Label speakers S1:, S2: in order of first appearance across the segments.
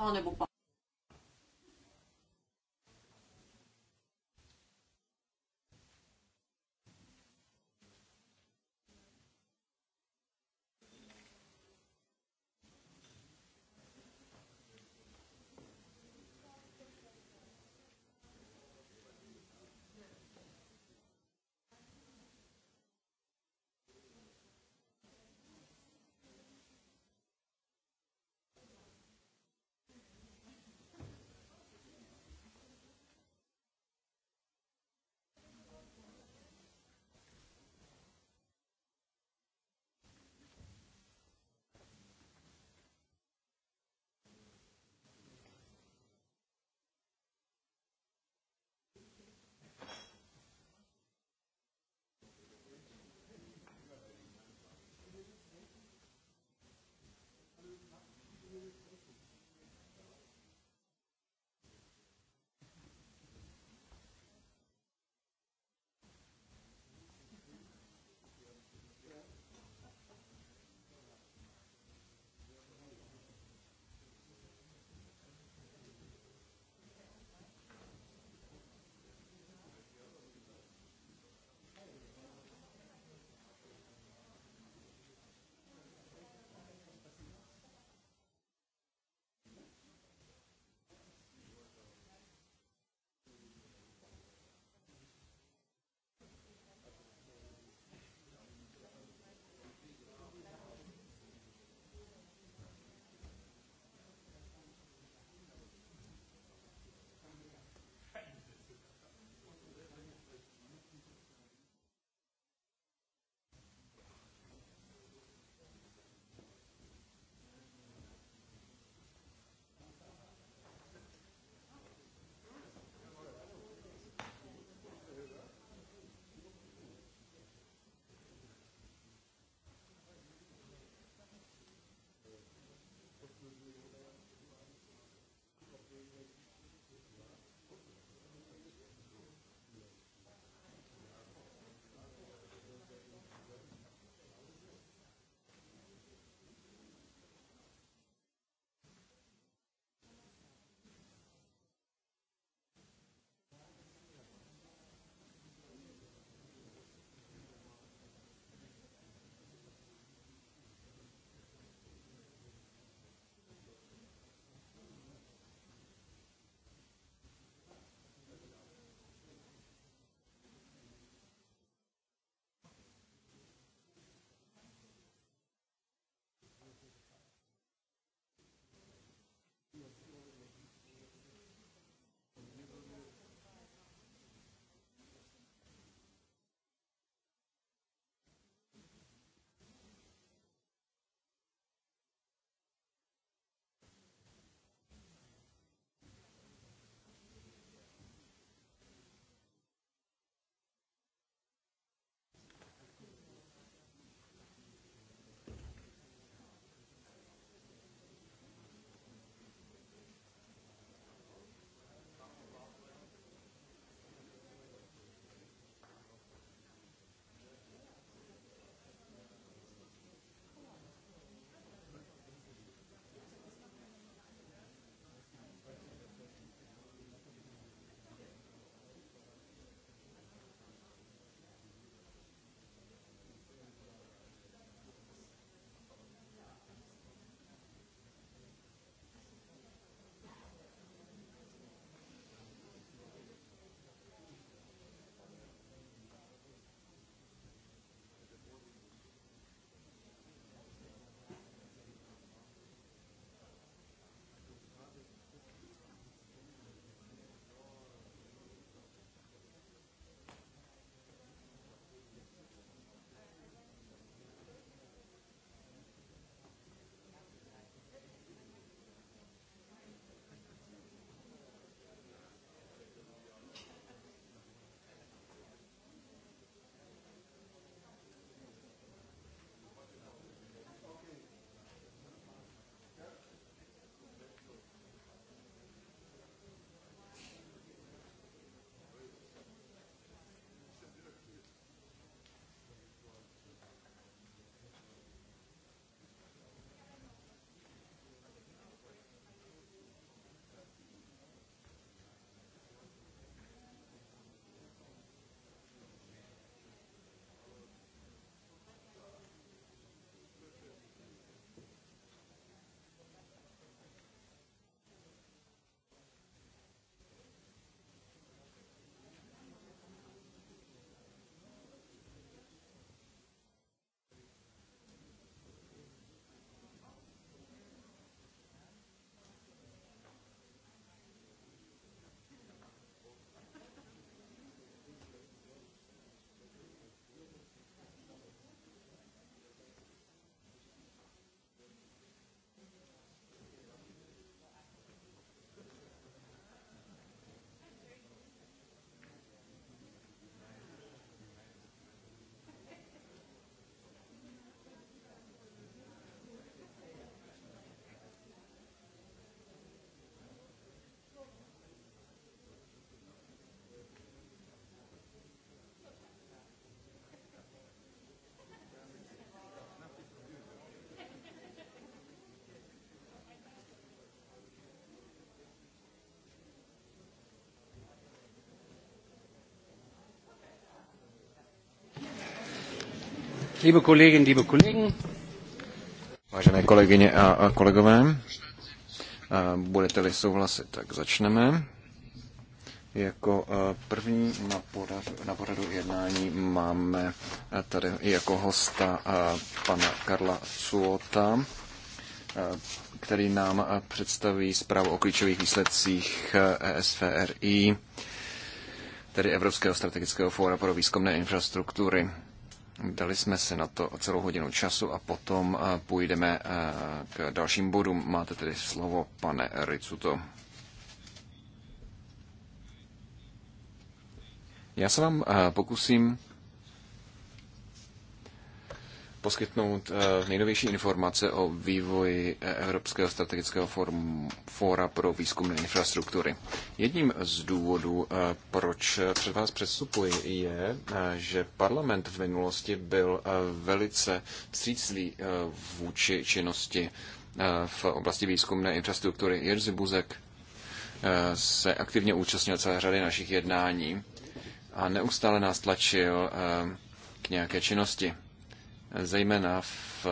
S1: Kolonebo
S2: Vážené kolegyně a kolegové, budete-li souhlasit, tak začneme. Jako první na pořadu, na jednání máme tady jako hosta pana Karla Suota, který nám představí zprávu o klíčových výsledcích ESFRI, tedy Evropského strategického fóra pro výzkumné infrastruktury. Dali jsme si na to celou hodinu času a potom eh, půjdeme eh, k dalším bodům. Máte tedy slovo, pane Ricuto. Já se vám eh, pokusím poskytnout eh, nejnovější informace o vývoji eh, Evropského strategického fóra pro výzkumné infrastruktury. Jedním z důvodů, eh, proč před vás předstupuji, je, že parlament v minulosti byl velice vstřícný vůči činnosti v oblasti výzkumné infrastruktury. Jerzy Buzek se aktivně účastnil celé řady našich jednání a neustále nás tlačil k nějaké činnosti zejména eh,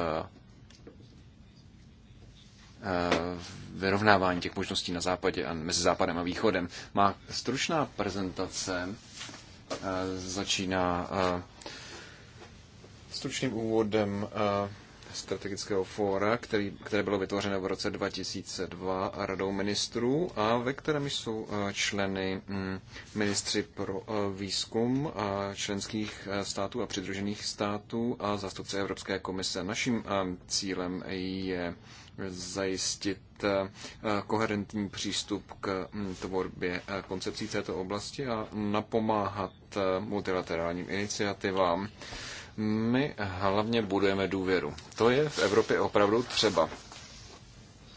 S2: v vyrovnávání těch možností na západě a mezi západem a východem. Má stručná prezentace eh, začíná eh, stručným úvodem strategického fóra, který, které bylo vytvořeno v roce 2002 radou ministrů a ve kterém jsou eh, členy hm, ministři pro eh, výzkum eh, členských států a přidružených států a zástupce Evropské komise. Naším cílem je zajistit koherentní přístup k hm, tvorbě koncepcí této oblasti a napomáhat multilaterálním iniciativám my hlavně budujeme důvěru. To je v Evropě opravdu třeba.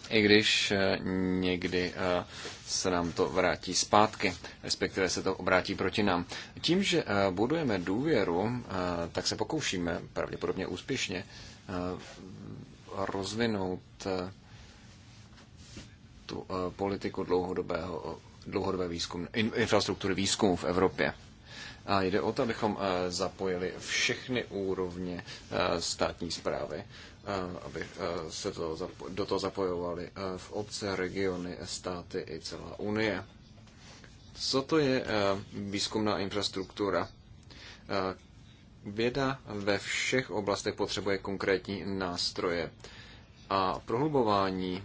S2: I když eh, někdy eh, se nám to vrátí zpátky, respektive se to obrátí proti nám. Tím, že eh, budujeme důvěru, tak se pokoušíme, pravděpodobně úspěšně, rozvinout tu politiku dlouhodobého, dlouhodobé výzkum, infrastruktury výzkumu v Evropě. A jde o to, abychom eh, zapojili všechny úrovně eh, státní zprávy, eh, aby se to, do toho zapojovali v obce, regiony, státy i celá Unie. Co to je výzkumná infrastruktura? Věda ve všech oblastech potřebuje konkrétní nástroje a prohlubování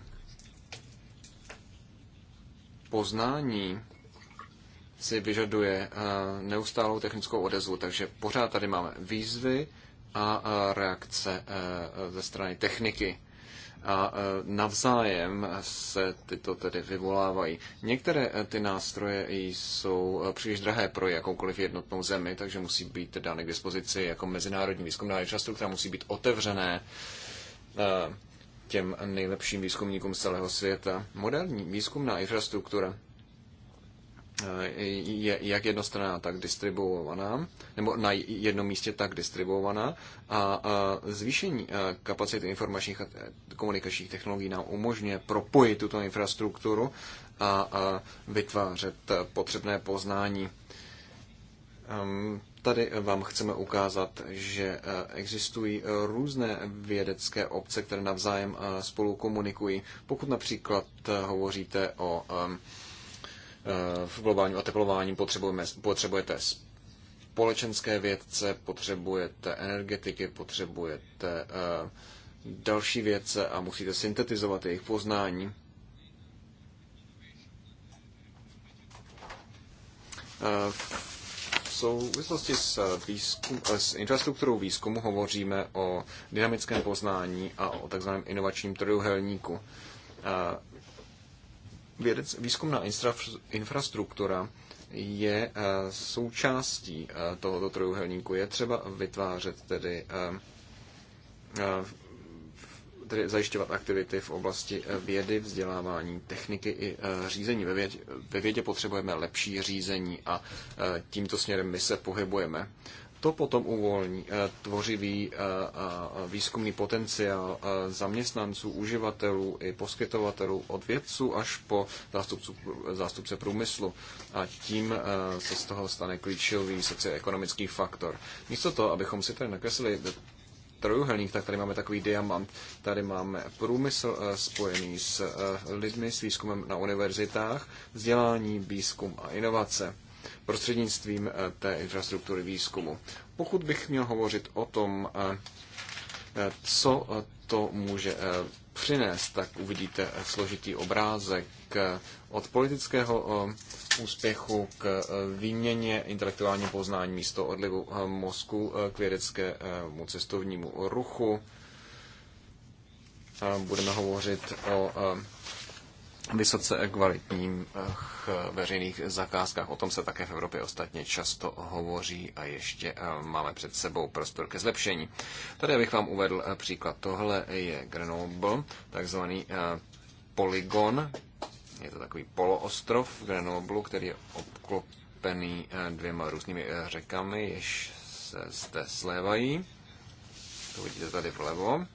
S2: poznání si vyžaduje eh, neustálou technickou odezvu, takže pořád tady máme výzvy a eh, reakce eh, ze strany techniky. A navzájem se tyto tedy vyvolávají. Některé ty nástroje jsou příliš drahé pro jakoukoliv jednotnou zemi, takže musí být dány k dispozici jako mezinárodní výzkumná infrastruktura, musí být otevřené těm nejlepším výzkumníkům z celého světa. Moderní výzkumná infrastruktura Eh, je jak jednostranná, tak distribuovaná, nebo na jednom místě tak distribuovaná. A zvýšení eh, kapacity informačních a komunikačních technologií nám umožňuje propojit tuto infrastrukturu a vytvářet eh, potřebné poznání. Ehm, tady vám chceme ukázat, že existují různé vědecké obce, které navzájem spolu komunikují. Pokud například hovoříte o ehm, Eh, v globálním oteplování potřebujeme, potřebujete společenské vědce, potřebujete energetiky, potřebujete eh, další vědce a musíte syntetizovat jejich poznání. Eh, v souvislosti s, výzkum, s infrastrukturou výzkumu hovoříme o dynamickém poznání a o takzvaném inovačním trojuhelníku. Vědec, výzkumná infrastruktura je eh, součástí eh, tohoto trojuhelníku. Je třeba vytvářet tedy, eh, tedy zajišťovat aktivity v oblasti vědy, vzdělávání, techniky i řízení. Ve vědě, ve vědě potřebujeme lepší řízení a tímto směrem my se pohybujeme to potom uvolní eh, tvořivý eh, eh, výzkumný potenciál zaměstnanců, uživatelů i poskytovatelů od vědců až po zástupců, zástupce průmyslu. A tím se z toho stane klíčový socioekonomický faktor. Místo toho, abychom si tady nakreslili trojuhelník, tak tady máme takový diamant. Tady máme průmysl spojený s lidmi, s výzkumem na univerzitách, vzdělání, výzkum a inovace prostřednictvím eh, té infrastruktury výzkumu. Pokud bych měl hovořit o tom, eh, eh, co to může přinést, tak uvidíte složitý obrázek od politického úspěchu k výměně intelektuálního poznání místo odlivu mozku k vědeckému cestovnímu ruchu. Budeme hovořit o vysoce kvalitních eh, veřejných zakázkách. O tom se také v Evropě ostatně často hovoří a ještě eh, máme před sebou prostor ke zlepšení. Tady bych vám uvedl eh, příklad. Tohle je Grenoble, takzvaný polygon. Je to takový poloostrov v Grenoblu, který je obklopený dvěma různými řekami, jež se zde slévají. To vidíte tady vlevo.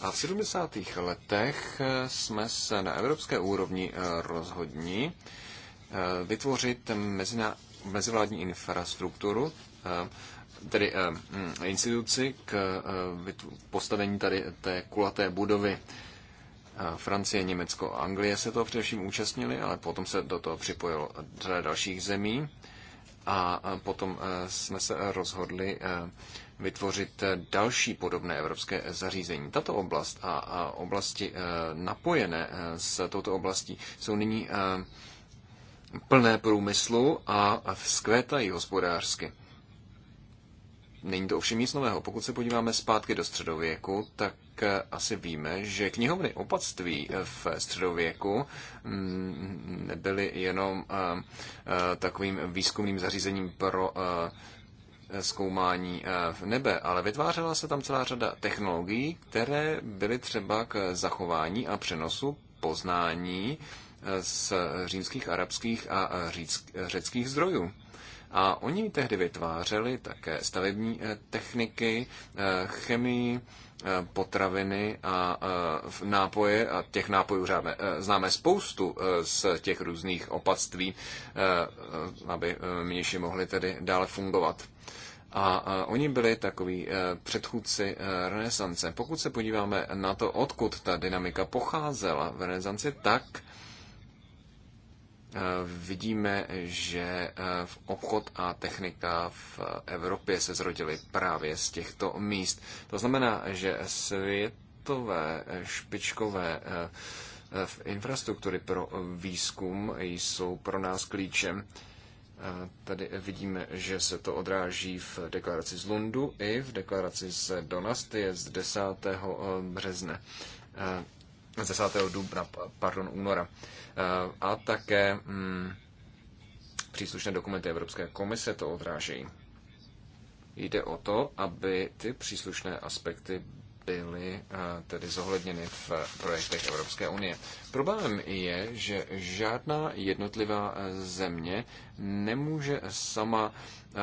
S2: A v 70. letech eh, jsme se na evropské úrovni eh, rozhodni eh, vytvořit mezina, mezivládní infrastrukturu, tedy mm, instituci k postavení tady té kulaté budovy. Francie, Německo a Anglie se toho především účastnili, ale potom se do toho připojilo řada dalších zemí a potom jsme se rozhodli vytvořit další podobné evropské zařízení. Tato oblast a oblasti e, napojené e, s touto oblastí jsou nyní e, plné průmyslu a vzkvétají hospodářsky. Není to ovšem nic nového. Pokud se podíváme zpátky do středověku, tak asi víme, že knihovny opatství v středověku mm, nebyly jenom takovým výzkumným zařízením pro zkoumání eh, v nebe, ale vytvářela se tam celá řada technologií, které byly třeba k zachování a přenosu poznání eh, z římských, arabských a eh, řeckých zdrojů. A oni tehdy vytvářeli také stavební techniky, chemii, potraviny a nápoje a těch nápojů řádme, známe spoustu z těch různých opatství, aby mniši mohli tedy dále fungovat. A oni byli takový eh, předchůdci eh, renesance. Pokud se podíváme na to, odkud ta dynamika pocházela v renesanci, tak eh, vidíme, že v obchod a technika v Evropě se zrodily právě z těchto míst. To znamená, že světové špičkové infrastruktury pro výzkum jsou pro nás klíčem. Tady vidíme, že se to odráží v deklaraci z Lundu i v deklaraci z Donastie z 10. Eh, březne, eh, z 10. dubna, pardon, února. Eh, a také mm, příslušné dokumenty Evropské komise to odrážejí. Jde o to, aby ty příslušné aspekty byly eh, tedy zohledněny v projektech Evropské unie. Problémem je, že žádná jednotlivá eh, země nemůže sama eh,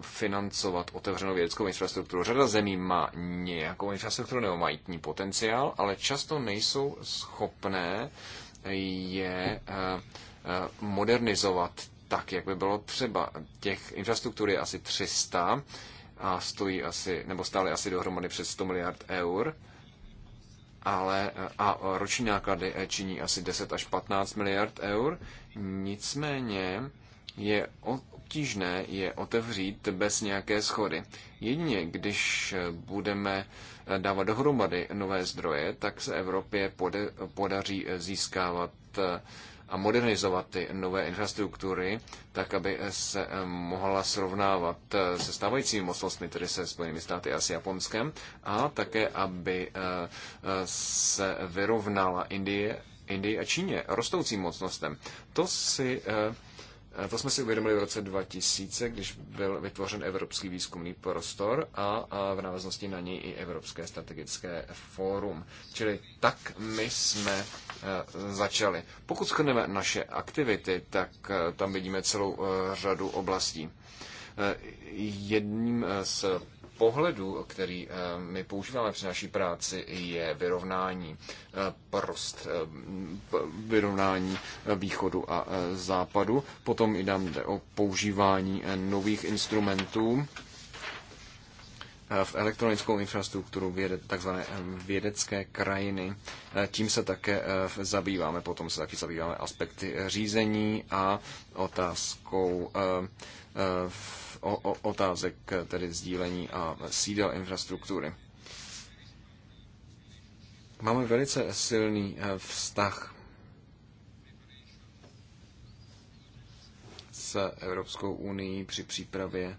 S2: financovat otevřenou vědeckou infrastrukturu. Řada zemí má nějakou infrastrukturu nebo majitní potenciál, ale často nejsou schopné je modernizovat tak, jak by bylo třeba. Těch infrastruktur je asi 300 a stojí asi, nebo stály asi dohromady přes 100 miliard eur ale, a roční náklady eh, činí asi 10 až 15 miliard eur. Nicméně je obtížné je otevřít bez nějaké schody. Jedině, když eh, budeme eh, dávat dohromady nové zdroje, tak se Evropě podaří získávat a modernizovat ty nové infrastruktury, tak aby se eh, mohla srovnávat eh, se stávajícími mocnostmi, tedy se Spojenými státy a s Japonskem, a také, aby eh, se vyrovnala Indie, Indie a Číně, rostoucím mocnostem. To si to jsme si uvědomili v roce 2000, když byl vytvořen Evropský výzkumný prostor a, v návaznosti na něj i Evropské strategické fórum. Čili tak my jsme e, začali. Pokud shrneme naše aktivity, tak e, tam vidíme celou e, řadu oblastí. Jedním z pohledu, který eh, my používáme při naší práci, je vyrovnání eh, prost, eh, vyrovnání východu a západu. Potom jde o používání nových instrumentů v elektronickou infrastrukturu věde, takzvané vědecké krajiny. Tím se také zabýváme, potom se taky zabýváme aspekty řízení a otázkou v o, o, otázek, tedy sdílení a sídel infrastruktury. Máme velice silný eh, vztah s Evropskou unii při přípravě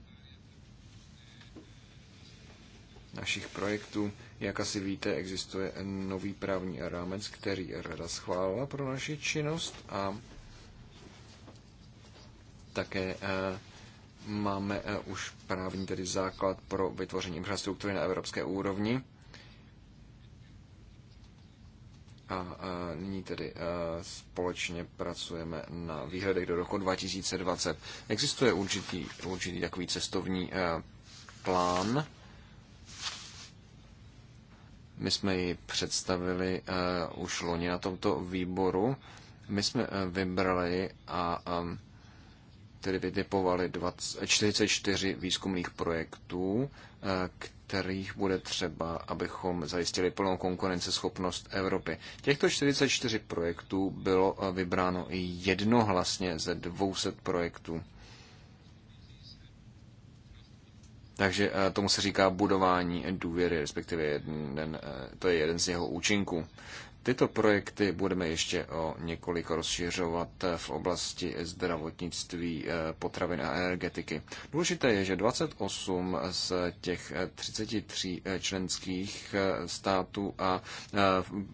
S2: našich projektů. Jak asi víte, existuje nový právní rámec, který Rada schválila pro naši činnost a také eh, máme eh, už právní tedy základ pro vytvoření infrastruktury na evropské úrovni. A eh, nyní tedy eh, společně pracujeme na výhledech do roku 2020. Existuje určitý, určitý takový cestovní plán. My jsme ji představili už loni na tomto výboru. My jsme vybrali a tedy vytipovali 20, 44 výzkumných projektů, eh, kterých bude třeba, abychom zajistili plnou konkurenceschopnost Evropy. Těchto 44 projektů bylo eh, vybráno jednohlasně ze 200 projektů. Takže eh, tomu se říká budování důvěry, respektive jeden, to je jeden z jeho účinků. Tyto projekty budeme ještě o několik rozšiřovat eh, v oblasti zdravotnictví, eh, potravin a energetiky. Důležité je, že 28 z těch 33 eh, členských států a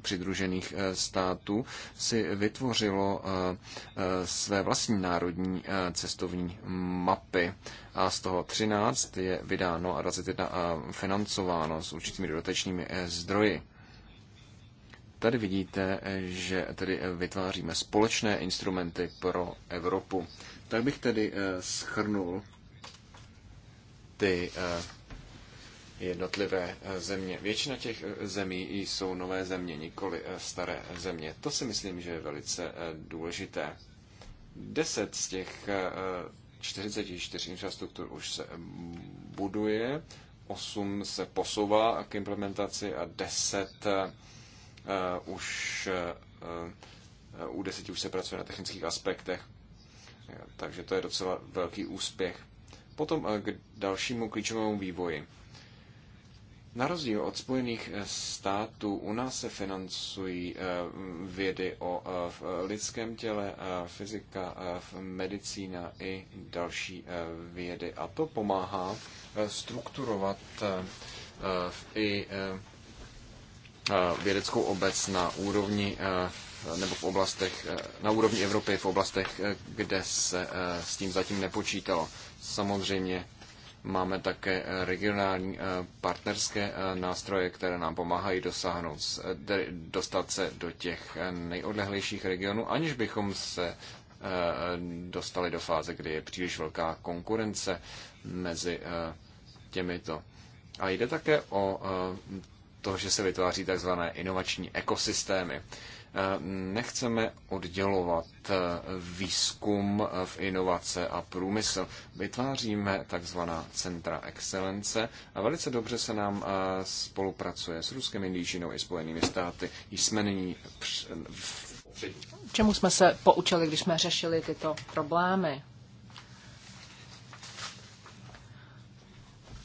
S2: přidružených států si vytvořilo své vlastní národní cestovní mapy a z toho 13 je vydáno a 21 financováno s určitými dodatečnými zdroji. Tady vidíte, že tedy vytváříme společné instrumenty pro Evropu. Tak bych tedy eh, schrnul ty eh, jednotlivé eh, země. Většina těch zemí jsou nové země, nikoli staré země. To si myslím, že je velice důležité. Deset z těch 44 infrastruktur už se buduje, 8 se posouvá k implementaci a 10 Eh, už eh, eh, u deseti už se pracuje na technických aspektech, takže to je docela velký úspěch. Potom k dalšímu klíčovému vývoji. Na rozdíl od Spojených států u nás se financují vědy o lidském těle, fyzika, medicína i další vědy. A to pomáhá strukturovat i Eh, vědeckou obec na úrovni eh, nebo v oblastech, eh, na úrovni Evropy v oblastech, kde se s tím zatím nepočítalo. Samozřejmě máme také regionální partnerské nástroje, které nám pomáhají dosáhnout, dostat se do těch nejodlehlejších regionů, aniž bychom se dostali do fáze, kdy je příliš velká konkurence mezi těmito. A jde také o to, že se vytváří takzvané inovační ekosystémy. Eh, nechceme oddělovat eh, výzkum eh, v inovace a průmysl. Vytváříme takzvaná centra excelence a velice dobře se nám spolupracuje s Ruskem, Indií, i Spojenými státy. Jsme nyní
S3: Čemu jsme se poučili, když jsme řešili tyto problémy?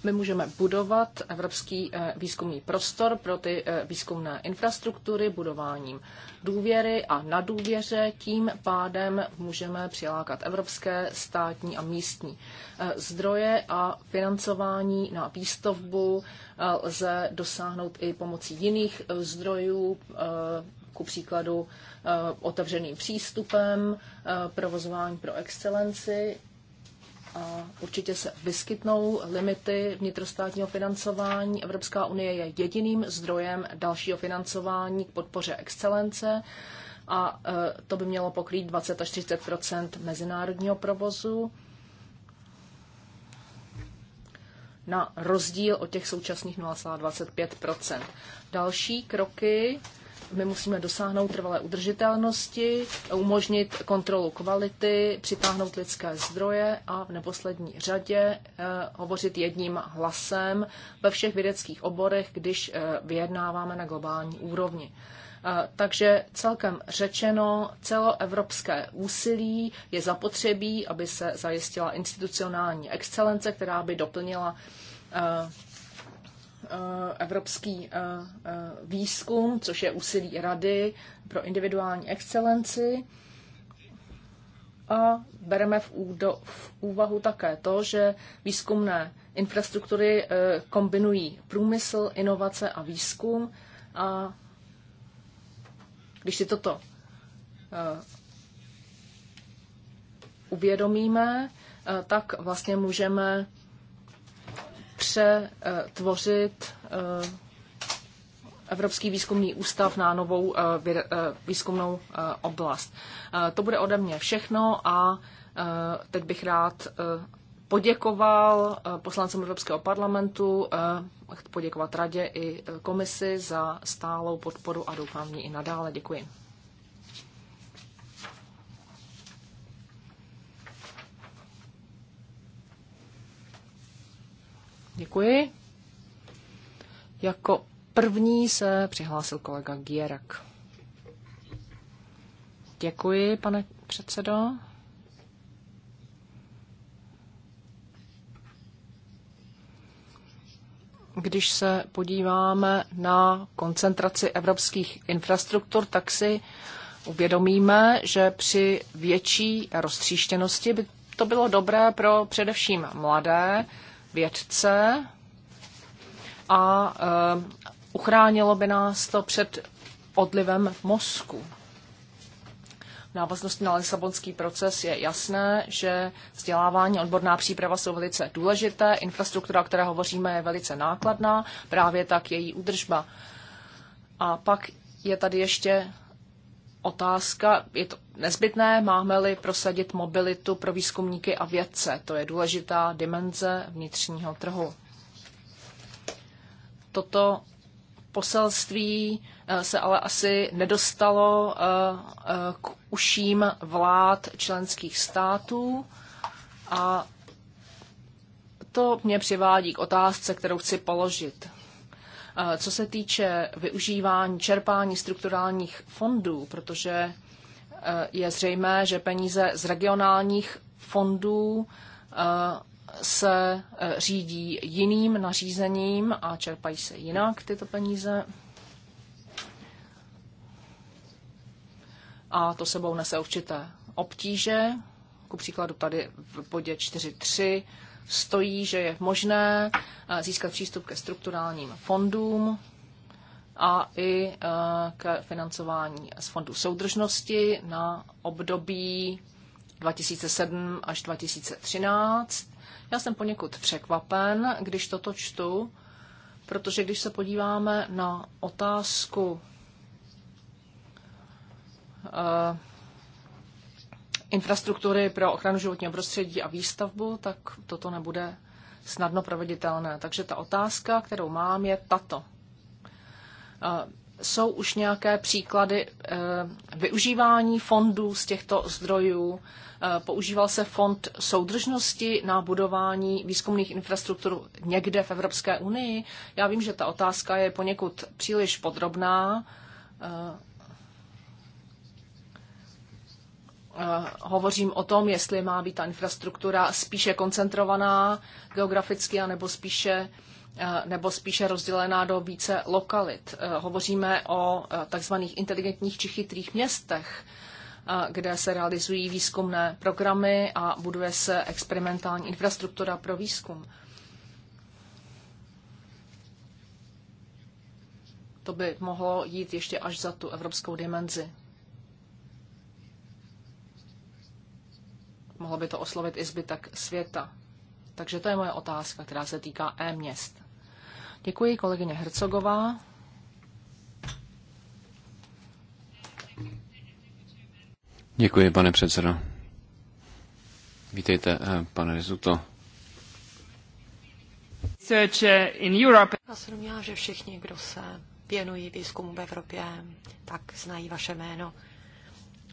S3: My můžeme budovat evropský eh, výzkumný prostor pro ty eh, výzkumné infrastruktury budováním důvěry a na důvěře. Tím pádem můžeme přilákat evropské, státní a místní eh, zdroje a financování na výstavbu lze dosáhnout i pomocí jiných zdrojů, ku příkladu otevřeným přístupem, provozování pro excelenci určitě se vyskytnou limity vnitrostátního financování. Evropská unie je jediným zdrojem dalšího financování k podpoře excelence a e, to by mělo pokrýt 20 až 30 mezinárodního provozu. na rozdíl od těch současných 0,25 Další kroky my musíme dosáhnout trvalé udržitelnosti, umožnit kontrolu kvality, přitáhnout lidské zdroje a v neposlední řadě eh, hovořit jedním hlasem ve všech vědeckých oborech, když eh, vyjednáváme na globální úrovni. Eh, takže celkem řečeno, celoevropské úsilí je zapotřebí, aby se zajistila institucionální excelence, která by doplnila Eh, evropský eh, eh, výzkum, což je úsilí Rady pro individuální excelenci. A bereme v, údo, v úvahu také to, že výzkumné infrastruktury kombinují průmysl, inovace a výzkum. A když si toto uvědomíme, tak vlastně můžeme přetvořit eh, Evropský výzkumný ústav na novou eh, eh, výzkumnou oblast. To bude ode mě všechno a teď bych rád poděkoval poslancům Evropského parlamentu, poděkovat radě i komisi za stálou podporu a doufám v ní i nadále. Děkuji. Děkuji. Jako první se přihlásil kolega Gierak. Děkuji, pane předsedo. Když se podíváme na koncentraci evropských infrastruktur, tak si uvědomíme, že při větší roztříštěnosti by to bylo dobré pro především mladé, vědce a eh, uchránilo by nás to před odlivem mozku. V návaznosti na Lisabonský proces je jasné, že vzdělávání a odborná příprava jsou velice důležité, infrastruktura, o které hovoříme, je velice nákladná, právě tak její údržba. A pak je tady ještě otázka, je to nezbytné, máme-li prosadit mobilitu pro výzkumníky a vědce. To je důležitá dimenze vnitřního trhu. Toto poselství eh, se ale asi nedostalo eh, eh, k uším vlád členských států a to mě přivádí k otázce, kterou chci položit. Co se týče využívání, čerpání strukturálních fondů, protože Eh, je zřejmé, že peníze z regionálních fondů eh, se eh, řídí jiným nařízením a čerpají se jinak tyto peníze. A to sebou nese určité obtíže. Ku příkladu tady v bodě 4.3 stojí, že je možné získat přístup ke strukturálním fondům, a i e, k financování z Fondu soudržnosti na období 2007 až 2013. Já jsem poněkud překvapen, když toto čtu, protože když se podíváme na otázku e, infrastruktury pro ochranu životního prostředí a výstavbu, tak toto nebude snadno proveditelné. Takže ta otázka, kterou mám, je tato. Eh, jsou už nějaké příklady eh, využívání fondů z těchto zdrojů? Eh, používal se fond soudržnosti na budování výzkumných infrastruktur někde v Evropské unii? Já vím, že ta otázka je poněkud příliš podrobná. hovořím o tom, jestli má být ta infrastruktura spíše koncentrovaná geograficky, anebo spíše Eh, nebo spíše rozdělená do více lokalit. Eh, hovoříme o eh, takzvaných inteligentních či chytrých městech, kde se realizují výzkumné programy a buduje se experimentální infrastruktura pro výzkum. To by mohlo jít ještě až za tu evropskou dimenzi. Mohlo by to oslovit i zbytek světa. Takže to je moje otázka, která se týká e-měst. Děkuji, kolegyně Hercogová.
S2: Děkuji, pane předsedo. Vítejte, eh, pane Rizuto.
S1: Eh, Já se domnívám, že všichni, kdo se věnují výzkumu v Evropě, tak znají vaše jméno.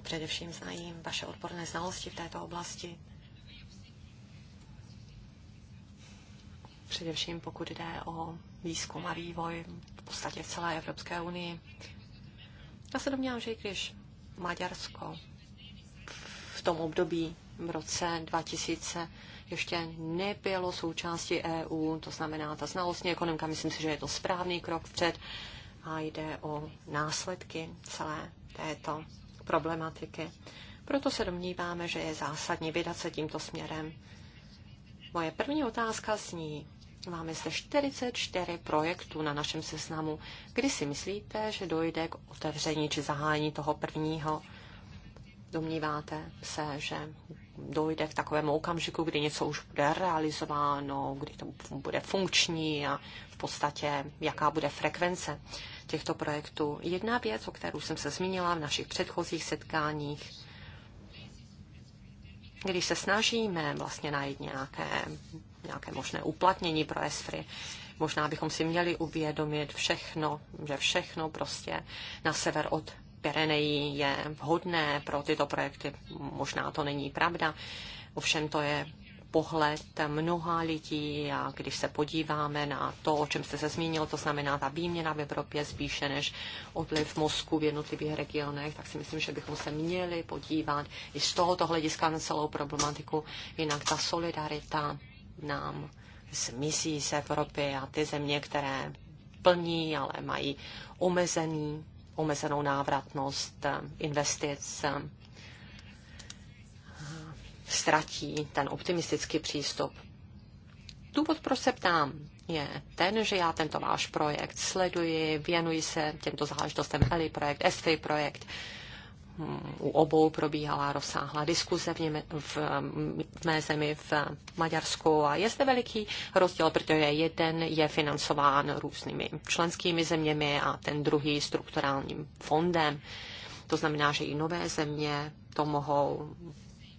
S1: Především znají vaše odborné znalosti v této oblasti. Především pokud jde o výzkum a vývoj v podstatě v celé Evropské unii. Já se domnívám, že i když Maďarsko v tom období v roce 2000 ještě nebylo součástí EU, to znamená ta znalostní ekonomika, myslím si, že je to správný krok vpřed a jde o následky celé této problematiky. Proto se domníváme, že je zásadní vydat se tímto směrem. Moje první otázka zní, Máme zde 44 projektů na našem seznamu. Kdy si myslíte, že dojde k otevření či zahájení toho prvního? Domníváte se, že dojde k takovému okamžiku, kdy něco už bude realizováno, kdy to bude funkční a v podstatě jaká bude frekvence těchto projektů. Jedna věc, o kterou jsem se zmínila v našich předchozích setkáních, když se snažíme vlastně najít nějaké nějaké možné uplatnění pro Esfry, Možná bychom si měli uvědomit všechno, že všechno prostě na sever od Pirenejí je vhodné pro tyto projekty. Možná to není pravda, ovšem to je pohled mnoha lidí a když se podíváme na to, o čem jste se zmínil, to znamená ta výměna v Evropě spíše než odliv mozku v jednotlivých regionech, tak si myslím, že bychom se měli podívat i z tohoto hlediska na celou problematiku. Jinak ta solidarita nám misí z Evropy a ty země, které plní, ale mají omezený, omezenou návratnost eh, investic, eh, ztratí ten optimistický přístup. Důvod, proč se ptám, je ten, že já tento váš projekt sleduji, věnuji se těmto záležitostem ELI projekt, ESFI projekt, u obou probíhala rozsáhlá diskuze v, něme, v, v mé zemi v Maďarsku a je zde veliký rozdíl, protože jeden je financován různými členskými zeměmi a ten druhý strukturálním fondem. To znamená, že i nové země to mohou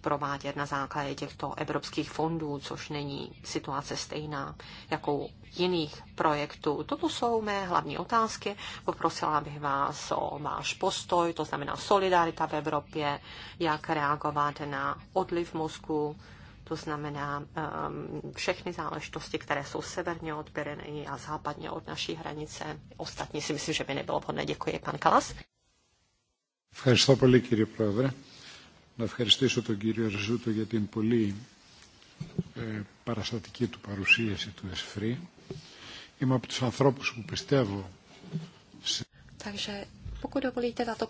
S1: provádět na základě těchto evropských fondů, což není situace stejná jako u jiných projektů. Toto jsou mé hlavní otázky. Poprosila bych vás o váš postoj, to znamená solidarita v Evropě, jak reagovat na odliv mozku, to znamená um, všechny záležitosti, které jsou severně od Pyrenejí a západně od naší hranice. Ostatní si myslím, že by nebylo vhodné. Děkuji, pan Kalas.
S4: Děkuji, πολύ κύριε να ευχαριστήσω τον κύριο Ρεζούτο για την πολύ ε, παραστατική του παρουσίαση του ΕΣΦΡΙ. Είμαι από τους ανθρώπους που πιστεύω...
S1: Takže pokud dovolíte tato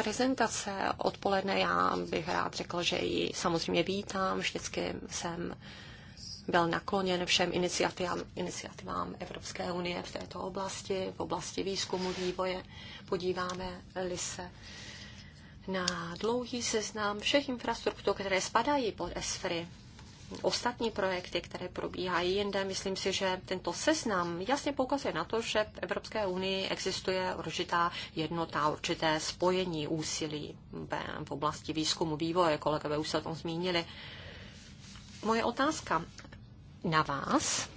S1: prezentace odpoledne, já bych rád řekl, že ji samozřejmě vítám, vždycky jsem byl nakloněn všem iniciativám, iniciativám Evropské unie v této oblasti, v oblasti výzkumu, vývoje. Podíváme-li se na dlouhý seznam všech infrastruktur, které spadají pod ESFRI. Ostatní projekty, které probíhají jinde, myslím si, že tento seznam jasně poukazuje na to, že v Evropské unii existuje určitá jednota, určité spojení úsilí v oblasti výzkumu vývoje. Kolegové už se o tom zmínili. Moje otázka na vás,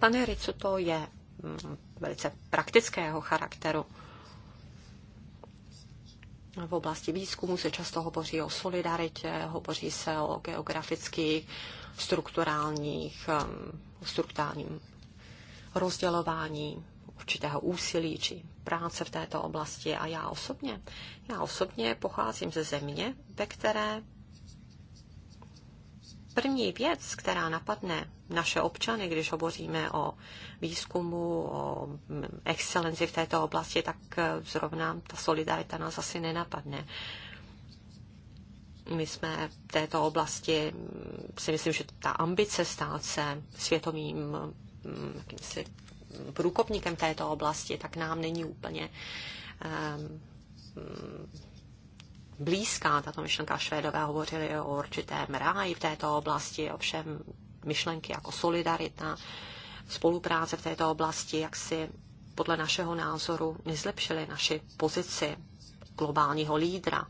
S1: pane Ricu, to je mm, velice praktického charakteru. V oblasti výzkumu se často hovoří o solidaritě, hovoří se o geografických, strukturálních, strukturálním rozdělování určitého úsilí či práce v této oblasti. A já osobně, já osobně pocházím ze země, ve které První věc, která napadne naše občany, když hovoříme o výzkumu, o mm, excelenci v této oblasti, tak eh, zrovna ta solidarita nás asi nenapadne. My jsme v této oblasti, mm, si myslím, že ta ambice stát se světovým mm, jakýmsi průkopníkem této oblasti, tak nám není úplně um, blízká tato myšlenka. Švédové hovořili o určitém ráji v této oblasti, ovšem myšlenky jako solidarita, spolupráce v této oblasti, jak si podle našeho názoru nezlepšili naši pozici globálního lídra.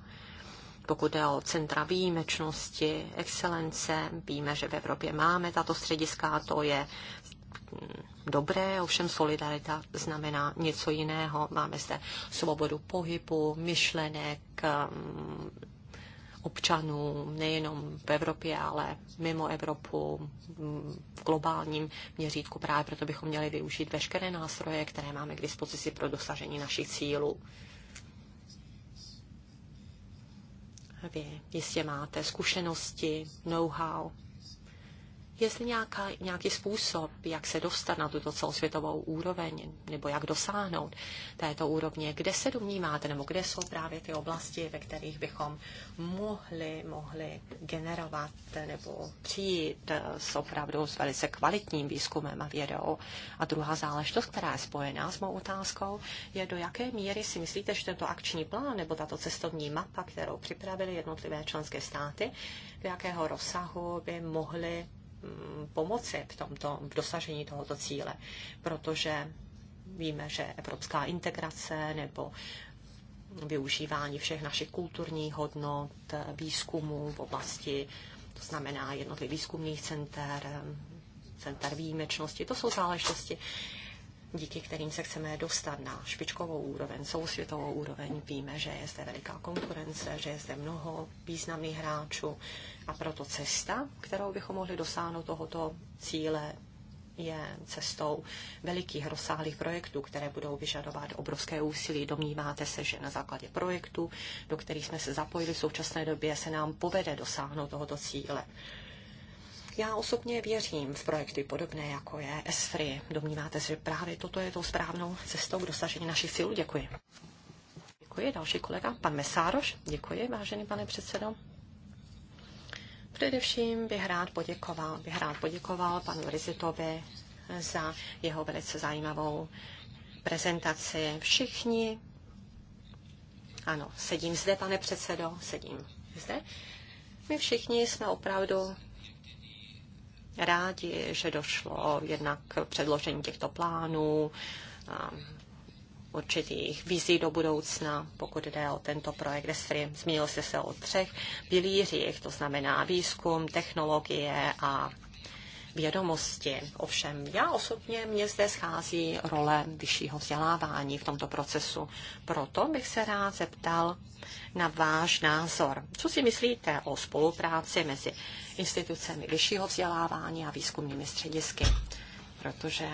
S1: Pokud je o centra výjimečnosti, excelence, víme, že v Evropě máme tato střediska, to je dobré, ovšem solidarita znamená něco jiného. Máme zde svobodu pohybu, myšlenek, mm, občanů nejenom v Evropě, ale mimo Evropu v globálním měřítku. Právě proto bychom měli využít veškeré nástroje, které máme k dispozici pro dosažení našich cílů. Vy jistě máte zkušenosti, know-how, Jestli nějaká, nějaký způsob, jak se dostat na tuto celosvětovou úroveň, nebo jak dosáhnout této úrovně, kde se domníváte, nebo kde jsou právě ty oblasti, ve kterých bychom mohli, mohli generovat nebo přijít s opravdu s velice kvalitním výzkumem a vědou. A druhá záležitost, která je spojená s mou otázkou, je do jaké míry si myslíte, že tento akční plán nebo tato cestovní mapa, kterou připravili jednotlivé členské státy, do jakého rozsahu by mohly Mm, pomoci v, tomto, v dosažení tohoto cíle, protože víme, že evropská integrace nebo využívání všech našich kulturních hodnot, výzkumů v oblasti, to znamená jednotlivých výzkumných center, center výjimečnosti, to jsou záležitosti, díky kterým se chceme dostat na špičkovou úroveň, celosvětovou úroveň. Víme, že je zde veliká konkurence, že je zde mnoho významných hráčů a proto cesta, kterou bychom mohli dosáhnout tohoto cíle, je cestou velikých rozsáhlých projektů, které budou vyžadovat obrovské úsilí. Domníváte se, že na základě projektu, do kterých jsme se zapojili v současné době, se nám povede dosáhnout tohoto cíle. Já osobně věřím v projekty podobné, jako je ESFRI. Domníváte se, že právě toto je tou správnou cestou k dosažení našich cílů? Děkuji. Děkuji. Další kolega, pan Mesároš. Děkuji, vážený pane předsedo. Především bych rád poděkoval, bych rád poděkoval panu Rizitovi za jeho velice zajímavou prezentaci. Všichni, ano, sedím zde, pane předsedo, sedím zde. My všichni jsme opravdu rádi, že došlo jednak k předložení těchto plánů, určitých vizí do budoucna, pokud jde o tento projekt ESFRI. Zmínil jste se o třech pilířích, to znamená výzkum, technologie a vědomosti. Ovšem já osobně mě zde schází role vyššího vzdělávání v tomto procesu. Proto bych se rád zeptal na váš názor. Co si myslíte o spolupráci mezi institucemi vyššího vzdělávání a výzkumnými středisky? Protože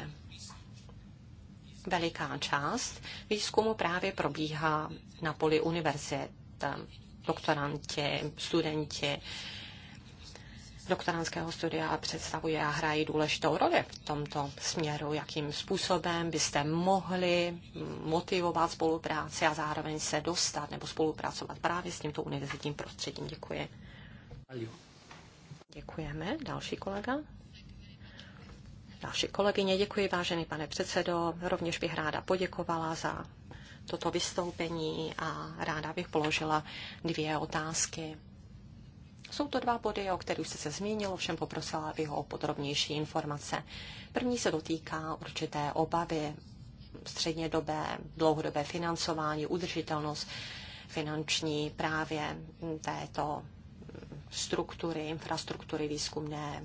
S1: veliká část výzkumu právě probíhá na poli univerzit. Doktoranti, studenti, doktorantského studia představuje a hrají důležitou roli v tomto směru, jakým způsobem byste mohli motivovat spolupráci a zároveň se dostat nebo spolupracovat právě s tímto univerzitním prostředím. Děkuji. Děkujeme. Další kolega. Další kolegyně, děkuji, vážený pane předsedo. Rovněž bych ráda poděkovala za toto vystoupení a ráda bych položila dvě otázky. Jsou to dva body, o kterých jste se zmínil, ovšem poprosila bych ho o podrobnější informace. První se dotýká určité obavy střednědobé, dlouhodobé financování, udržitelnost finanční právě této struktury, infrastruktury výzkumné.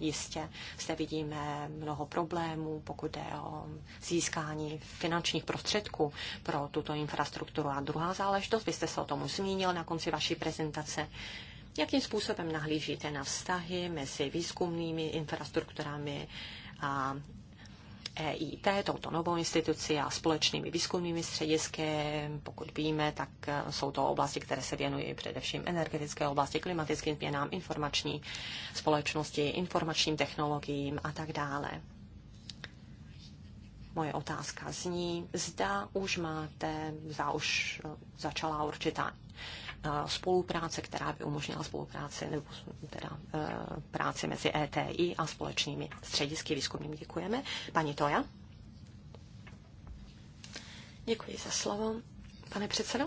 S1: Jistě zde vidíme mnoho problémů, pokud je o získání finančních prostředků pro tuto infrastrukturu. A druhá záležitost, vy jste se o tom už zmínil na konci vaší prezentace, Jakým způsobem nahlížíte na vztahy mezi výzkumnými infrastrukturami a EIT, touto novou instituci a společnými výzkumnými středisky. Pokud víme, tak eh, jsou to oblasti, které se věnují především energetické oblasti, klimatickým změnám, informační společnosti, informačním technologiím a tak dále. Moje otázka zní, zda už máte, zda už eh, začala určitá ta spolupráce, která by umožnila spolupráci nebo teda e, práci mezi ETI a společnými středisky výzkumnými. Děkujeme. Pani Toja. Děkuji za slovo. Pane předsedo?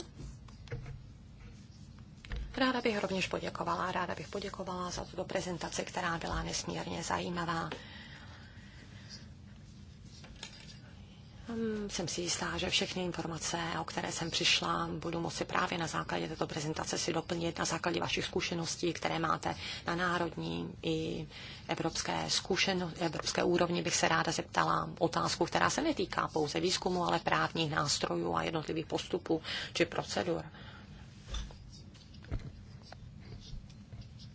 S1: Ráda bych rovněž poděkovala, ráda bych poděkovala za tuto prezentaci, která byla nesmírně zajímavá. Hm, jsem si jistá, že všechny informace, o které jsem přišla, budu moci právě na základě této prezentace si doplnit na základě vašich zkušeností, které máte na národní i evropské, zkušeno, evropské úrovni. Bych se ráda zeptala otázku, která se netýká pouze výzkumu, ale právních nástrojů a jednotlivých postupů či procedur.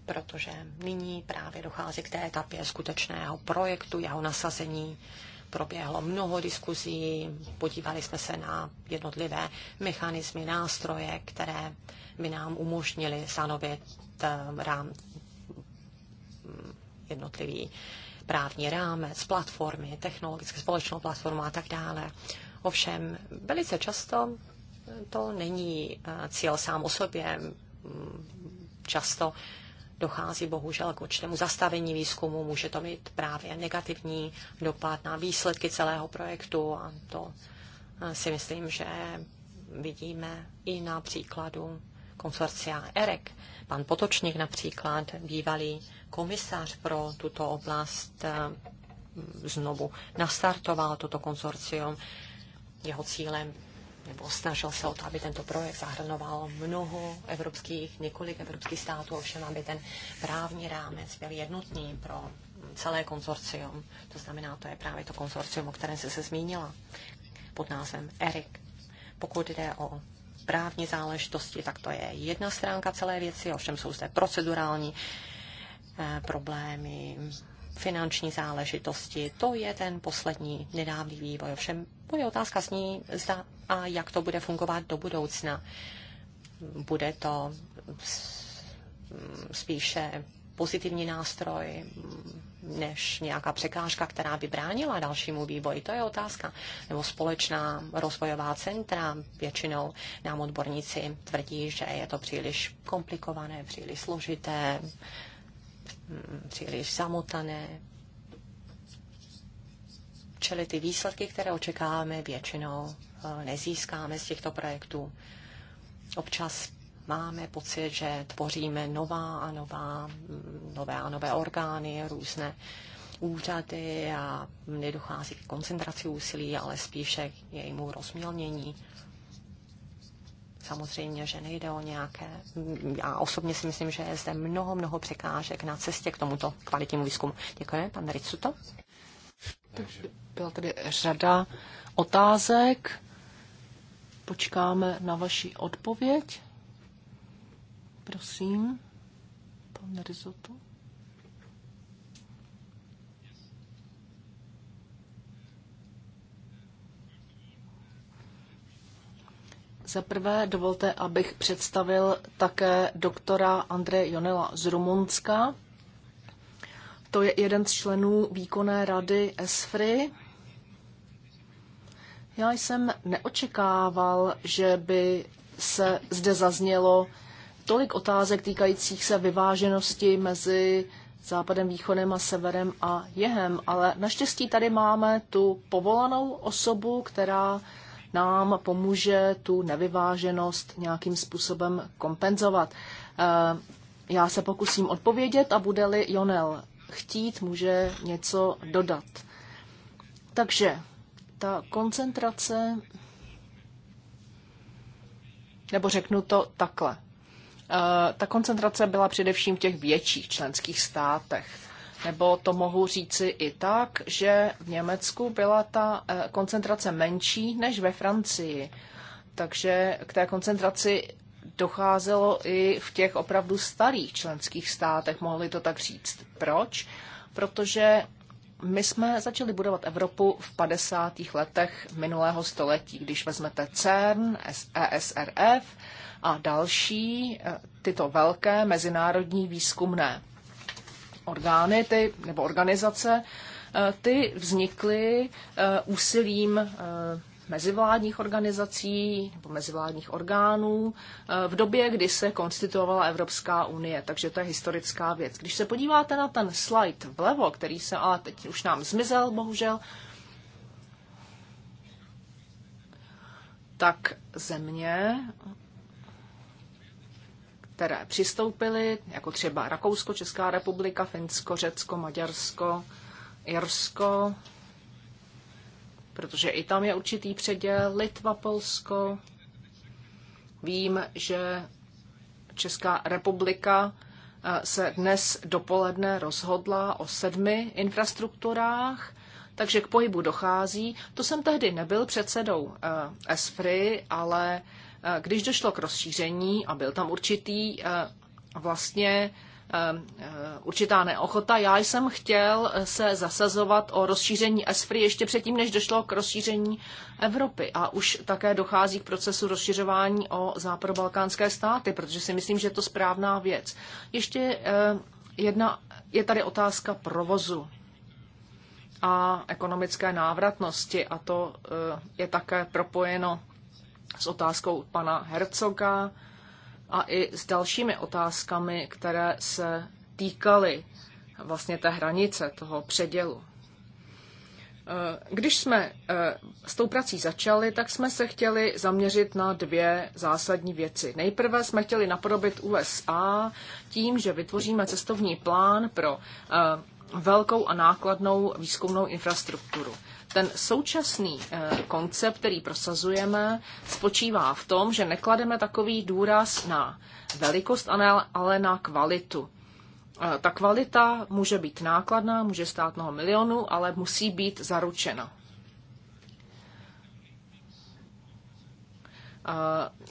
S1: Protože nyní právě dochází k té etapě skutečného projektu, jeho nasazení proběhlo mnoho diskuzí, podívali jsme se na jednotlivé mechanismy, nástroje, které by nám umožnily stanovit eh, rám, jednotlivý právní rámec, platformy, technologické společnou platformu a tak dále. Ovšem, velice často to není eh, cíl sám o sobě. Mm, často dochází bohužel k určitému zastavení výzkumu, může to mít právě negativní dopad na výsledky celého projektu a to eh, si myslím, že vidíme i na příkladu konsorcia EREC. Pan Potočník například, bývalý komisař pro tuto oblast, eh, znovu nastartoval toto konsorcium. Jeho cílem nebo snažil se o to, aby tento projekt zahrnoval mnoho evropských, několik evropských států, ovšem aby ten právní rámec byl jednotný pro celé konzorcium. To znamená, to je právě to konzorcium, o kterém jsi se zmínila pod názvem ERIC. Pokud jde o právní záležitosti, tak to je jedna stránka celé věci, ovšem jsou zde procedurální eh, problémy, finanční záležitosti. To je ten poslední nedávný vývoj. Ovšem, moje otázka zní, zda a jak to bude fungovat do budoucna. Bude to spíše pozitivní nástroj než nějaká překážka, která by bránila dalšímu vývoji. To je otázka. Nebo společná rozvojová centra. Většinou nám odborníci tvrdí, že je to příliš komplikované, příliš složité, příliš zamotané. Čili ty výsledky, které očekáváme, většinou E, nezískáme z těchto projektů. Občas máme pocit, že tvoříme nová a nová, mm, nové a nové orgány, různé úřady a nedochází k koncentraci úsilí, ale spíše k jejímu rozmělnění. Samozřejmě, že nejde o nějaké... Mm, já osobně si myslím, že je zde mnoho, mnoho překážek na cestě k tomuto
S3: kvalitnímu výzkumu. Děkujeme, pan Ricuto. Takže byla tady řada otázek. Počkáme na vaši odpověď. Prosím, pan Risotto. Za prvé dovolte, abych představil také doktora Andreje Jonela z Rumunska. To je jeden z členů výkonné rady ESFRI já jsem neočekával, že by se zde zaznělo tolik otázek týkajících se vyváženosti mezi západem, východem a severem a jehem, ale naštěstí tady máme tu povolanou osobu, která nám pomůže tu nevyváženost nějakým způsobem kompenzovat. Eh, já se pokusím odpovědět a bude-li Jonel chtít, může něco dodat. Takže ta koncentrace, nebo řeknu to takhle, eh, ta koncentrace byla především v těch větších členských státech. Nebo to mohu říci i tak, že v Německu byla ta eh, koncentrace menší než ve Francii. Takže k té koncentraci docházelo i v těch opravdu starých členských státech, mohli to tak říct. Proč? Protože my jsme začali budovat Evropu v 50. letech minulého století. Když vezmete CERN, ESRF a další eh, tyto velké mezinárodní výzkumné orgány ty, nebo organizace, eh, ty vznikly eh, úsilím mezivládních organizací nebo mezivládních orgánů eh, v době, kdy se konstituovala Evropská unie, takže to je historická věc. Když se podíváte na ten slide vlevo, který se ale teď už nám zmizel, bohužel, tak země, které přistoupily, jako třeba Rakousko, Česká republika, Finsko, Řecko, Maďarsko, Irsko, protože i tam je určitý předěl. Litva, Polsko. Vím, že Česká republika eh, se dnes dopoledne rozhodla o sedmi infrastrukturách, takže k pohybu dochází. To jsem tehdy nebyl předsedou eh, ESFRI, ale eh, když došlo k rozšíření a byl tam určitý vlastně Ehm, eh, určitá neochota. Já jsem chtěl se zasazovat o rozšíření ESFRI ještě předtím, než došlo k rozšíření Evropy. A už také dochází k procesu rozšiřování o západobalkánské státy, protože si myslím, že je to správná věc. Ještě eh, jedna, je tady otázka provozu a ekonomické návratnosti a to eh, je také propojeno s otázkou pana Hercoga a i s dalšími otázkami, které se týkaly vlastně té hranice toho předělu. Eh, když jsme eh, s tou prací začali, tak jsme se chtěli zaměřit na dvě zásadní věci. Nejprve jsme chtěli napodobit USA tím, že vytvoříme cestovní plán pro eh, velkou a nákladnou výzkumnou infrastrukturu. Ten současný eh, koncept, který prosazujeme, spočívá v tom, že neklademe takový důraz na velikost, ale na kvalitu. Eh, ta kvalita může být nákladná, může stát mnoho milionů, ale musí být zaručena.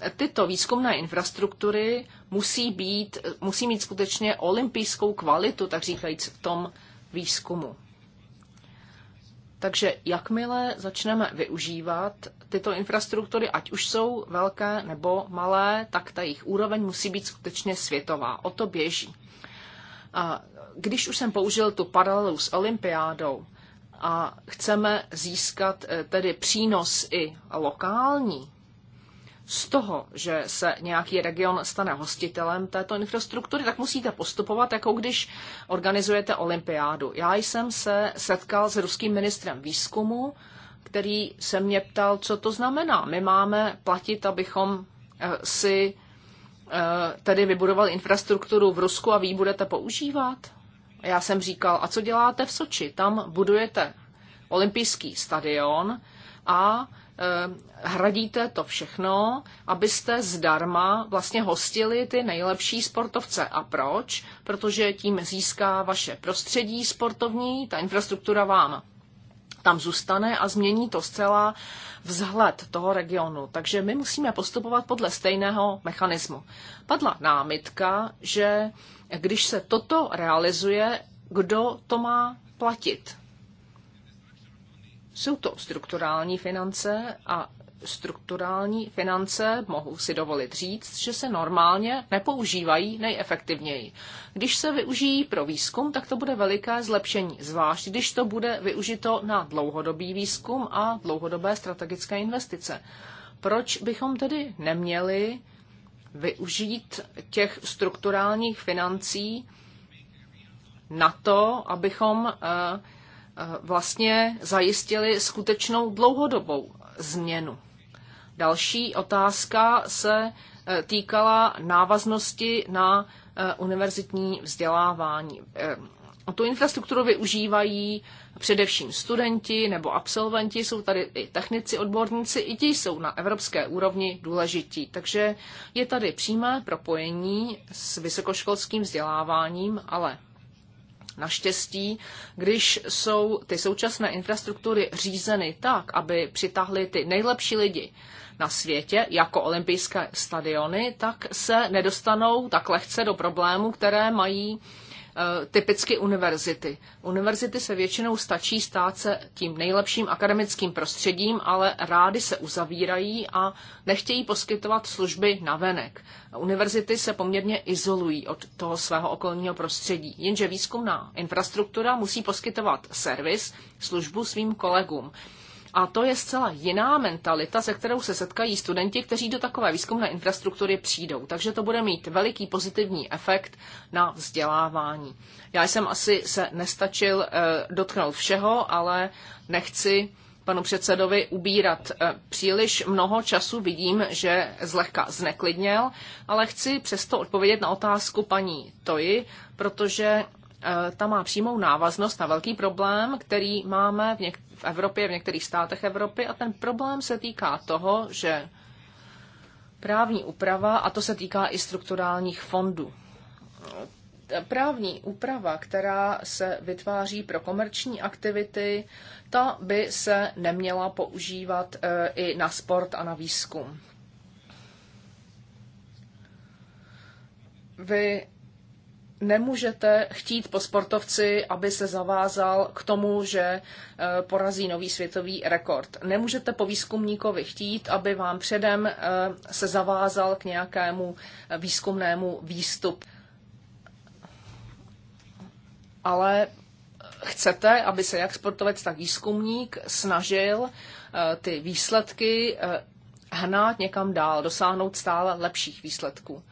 S3: Eh, tyto výzkumné infrastruktury musí, být, musí mít skutečně olympijskou kvalitu, tak říkajíc, v tom výzkumu. Takže jakmile začneme využívat tyto infrastruktury, ať už jsou velké nebo malé, tak ta jejich úroveň musí být skutečně světová. O to běží. A když už jsem použil tu paralelu s olympiádou a chceme získat eh, tedy přínos i lokální, z toho, že se nějaký region stane hostitelem této infrastruktury, tak musíte postupovat, jako když organizujete olympiádu. Já jsem se setkal s ruským ministrem výzkumu, který se mě ptal, co to znamená. My máme platit, abychom eh, si eh, tedy vybudovali infrastrukturu v Rusku a vy ji budete používat? Já jsem říkal, a co děláte v Soči? Tam budujete olympijský stadion a Eh, hradíte to všechno, abyste zdarma vlastně hostili ty nejlepší sportovce. A proč? Protože tím získá vaše prostředí sportovní, ta infrastruktura vám tam zůstane a změní to zcela vzhled toho regionu. Takže my musíme postupovat podle stejného mechanismu. Padla námitka, že když se toto realizuje, kdo to má platit? Jsou to strukturální finance a strukturální finance, mohu si dovolit říct, že se normálně nepoužívají nejefektivněji. Když se využijí pro výzkum, tak to bude veliké zlepšení, zvlášť když to bude využito na dlouhodobý výzkum a dlouhodobé strategické investice. Proč bychom tedy neměli využít těch strukturálních financí na to, abychom uh, Eh, vlastně zajistili skutečnou dlouhodobou změnu. Další otázka se eh, týkala návaznosti na eh, univerzitní vzdělávání. Tu infrastrukturu využívají především studenti nebo absolventi, jsou tady i technici, odborníci, i ti jsou na evropské úrovni důležití. Takže je tady přímé propojení s vysokoškolským vzděláváním, ale Naštěstí, když jsou ty současné infrastruktury řízeny tak, aby přitahly ty nejlepší lidi na světě, jako olympijské stadiony, tak se nedostanou tak lehce do problémů, které mají Eh, typicky univerzity. Univerzity se většinou stačí stát se tím nejlepším akademickým prostředím, ale rády se uzavírají a nechtějí poskytovat služby navenek. Univerzity se poměrně izolují od toho svého okolního prostředí, jenže výzkumná infrastruktura musí poskytovat servis, službu svým kolegům. A to je zcela jiná mentalita, se kterou se setkají studenti, kteří do takové výzkumné infrastruktury přijdou. Takže to bude mít veliký pozitivní efekt na vzdělávání. Já jsem asi se nestačil eh, dotknout všeho, ale nechci panu předsedovi ubírat eh, příliš mnoho času. Vidím, že zlehka zneklidněl, ale chci přesto odpovědět na otázku paní Toji, protože Eh, ta má přímou návaznost na velký problém, který máme v, něk- v Evropě, v některých státech Evropy. A ten problém se týká toho, že právní úprava, a to se týká i strukturálních fondů, eh, právní úprava, která se vytváří pro komerční aktivity, ta by se neměla používat eh, i na sport a na výzkum. Vy nemůžete chtít po sportovci, aby se zavázal k tomu, že eh, porazí nový světový rekord. Nemůžete po výzkumníkovi chtít, aby vám předem eh, se zavázal k nějakému eh, výzkumnému výstupu. Ale chcete, aby se jak sportovec, tak výzkumník snažil ty výsledky hnát někam dál, dosáhnout stále lepších výsledků.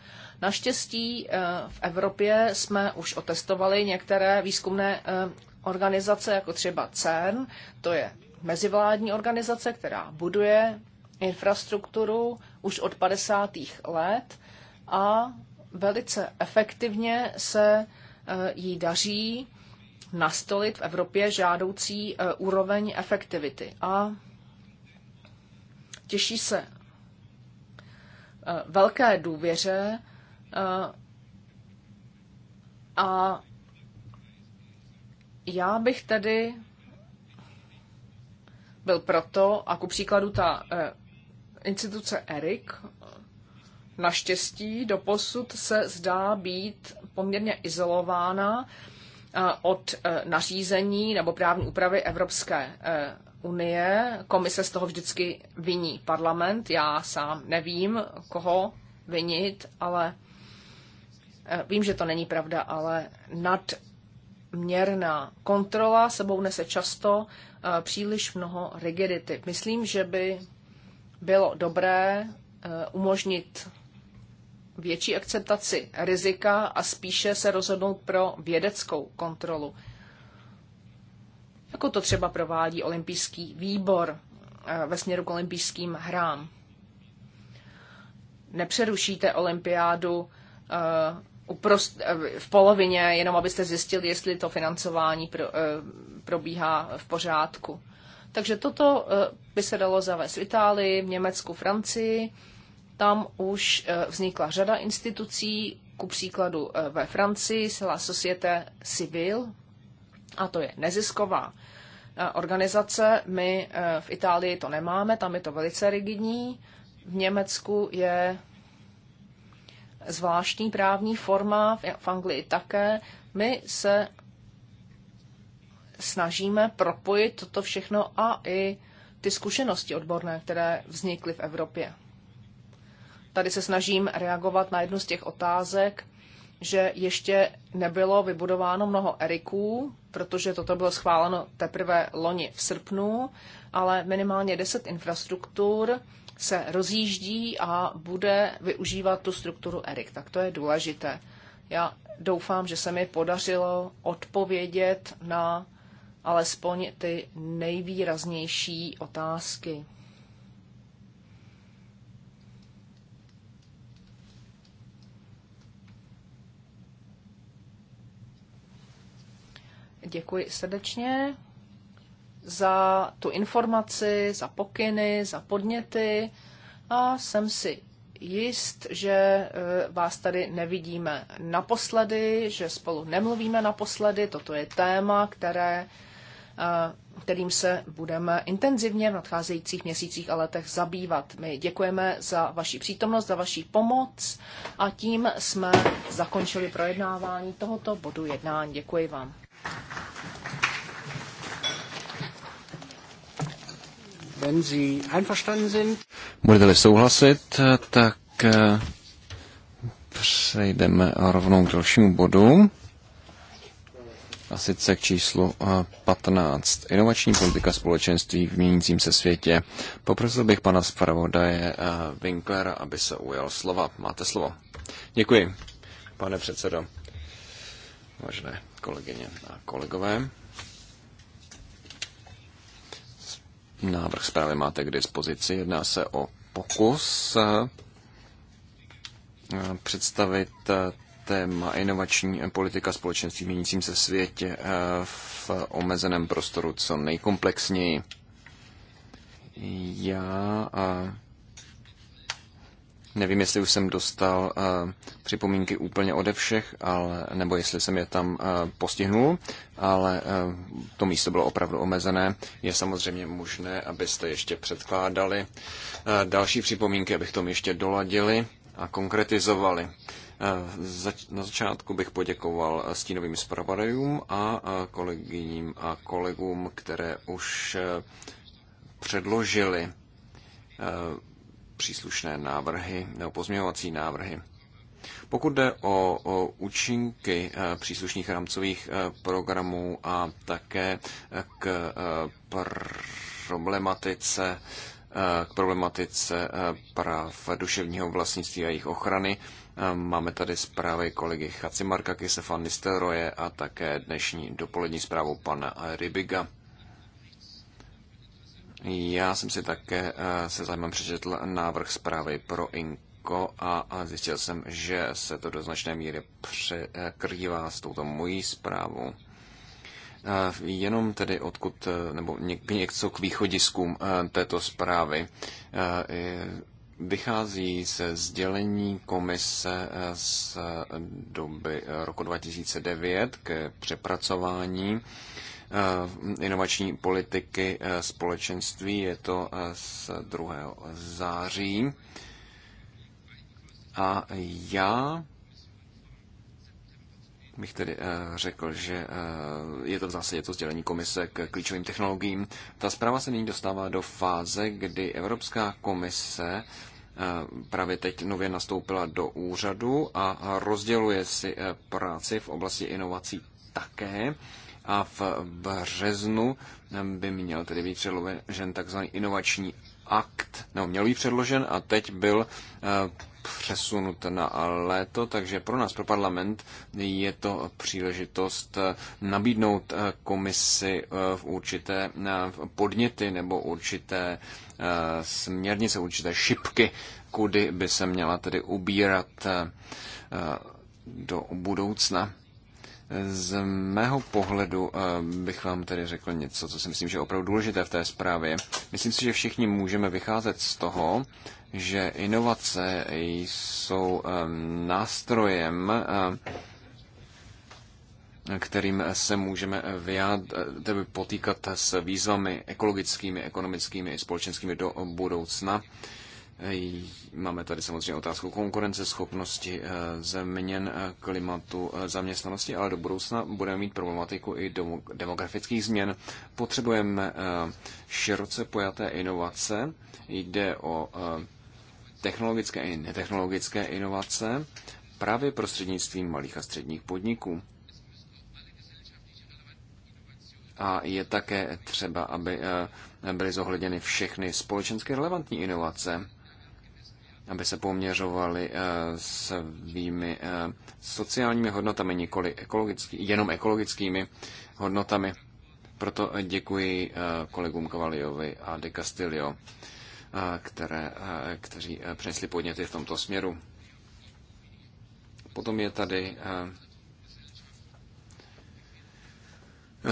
S3: Naštěstí eh, v Evropě jsme už otestovali některé výzkumné eh, organizace, jako třeba CERN, to je mezivládní organizace, která buduje infrastrukturu už od 50. let a velice efektivně se eh, jí daří nastolit v Evropě žádoucí úroveň efektivity. A těší se velké důvěře Eh, a já bych tedy byl proto, a ku příkladu ta eh, instituce ERIC, naštěstí do posud se zdá být poměrně izolována eh, od nařízení nebo právní úpravy Evropské unie. Komise z toho vždycky viní parlament. Já sám nevím, koho vinit, ale Eh, vím, že to není pravda, ale nadměrná kontrola sebou nese často eh, příliš mnoho rigidity. Myslím, že by bylo dobré eh, umožnit větší akceptaci rizika a spíše se rozhodnout pro vědeckou kontrolu. Jako to třeba provádí olympijský výbor ve směru k olympijským hrám. Nepřerušíte olympiádu uprost, v polovině, jenom abyste zjistili, jestli to financování pro, eh, probíhá v pořádku. Takže toto eh, by se dalo zavést v Itálii, v Německu, Francii. Tam už eh, vznikla řada institucí, ku příkladu ve Francii se la Société Civil, a to je nezisková organizace. My v Itálii to nemáme, tam je to velice rigidní. V Německu je zvláštní právní forma v Anglii také. My se snažíme propojit toto všechno a i ty zkušenosti odborné, které vznikly v Evropě. Tady se snažím reagovat na jednu z těch otázek, že ještě nebylo vybudováno mnoho Eriků, protože toto bylo schváleno teprve loni v srpnu, ale minimálně 10 infrastruktur se rozjíždí a bude využívat tu strukturu ERIC. Tak to je důležité. Já doufám, že se mi podařilo odpovědět na alespoň ty nejvýraznější otázky. Děkuji srdečně za tu informaci, za pokyny, za podněty a jsem si jist, že e, vás tady nevidíme naposledy, že spolu nemluvíme naposledy. Toto je téma, které, e, kterým se budeme intenzivně v nadcházejících měsících a letech zabývat. My děkujeme za vaši přítomnost, za vaši pomoc a tím jsme zakončili projednávání tohoto bodu jednání. Děkuji vám.
S2: Budete-li souhlasit, tak eh, přejdeme rovnou k dalšímu bodu, a sice k číslu 15. Eh, Inovační politika společenství v měnícím se světě. Poprosil bych pana zpravodaje eh, Winklera, aby se ujal slova. Máte slovo. Děkuji, pane předsedo. Vážené kolegyně a kolegové. Návrh zprávy máte k dispozici. Jedná se o pokus eh, představit eh, téma inovační politika společenství v měnícím se světě eh, v omezeném prostoru co nejkomplexněji. Já Nevím, jestli už jsem dostal uh, připomínky úplně ode všech, ale, nebo jestli jsem je tam uh, postihnul, ale uh, to místo bylo opravdu omezené. Je samozřejmě možné, abyste ještě předkládali uh, další připomínky, abychom ještě doladili a konkretizovali. Na začátku bych poděkoval stínovým zpravodajům a kolegyním a kolegům, které už předložili příslušné návrhy nebo pozměňovací návrhy. Pokud jde o, o účinky eh, příslušných rámcových eh, programů a také eh, k problematice k problematice práv duševního vlastnictví a jejich ochrany. Máme tady zprávy kolegy Chacimarka, Kisefa Nisteroje a také dnešní dopolední zprávu pana Rybiga. Já jsem si také eh, se zájmem přečetl návrh zprávy pro Inko a zjistil jsem, že se to do značné míry překrývá s touto mojí zprávou. Eh, jenom tedy odkud, eh, nebo něco k východiskům této zprávy vychází se sdělení komise z doby roku 2009 k přepracování Eh, inovační politiky eh, společenství. Je to eh, z 2. září. A já bych tedy řekl, že je to v zásadě to sdělení komise k klíčovým technologiím. Ta zpráva se nyní dostává do fáze, kdy Evropská komise právě teď nově nastoupila do úřadu a rozděluje si práci v oblasti inovací také a v březnu by měl tedy být předložen takzvaný inovační akt, nebo měl být předložen a teď byl eh, přesunut na léto, takže pro nás, pro parlament, je to příležitost eh, nabídnout eh, komisi v určité podněty nebo určité směrnice, určité šipky, kudy by se měla tedy ubírat do budoucna. Z mého pohledu eh, bych vám tedy řekl něco, co si myslím, že je opravdu důležité v té zprávě. Myslím si, že všichni můžeme vycházet z toho, že inovace jsou ehm, nástrojem, ehm, kterým se můžeme vyjádřit, tedy potýkat s výzvami ekologickými, ekonomickými i společenskými do budoucna Máme tady samozřejmě otázku konkurenceschopnosti, eh, změn eh, klimatu, eh, zaměstnanosti, ale do budoucna budeme mít problematiku i demografických změn. Potřebujeme široce pojaté inovace, jde o technologické i netechnologické inovace právě prostřednictvím malých a středních podniků. A je také třeba, aby byly zohledněny všechny společensky relevantní inovace, aby se poměřovali eh, svými eh, sociálními hodnotami, nikoli ekologický, jenom ekologickými hodnotami. Proto děkuji eh, kolegům Kavaliovi a De Castillo, které, kteří přinesli podněty v tomto směru. Potom je tady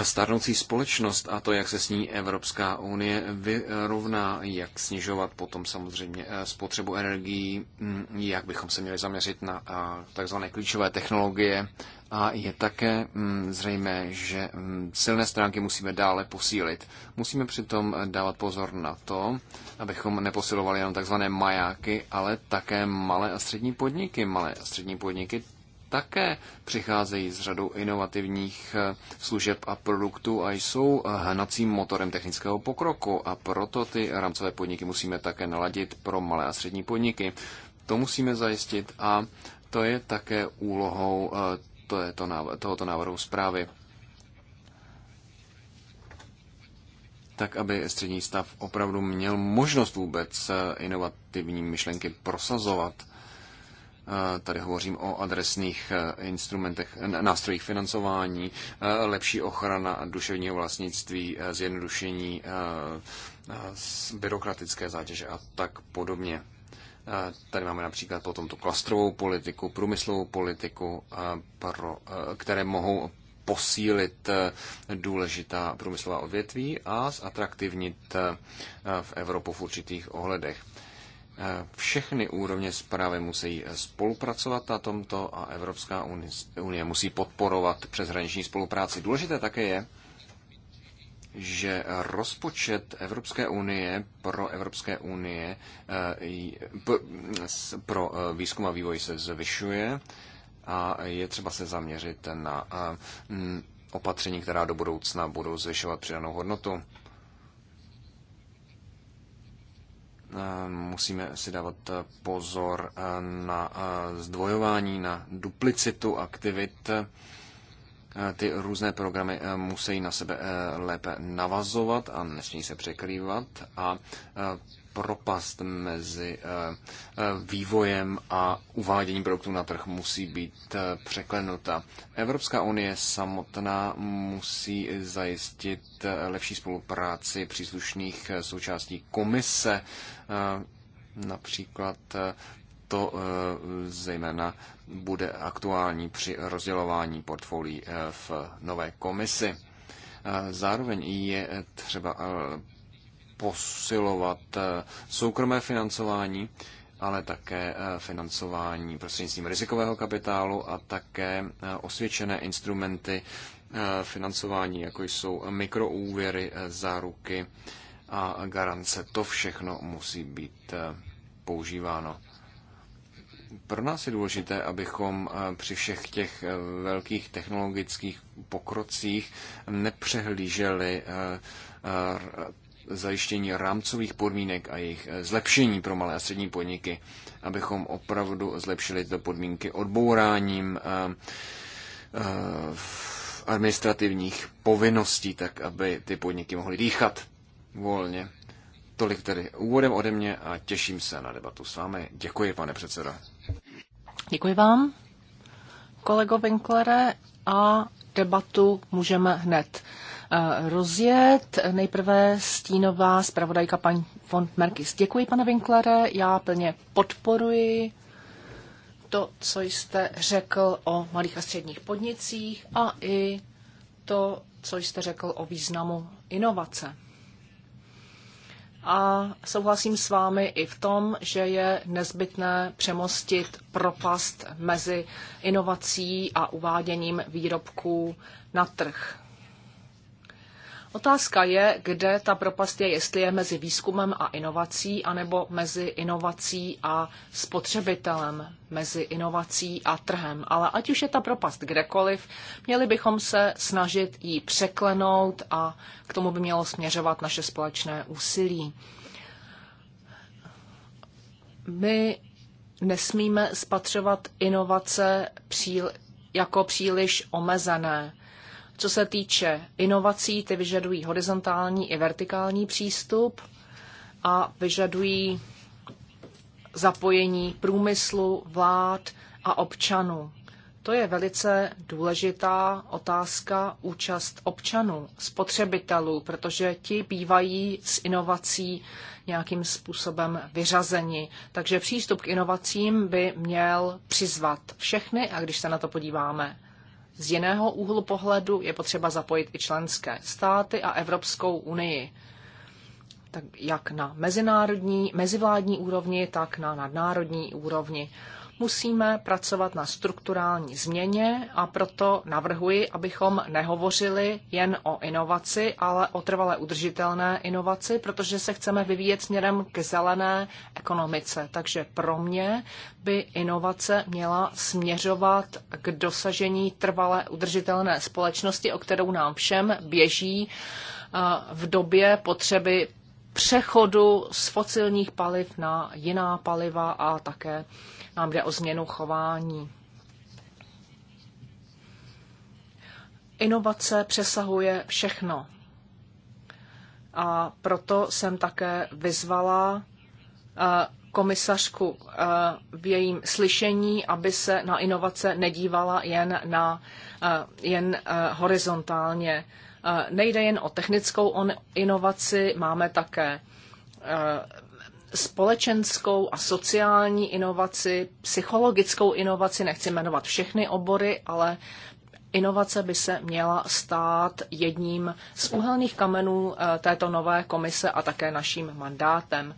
S2: starnoucí společnost a to, jak se s ní Evropská unie vyrovná, jak snižovat potom samozřejmě eh, spotřebu energií, mm, jak bychom se měli zaměřit na eh, takzvané klíčové technologie. A je také mm, zřejmé, že mm, silné stránky musíme dále posílit. Musíme přitom dávat pozor na to, abychom neposilovali jenom takzvané majáky, ale také malé a střední podniky. Malé a střední podniky také přicházejí s řadou inovativních eh, služeb a produktů a jsou eh, hnacím motorem technického pokroku a proto ty rámcové podniky musíme také naladit pro malé a střední podniky. To musíme zajistit a to je také úlohou eh, tohoto návrhu zprávy. tak, aby střední stav opravdu měl možnost vůbec inovativní myšlenky prosazovat Eh, tady hovořím o adresných eh, instrumentech, nástrojích financování, eh, lepší ochrana duševního vlastnictví, zjednodušení byrokratické zátěže a tak podobně. Tady máme například potom tu klastrovou politiku, průmyslovou politiku, pro, které mohou posílit důležitá průmyslová odvětví a zatraktivnit v Evropu v určitých ohledech. Eh, všechny úrovně zprávy musí eh, spolupracovat na tomto a Evropská unie musí podporovat přeshraniční spolupráci. Důležité také je, že rozpočet Evropské unie pro Evropské unie eh, pro výzkum a vývoj se zvyšuje a je třeba se zaměřit na opatření, která do budoucna budou zvyšovat přidanou hodnotu. musíme si dávat eh, pozor eh, na eh, zdvojování, na duplicitu aktivit. Ty různé programy musí na sebe lépe navazovat a nesmí se překrývat a propast mezi eh, eh, vývojem a uváděním produktů na trh musí být eh, překlenuta. Evropská unie samotná musí zajistit lepší spolupráci příslušných součástí komise, například to zejména bude aktuální při rozdělování portfolií v nové komisi. Zároveň je třeba posilovat eh, soukromé financování, ale také eh, financování prostřednictvím rizikového kapitálu a také eh, osvědčené instrumenty financování, jako jsou mikroúvěry, záruky a garance. To všechno musí být používáno. Pro nás je důležité, abychom při všech těch velkých technologických pokrocích nepřehlíželi zajištění rámcových podmínek a jejich eh, zlepšení pro malé a střední podniky, abychom opravdu zlepšili tyto podmínky odbouráním eh, eh, administrativních povinností, tak aby ty podniky mohly dýchat volně. Tolik tedy úvodem ode mě a těším se na debatu s vámi. Děkuji, pane předsedo.
S3: Děkuji vám, kolego Winklere, a debatu můžeme hned Eh, rozjet. Nejprve stínová zpravodajka paní von Merkis. Děkuji, pane Winklere, já plně podporuji to, co jste řekl o malých a středních podnicích a i to, co jste řekl o významu inovace. A souhlasím s vámi i v tom, že je nezbytné přemostit propast mezi inovací a uváděním výrobků na trh. Otázka je, kde ta propast je, jestli je mezi výzkumem a inovací, anebo mezi inovací a spotřebitelem, mezi inovací a trhem. Ale ať už je ta propast kdekoliv, měli bychom se snažit ji překlenout a k tomu by mělo směřovat naše společné úsilí. My nesmíme spatřovat inovace příl, jako příliš omezené co se týče inovací, ty vyžadují horizontální i vertikální přístup a vyžadují zapojení průmyslu, vlád a občanů. To je velice důležitá otázka účast občanů, spotřebitelů, protože ti bývají s inovací nějakým způsobem vyřazeni. Takže přístup k inovacím by měl přizvat všechny a když se na to podíváme z jiného úhlu pohledu je potřeba zapojit i členské státy a Evropskou unii. Tak jak na mezinárodní, mezivládní úrovni, tak na nadnárodní úrovni musíme pracovat na strukturální změně a proto navrhuji, abychom nehovořili jen o inovaci, ale o trvale udržitelné inovaci, protože se chceme vyvíjet směrem k zelené ekonomice. Takže pro mě by inovace měla směřovat k dosažení trvale udržitelné společnosti, o kterou nám všem běží eh, v době potřeby přechodu z fosilních paliv na jiná paliva a také nám jde o změnu chování. Inovace přesahuje všechno. A proto jsem také vyzvala eh, komisařku eh, v jejím slyšení, aby se na inovace nedívala jen, na, eh, jen horizontálně. Nejde jen o technickou inovaci, máme také e, společenskou a sociální inovaci, psychologickou inovaci, nechci jmenovat všechny obory, ale Inovace by se měla stát jedním z úhelných kamenů e, této nové komise a také naším mandátem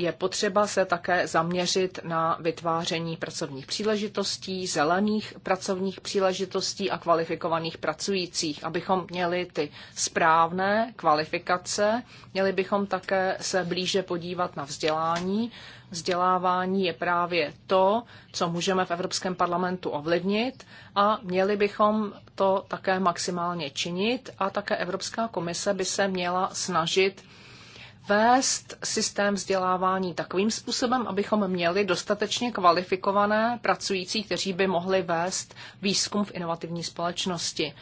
S3: je potřeba se také zaměřit na vytváření pracovních příležitostí, zelených pracovních příležitostí a kvalifikovaných pracujících. Abychom měli ty správné kvalifikace, měli bychom také se blíže podívat na vzdělání. Vzdělávání je právě to, co můžeme v Evropském parlamentu ovlivnit a měli bychom to také maximálně činit a také Evropská komise by se měla snažit vést systém vzdělávání takovým způsobem, abychom měli dostatečně kvalifikované pracující, kteří by mohli vést výzkum v inovativní společnosti.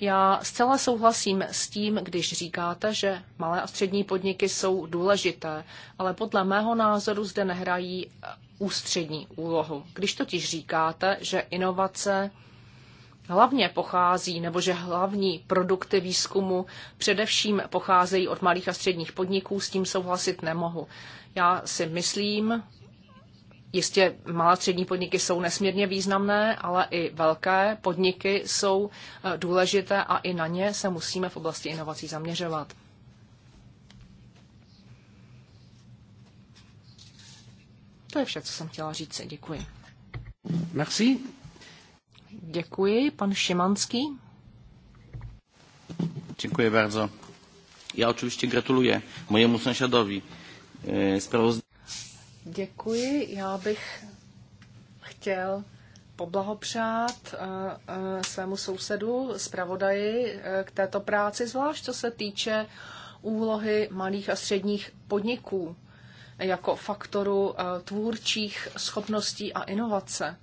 S3: Já zcela souhlasím s tím, když říkáte, že malé a střední podniky jsou důležité, ale podle mého názoru zde nehrají ústřední úlohu. Když totiž říkáte, že inovace hlavně pochází, nebo že hlavní produkty výzkumu především pocházejí od malých a středních podniků, s tím souhlasit nemohu. Já si myslím, Jistě malé střední podniky jsou nesmírně významné, ale i velké podniky jsou eh, důležité a i na ně se musíme v oblasti inovací zaměřovat. To je vše, co jsem chtěla říct. Děkuji. Merci. Děkuji. Pan Šimanský. Děkuji bardzo. Já, oczywiście gratuluję mojemu sąsiadowi e, Děkuji. Já bych chtěl poblahopřát e, e, svému sousedu, zpravodaji k této práci, zvlášť co se týče úlohy malých a středních podniků jako faktoru tvůrčích schopností a inovace.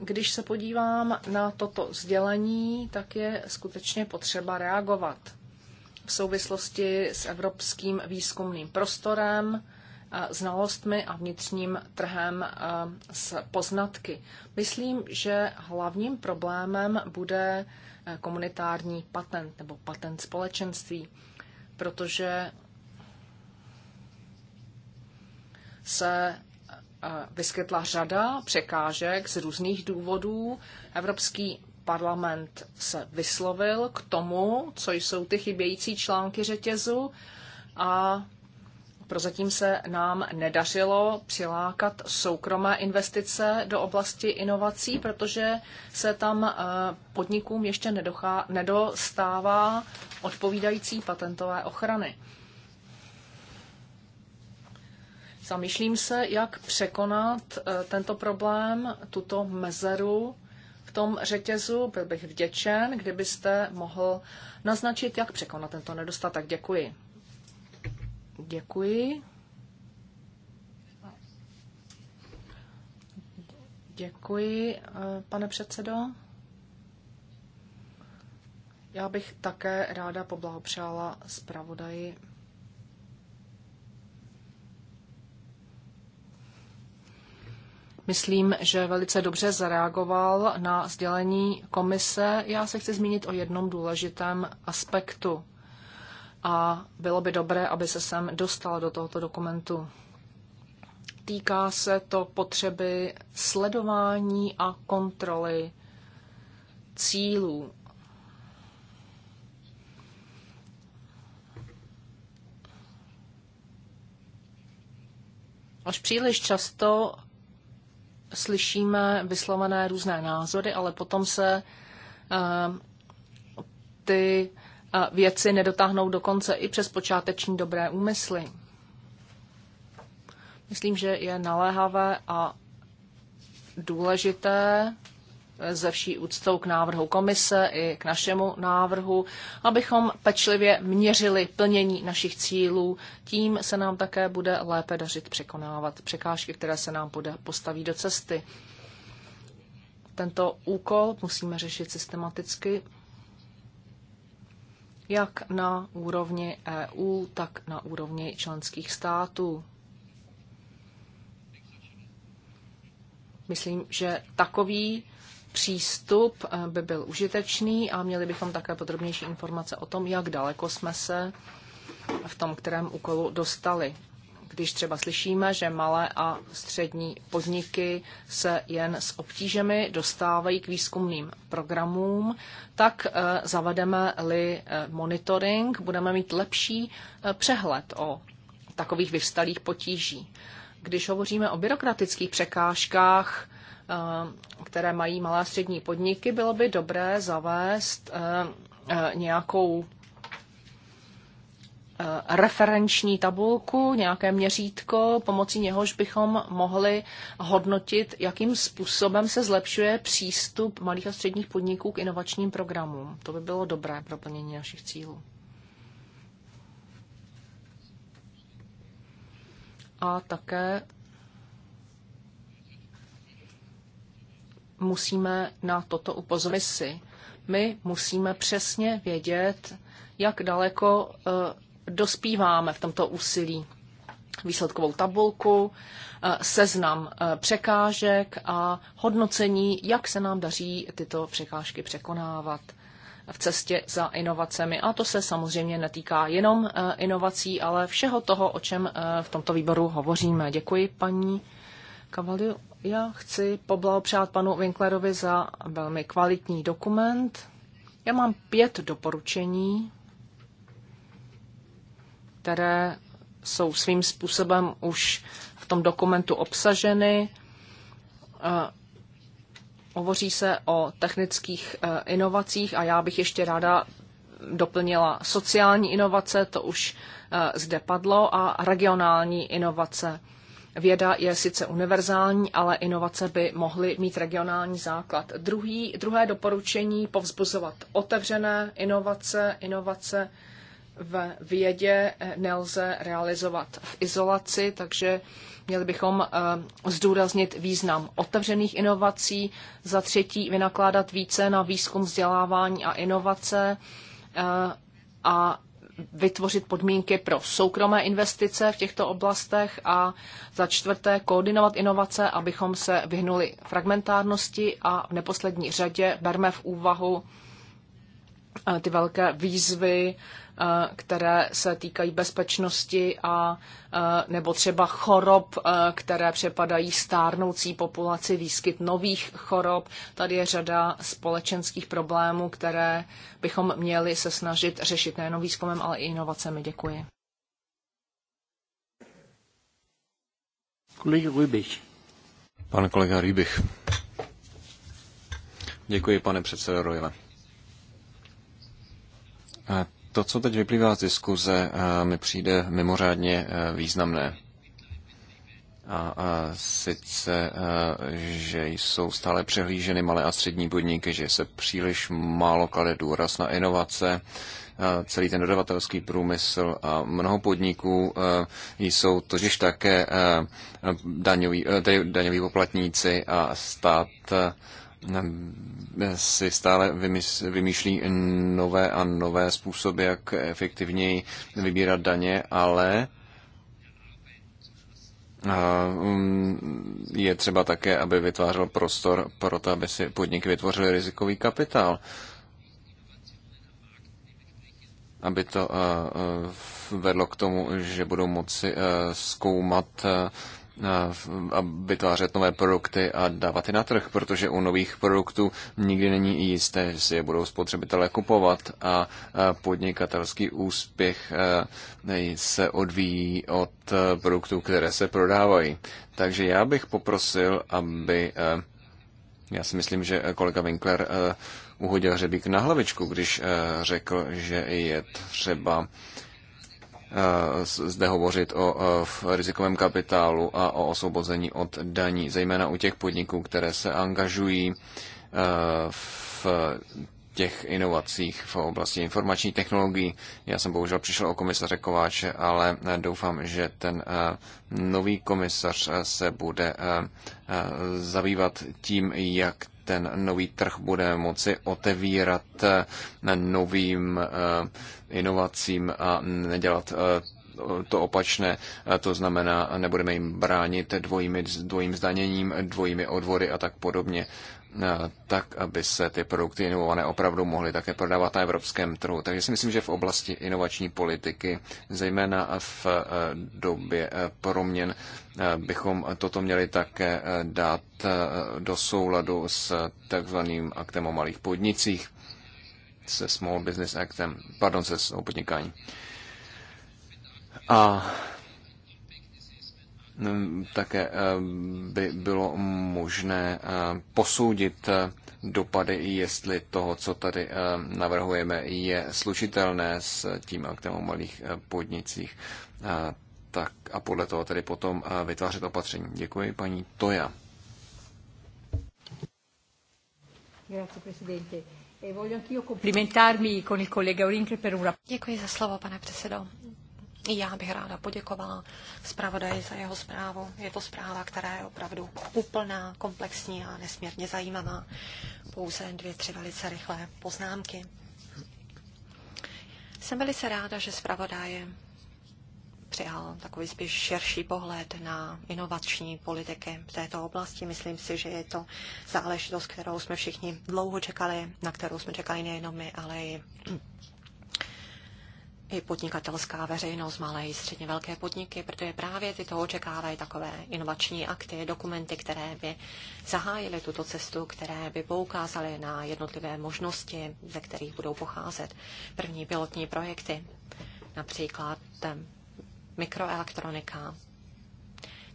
S3: Když se podívám na toto sdělení, tak je skutečně potřeba reagovat v souvislosti s evropským výzkumným prostorem, znalostmi a vnitřním trhem s poznatky. Myslím, že hlavním problémem bude e, komunitární patent nebo patent společenství, protože se Eh, vyskytla řada překážek z různých důvodů. Evropský parlament se vyslovil k tomu, co jsou ty chybějící články řetězu a prozatím se nám nedařilo přilákat soukromé investice do oblasti inovací, protože se tam eh, podnikům ještě nedostává odpovídající patentové ochrany. Zamýšlím se, jak překonat eh, tento problém, tuto mezeru v tom řetězu. Byl bych vděčen, kdybyste mohl naznačit, jak překonat tento nedostatek. Děkuji. Děkuji. Děkuji, eh, pane předsedo. Já bych také ráda poblahopřála zpravodaji myslím, že velice dobře zareagoval na sdělení komise. Já se chci zmínit o jednom důležitém aspektu a bylo by dobré, aby se sem dostal do tohoto dokumentu. Týká se to potřeby sledování a kontroly cílů. Až příliš často slyšíme vyslovené různé názory, ale potom se eh, ty eh, věci nedotáhnou dokonce i přes počáteční dobré úmysly. Myslím, že je naléhavé a důležité ze vší úctou k návrhu komise i k našemu návrhu, abychom pečlivě měřili plnění našich cílů. Tím se nám také bude lépe dařit překonávat překážky, které se nám bude postaví do cesty. Tento úkol musíme řešit systematicky, jak na úrovni EU, tak na úrovni členských států. Myslím, že takový přístup eh, by byl užitečný a měli bychom také podrobnější informace o tom, jak daleko jsme se v tom, kterém úkolu dostali. Když třeba slyšíme, že malé a střední podniky se jen s obtížemi dostávají k výzkumným programům, tak eh, zavedeme-li eh, monitoring, budeme mít lepší přehled o takových vyvstalých potíží. Když hovoříme o byrokratických překážkách, Eh, které mají malé a střední podniky, bylo by dobré zavést eh, eh, nějakou referenční tabulku, nějaké měřítko, pomocí něhož bychom mohli hodnotit, jakým způsobem se zlepšuje přístup malých a středních podniků k inovačním programům. To by bylo dobré pro plnění našich cílů. A také musíme na toto upozornit si. My musíme přesně vědět, jak daleko eh, dospíváme v tomto úsilí. Výsledkovou tabulku, eh, seznam eh, překážek a hodnocení, jak se nám daří tyto překážky překonávat v cestě za inovacemi. A to se samozřejmě netýká jenom inovací, ale všeho toho, o čem v tomto výboru hovoříme. Děkuji paní Kavaliu, já chci poblahopřát panu Winklerovi za velmi kvalitní dokument. Já mám pět doporučení, které jsou svým způsobem už v tom dokumentu obsaženy. Hovoří se o technických e, inovacích a já bych ještě ráda doplnila sociální inovace, to už e, zde padlo, a regionální inovace. Věda je sice univerzální, ale inovace by mohly mít regionální základ. Druhý, druhé doporučení povzbuzovat otevřené inovace, inovace v vědě nelze realizovat v izolaci, takže měli bychom eh, zdůraznit význam otevřených inovací, za třetí vynakládat více na výzkum vzdělávání a inovace eh, a vytvořit podmínky pro soukromé investice v těchto oblastech a za čtvrté koordinovat inovace, abychom se vyhnuli fragmentárnosti a v neposlední řadě berme v úvahu eh, ty velké výzvy Eh, které se týkají bezpečnosti a eh, nebo třeba chorob, eh, které přepadají stárnoucí populaci, výskyt nových chorob. Tady je řada společenských problémů, které bychom měli se snažit řešit nejenom výzkumem, ale i inovacemi. Děkuji.
S4: Kolega Rybich.
S2: Pane kolega Rybich. Děkuji, pane předsedo Rojle to, co teď vyplývá z diskuze, eh, mi přijde mimořádně eh, významné. A, a sice, eh, že jsou stále přehlíženy malé a střední podniky, že se příliš málo klade důraz na inovace, celý ten dodavatelský průmysl a mnoho podniků jsou totiž také a, daňový poplatníci a stát Ehm, si stále vymýšlí nové a nové způsoby, jak efektivněji vybírat daně, ale ehm, je třeba také, aby vytvářel prostor pro to, aby si podniky vytvořil rizikový kapitál. Aby to eh, eh, vedlo k tomu, že budou moci eh, zkoumat a vytvářet nové produkty a dávat je na trh, protože u nových produktů nikdy není jisté, že si je budou spotřebitelé kupovat a podnikatelský úspěch se odvíjí od produktů, které se prodávají. Takže já bych poprosil, aby já si myslím, že kolega Winkler uhodil hřebík na hlavičku, když řekl, že je třeba Eh, zde hovořit o eh, rizikovém kapitálu a o osvobození od daní, zejména u těch podniků, které se angažují eh, v těch inovacích v oblasti informační technologií. Já jsem bohužel přišel o komisaře Kováče, ale doufám, že ten nový komisař se bude zabývat tím, jak ten nový trh bude moci otevírat novým inovacím a nedělat eh, to opačné, eh, to znamená, nebudeme jim bránit dvojím, dvojím zdaněním, dvojími odvody a tak podobně, eh, tak, aby se ty produkty inovované opravdu mohly také prodávat na evropském trhu. Takže si myslím, že v oblasti inovační politiky, zejména v době proměn, bychom toto měli také dát do souladu s takzvaným aktem o malých podnicích se Small Business Actem, pardon, se s podnikání. A mm, také eh, by bylo možné eh, posoudit eh, dopady, jestli toho, co tady navrhujeme, je slučitelné s tím aktem o malých podnicích, tak a podle toho tedy potom vytvářet opatření. Děkuji, paní Toja.
S1: Grazie, Presidente. E Děkuji za slovo, pane předsedo. Já bych ráda poděkovala zpravodaji za jeho zprávu. Je to zpráva, která je opravdu úplná, komplexní a nesmírně zajímavá. Pouze dvě, tři velice rychlé poznámky. Jsem velice ráda, že zpravodaj přihal takový spíš širší pohled na inovační politiky v této oblasti. Myslím si, že je to záležitost, kterou jsme všichni dlouho čekali, na kterou jsme čekali nejenom my, ale i i podnikatelská veřejnost, malé i středně velké podniky, protože právě tyto očekávají takové inovační akty, dokumenty, které by zahájily tuto cestu, které by poukázaly na jednotlivé možnosti, ze kterých budou pocházet první pilotní projekty. Například mikroelektronika,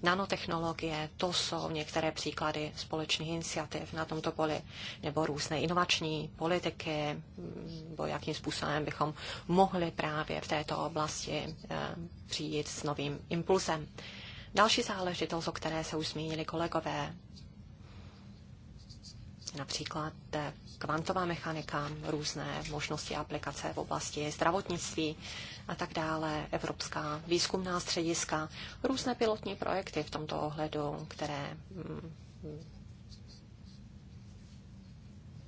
S1: nanotechnologie, to jsou některé příklady společných iniciativ na tomto poli, nebo různé inovační politiky, nebo jakým způsobem bychom mohli právě v této oblasti eh, přijít s novým impulsem. Další záležitost, o které se už zmínili kolegové, například eh, kvantová mechanika, různé možnosti aplikace v oblasti zdravotnictví a tak dále, evropská výzkumná střediska, různé pilotní projekty v tomto ohledu, které mm,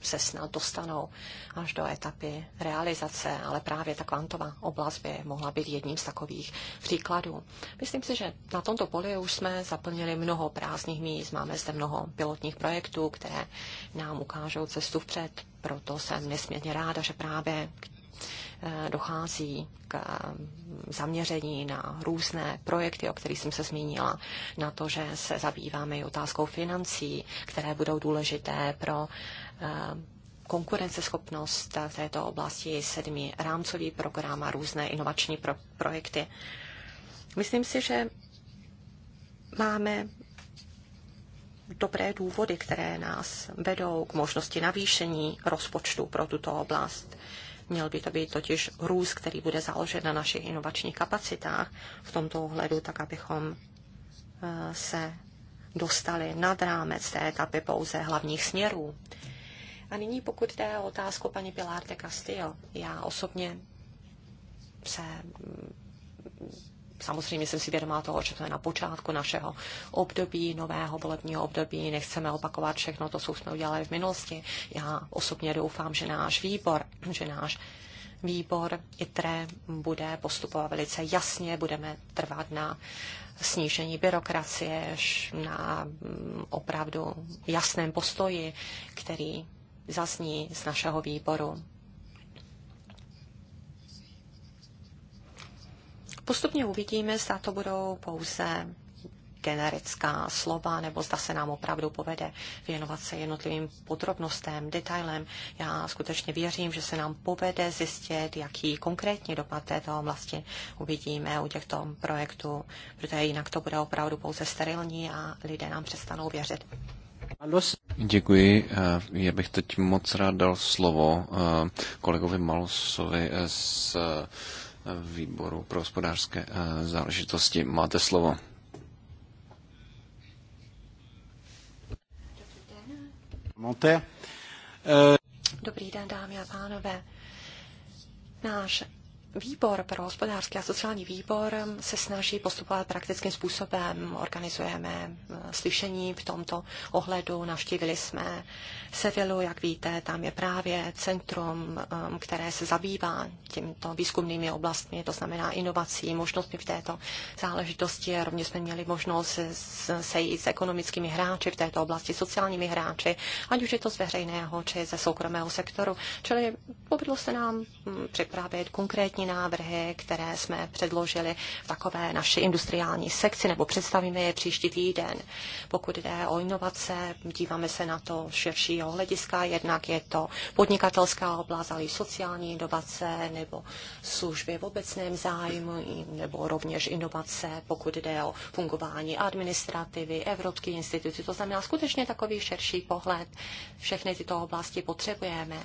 S1: se snad dostanou až do etapy realizace, ale právě ta kvantová oblast by mohla být jedním z takových příkladů. Myslím si, že na tomto poli už jsme zaplnili mnoho prázdných míst, máme zde mnoho pilotních projektů, které nám ukážou cestu vpřed. Proto jsem nesmírně ráda, že právě eh, dochází k eh, zaměření na různé projekty, o kterých jsem se zmínila, na to, že se zabýváme i otázkou financí, které budou důležité pro konkurenceschopnost v této oblasti, sedmý rámcový program a různé inovační pro- projekty. Myslím si, že máme dobré důvody, které nás vedou k možnosti navýšení rozpočtu pro tuto oblast. Měl by to být totiž růst, který bude založen na našich inovačních kapacitách v tomto ohledu, tak abychom eh, se dostali nad rámec té etapy pouze hlavních směrů. A nyní pokud jde o otázku paní Pilar de Castillo, já osobně se mm, Samozřejmě jsem si vědomá toho, že to je na počátku našeho období, nového volebního období, nechceme opakovat všechno to, co jsme udělali v minulosti. Já osobně doufám, že náš výbor, že náš výbor ITRE bude postupovat velice jasně, budeme trvat na snížení byrokracie, na mm, opravdu jasném postoji, který zazní z našeho výboru. Postupně uvidíme, zda to budou pouze generická slova, nebo zda se nám opravdu povede věnovat se jednotlivým podrobnostem, detailem. Já skutečně věřím, že se nám povede zjistit, jaký konkrétní dopad této oblasti uvidíme u těchto projektů, protože jinak to bude opravdu pouze sterilní a lidé nám přestanou věřit.
S2: Děkuji. Eh, já bych teď moc rád dal slovo eh, kolegovi Malosovi z eh, výboru pro hospodářské záležitosti. Máte slovo.
S1: Dobrý den, dámy a pánové. Náš Výbor pro hospodářský a sociální výbor se snaží postupovat praktickým způsobem. Organizujeme eh, slyšení v tomto ohledu. Navštívili jsme Sevilu, jak víte, tam je právě centrum, eh, které se zabývá těmito výzkumnými oblastmi, to znamená inovací, možnostmi v této záležitosti. Rovně jsme měli možnost sejít s ekonomickými hráči v této oblasti, sociálními hráči, ať už je to z veřejného či ze soukromého sektoru. Čili povedlo se nám hm, připravit konkrétní konkrétní návrhy, které jsme předložili v takové naší industriální sekci, nebo představíme je příští týden. Pokud jde o inovace, díváme se na to širšího hlediska, jednak je to podnikatelská oblast, ale i sociální inovace, nebo služby v obecném zájmu, nebo rovněž inovace, pokud jde o fungování administrativy, Evropské instituce. To znamená skutečně takový širší pohled. Všechny tyto oblasti potřebujeme.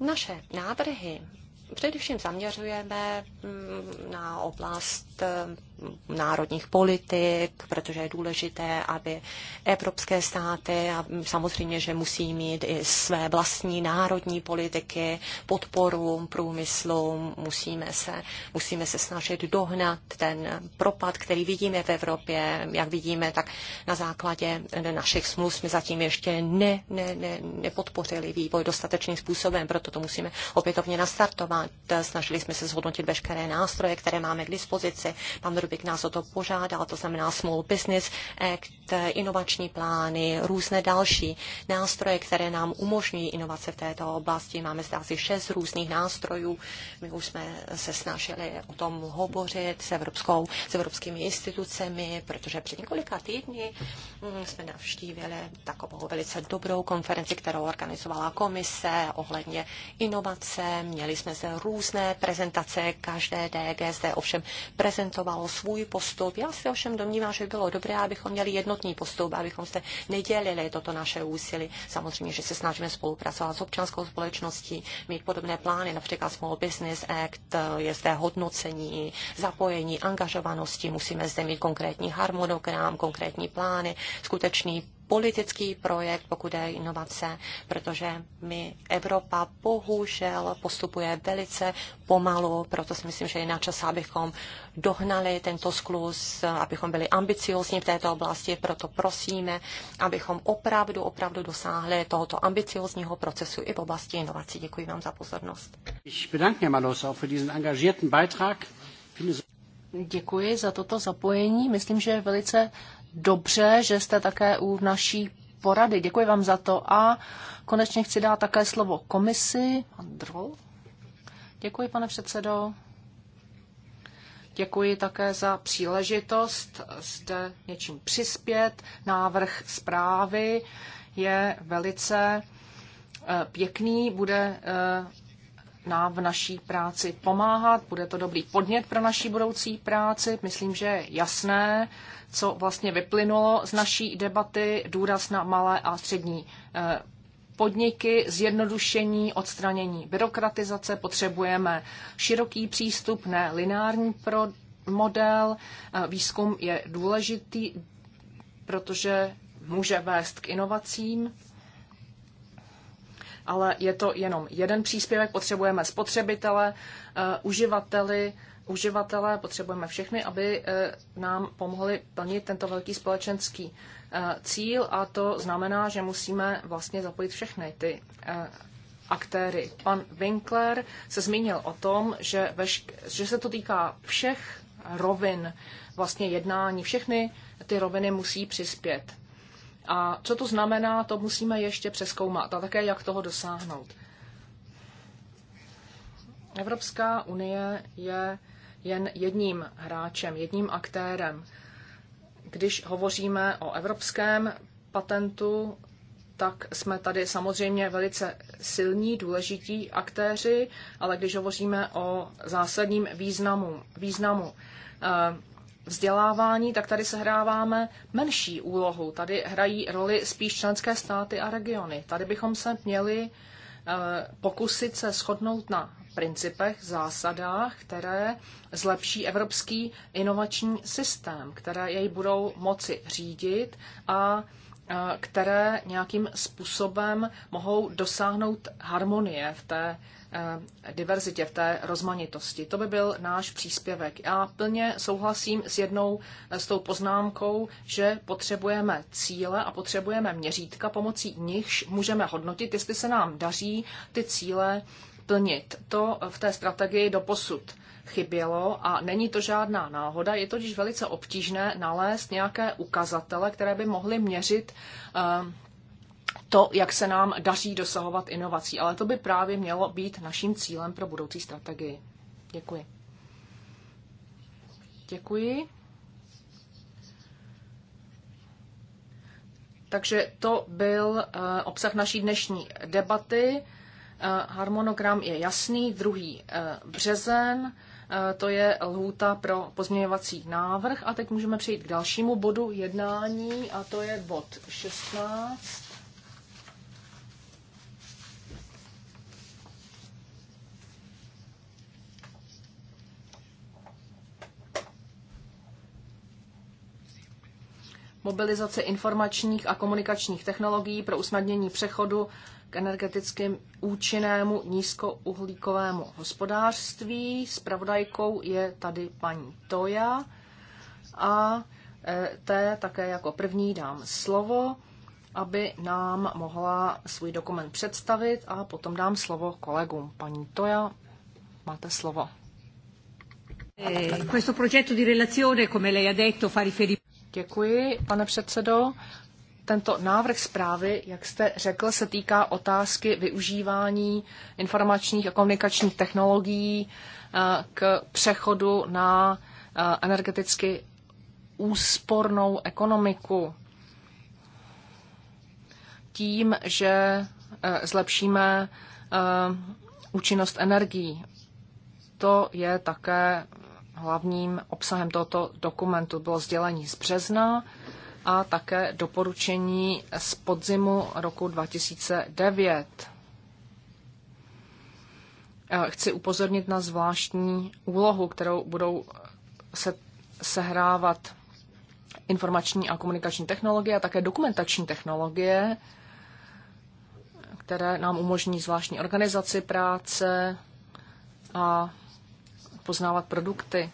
S1: Naše návrhy především zaměřujeme mm, na oblast mm, národních politik, protože je důležité, aby evropské státy a samozřejmě, že musí mít i své vlastní národní politiky, podporu průmyslu, musíme se, musíme se snažit dohnat ten propad, který vidíme v Evropě, jak vidíme, tak na základě našich smluv jsme zatím ještě ne, ne, ne, nepodpořili vývoj dostatečným způsobem, proto to musíme opětovně nastartovat. Snažili jsme se zhodnotit veškeré nástroje, které máme k dispozici. Pan Rubik nás o to požádal, to znamená Small Business Act, inovační plány, různé další nástroje, které nám umožňují inovace v této oblasti. Máme zde asi šest různých nástrojů. My už jsme se snažili o tom hovořit s, Evropskou, s evropskými institucemi, protože před několika týdny mm, jsme navštívili takovou velice dobrou konferenci, kterou organizovala komise ohledně inovace. Měli jsme zde různé prezentace, každé DG zde ovšem prezentovalo svůj postup. Já se ovšem domnívám, že by bylo dobré, abychom měli jednotný postup, abychom se nedělili toto naše úsilí. Samozřejmě, že se snažíme spolupracovat s občanskou společností, mít podobné plány, například Small Business Act, je zde hodnocení, zapojení, angažovanosti, musíme zde mít konkrétní harmonogram, konkrétní plány, skutečný politický projekt, pokud je inovace, protože my, Evropa, bohužel postupuje velice pomalu, proto si myslím, že je na čas, abychom dohnali tento sklus, abychom byli ambiciozní v této oblasti, proto prosíme, abychom opravdu, opravdu dosáhli tohoto ambiciozního procesu i v oblasti inovací. Děkuji vám za pozornost.
S2: Děkuji za toto
S3: zapojení. Myslím, že je velice dobře, že jste také u naší porady. Děkuji vám za to a konečně chci dát také slovo komisi. Androl. Děkuji, pane předsedo. Děkuji také za příležitost zde něčím přispět. Návrh zprávy je velice eh, pěkný, bude eh, nám v naší práci pomáhat, bude to dobrý podnět pro naší budoucí práci. Myslím, že je jasné, co vlastně vyplynulo z naší debaty, důraz na malé a střední eh, podniky, zjednodušení, odstranění byrokratizace, potřebujeme široký přístup, ne lineární pro model. Eh, výzkum je důležitý, protože může vést k inovacím ale je to jenom jeden příspěvek. Potřebujeme spotřebitele, eh, uživateli, uživatele, potřebujeme všechny, aby eh, nám pomohli plnit tento velký společenský eh, cíl a to znamená, že musíme vlastně zapojit všechny ty aktéry. Pan Winkler se zmínil o tom, že, vešk- že se to týká všech rovin vlastně jednání. Všechny ty roviny musí přispět. A co to znamená, to musíme ještě přeskoumat a také jak toho dosáhnout. Evropská unie je jen jedním hráčem, jedním aktérem. Když hovoříme o evropském patentu, tak jsme tady samozřejmě velice silní, důležití aktéři, ale když hovoříme o zásadním významu, významu eh, vzdělávání, tak tady sehráváme menší úlohu. Tady hrají roli spíš členské státy a regiony. Tady bychom se měli eh, pokusit se shodnout na principech, zásadách, které zlepší evropský inovační systém, které jej budou moci řídit a eh, které nějakým způsobem mohou dosáhnout harmonie v té Eh, diverzitě, v té rozmanitosti. To by byl náš příspěvek. Já plně souhlasím s jednou eh, s tou poznámkou, že potřebujeme cíle a potřebujeme měřítka, pomocí nichž můžeme hodnotit, jestli se nám daří ty cíle plnit. To eh, v té strategii do posud chybělo a není to žádná náhoda. Je totiž velice obtížné nalézt nějaké ukazatele, které by mohly měřit to, jak se nám daří dosahovat inovací. Ale to by právě mělo být naším cílem pro budoucí strategii. Děkuji. Děkuji. Takže to byl eh, obsah naší dnešní debaty. Eh, harmonogram je jasný, 2. Eh, březen, to je lhůta pro pozměňovací návrh. A teď můžeme přejít k dalšímu bodu jednání, a to je bod 16. mobilizaci informačních a komunikačních technologií pro usnadnění přechodu k energetickým účinnému nízkouhlíkovému hospodářství. Spravodajkou je tady paní Toja a e, té také jako první dám slovo, aby nám mohla svůj dokument představit a potom dám slovo kolegům. Paní Toja, máte slovo. Eh, questo progetto di relazione, come lei ha detto, fa riferimento Děkuji, pane předsedo. Tento návrh zprávy, jak jste řekl, se týká otázky využívání informačních a komunikačních technologií eh, k přechodu na eh, energeticky úspornou ekonomiku. Tím, že eh, zlepšíme účinnost energií. To je také Hlavním obsahem tohoto dokumentu bylo sdělení z března a také doporučení z podzimu roku 2009. Eh, chci upozornit na zvláštní úlohu, kterou budou se sehrávat informační a komunikační technologie a také dokumentační technologie, které nám umožní zvláštní organizaci práce a poznávat produkty.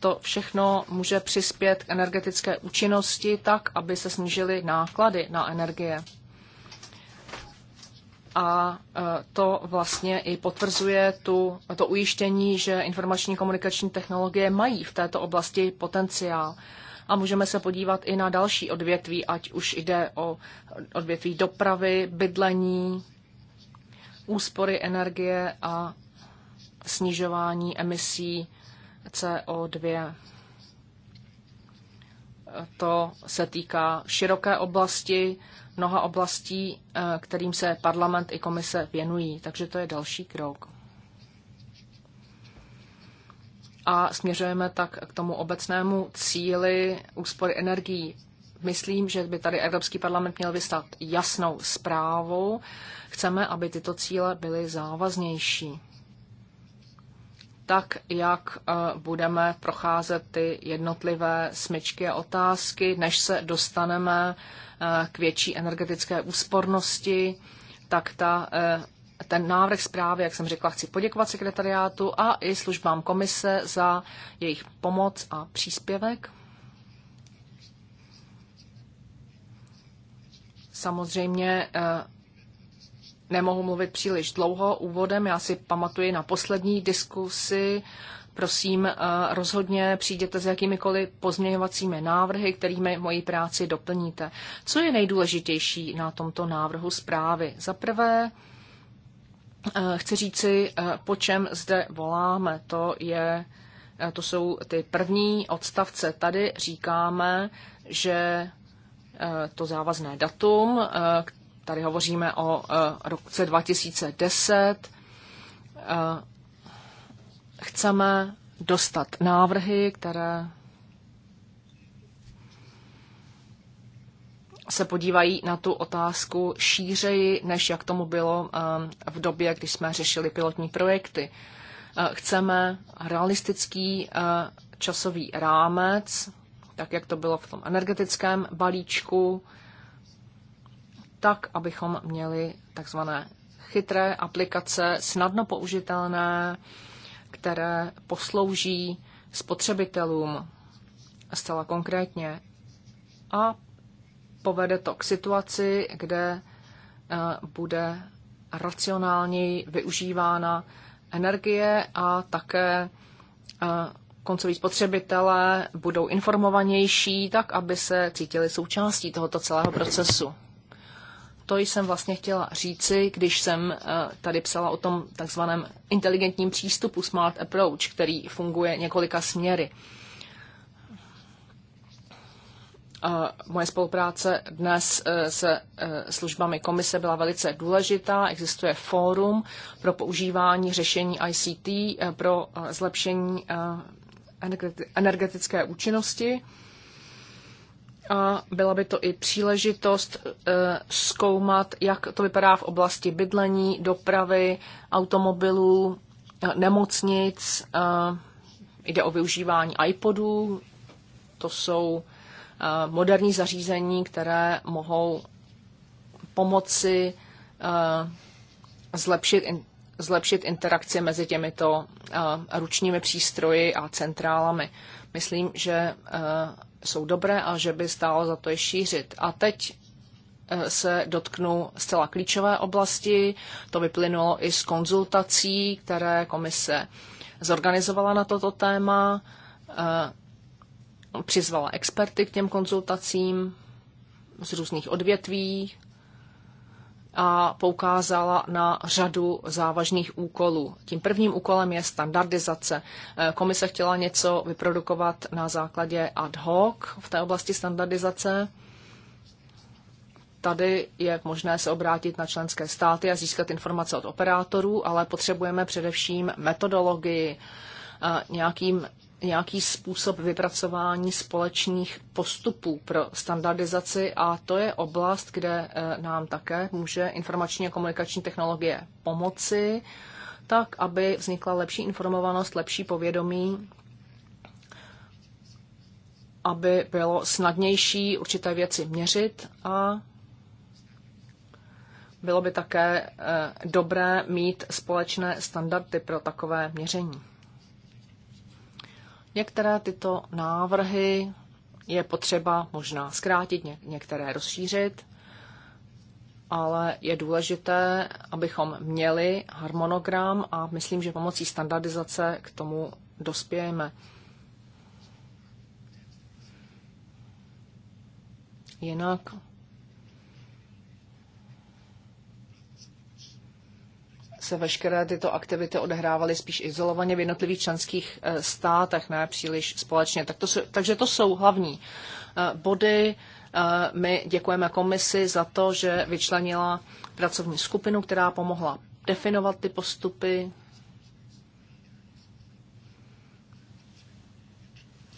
S3: To všechno může přispět k energetické účinnosti tak, aby se snížily náklady na energie. A e, to vlastně i potvrzuje tu, to ujištění, že informační komunikační technologie mají v této oblasti potenciál a můžeme se podívat i na další odvětví, ať už jde o odvětví dopravy, bydlení, úspory energie a snižování emisí CO2. To se týká široké oblasti, mnoha oblastí, eh, kterým se parlament i komise věnují, takže to je další krok. A směřujeme tak k tomu obecnému cíli úspory energií myslím, že by tady Evropský parlament měl vystat jasnou zprávou. Chceme, aby tyto cíle byly závaznější tak, jak eh, budeme procházet ty jednotlivé smyčky a otázky, než se dostaneme eh, k větší energetické úspornosti, tak ta, eh, ten návrh zprávy, jak jsem řekla, chci poděkovat sekretariátu a i službám komise za jejich pomoc a příspěvek. Samozřejmě nemohu mluvit příliš dlouho úvodem. Já si pamatuji na poslední diskusi. Prosím, eh, rozhodně přijděte s jakýmikoliv pozměňovacími návrhy, kterými moji práci doplníte. Co je nejdůležitější na tomto návrhu zprávy? Za prvé, eh, chci říci, eh, po čem zde voláme. To, je, to jsou ty první odstavce. Tady říkáme, že to závazné datum, tady hovoříme o e, roce 2010, e, chceme dostat návrhy, které se podívají na tu otázku šířeji, než jak tomu bylo e, v době, kdy jsme řešili pilotní projekty. Chceme realistický časový rámec, tak jak to bylo v tom energetickém balíčku, tak, abychom měli takzvané chytré aplikace, snadno použitelné, které poslouží spotřebitelům zcela konkrétně. A povede to k situaci, kde eh, bude racionálněji využívána energie a také eh, koncoví spotřebitelé budou informovanější, tak aby se cítili součástí tohoto celého procesu to jsem vlastně chtěla říci, když jsem eh, tady psala o tom takzvaném inteligentním přístupu Smart Approach, který funguje několika směry. Eh, moje spolupráce dnes eh, se službami komise byla velice důležitá. Existuje fórum pro používání řešení ICT pro zlepšení energetické účinnosti a byla by to i příležitost eh, zkoumat, jak to vypadá v oblasti bydlení, dopravy, automobilů, eh, nemocnic. Eh, jde o využívání iPodů, to jsou moderní zařízení, které mohou pomoci zlepšit, zlepšit interakci mezi těmito ručními přístroji a centrálami. Myslím, že jsou dobré a že by stálo za to je šířit. A teď eh, se dotknu zcela klíčové oblasti. To vyplynulo i z konzultací, které komise zorganizovala na toto téma. Eh, přizvala experty k těm konzultacím z různých odvětví, a poukázala na řadu závažných úkolů. Tím prvním úkolem je standardizace. Eh, komise chtěla něco vyprodukovat na základě ad hoc v té oblasti standardizace. Tady je možné se obrátit na členské státy a získat informace od operátorů, ale potřebujeme především metodologii, eh, nějakým nějaký způsob vypracování společných postupů pro standardizaci a to je oblast, kde eh, nám také může informační a komunikační technologie pomoci, tak aby vznikla lepší informovanost, lepší povědomí, aby bylo snadnější určité věci měřit a bylo by také eh, dobré mít společné standardy pro takové měření. Některé tyto návrhy je potřeba možná zkrátit, některé rozšířit, ale je důležité, abychom měli harmonogram a myslím, že pomocí standardizace k tomu dospějeme. Jinak se veškeré tyto aktivity odehrávaly spíš izolovaně v jednotlivých členských eh, státech, ne příliš společně. Tak to, takže to jsou hlavní eh, body. Eh, my děkujeme komisi za to, že vyčlenila pracovní skupinu, která pomohla definovat ty postupy,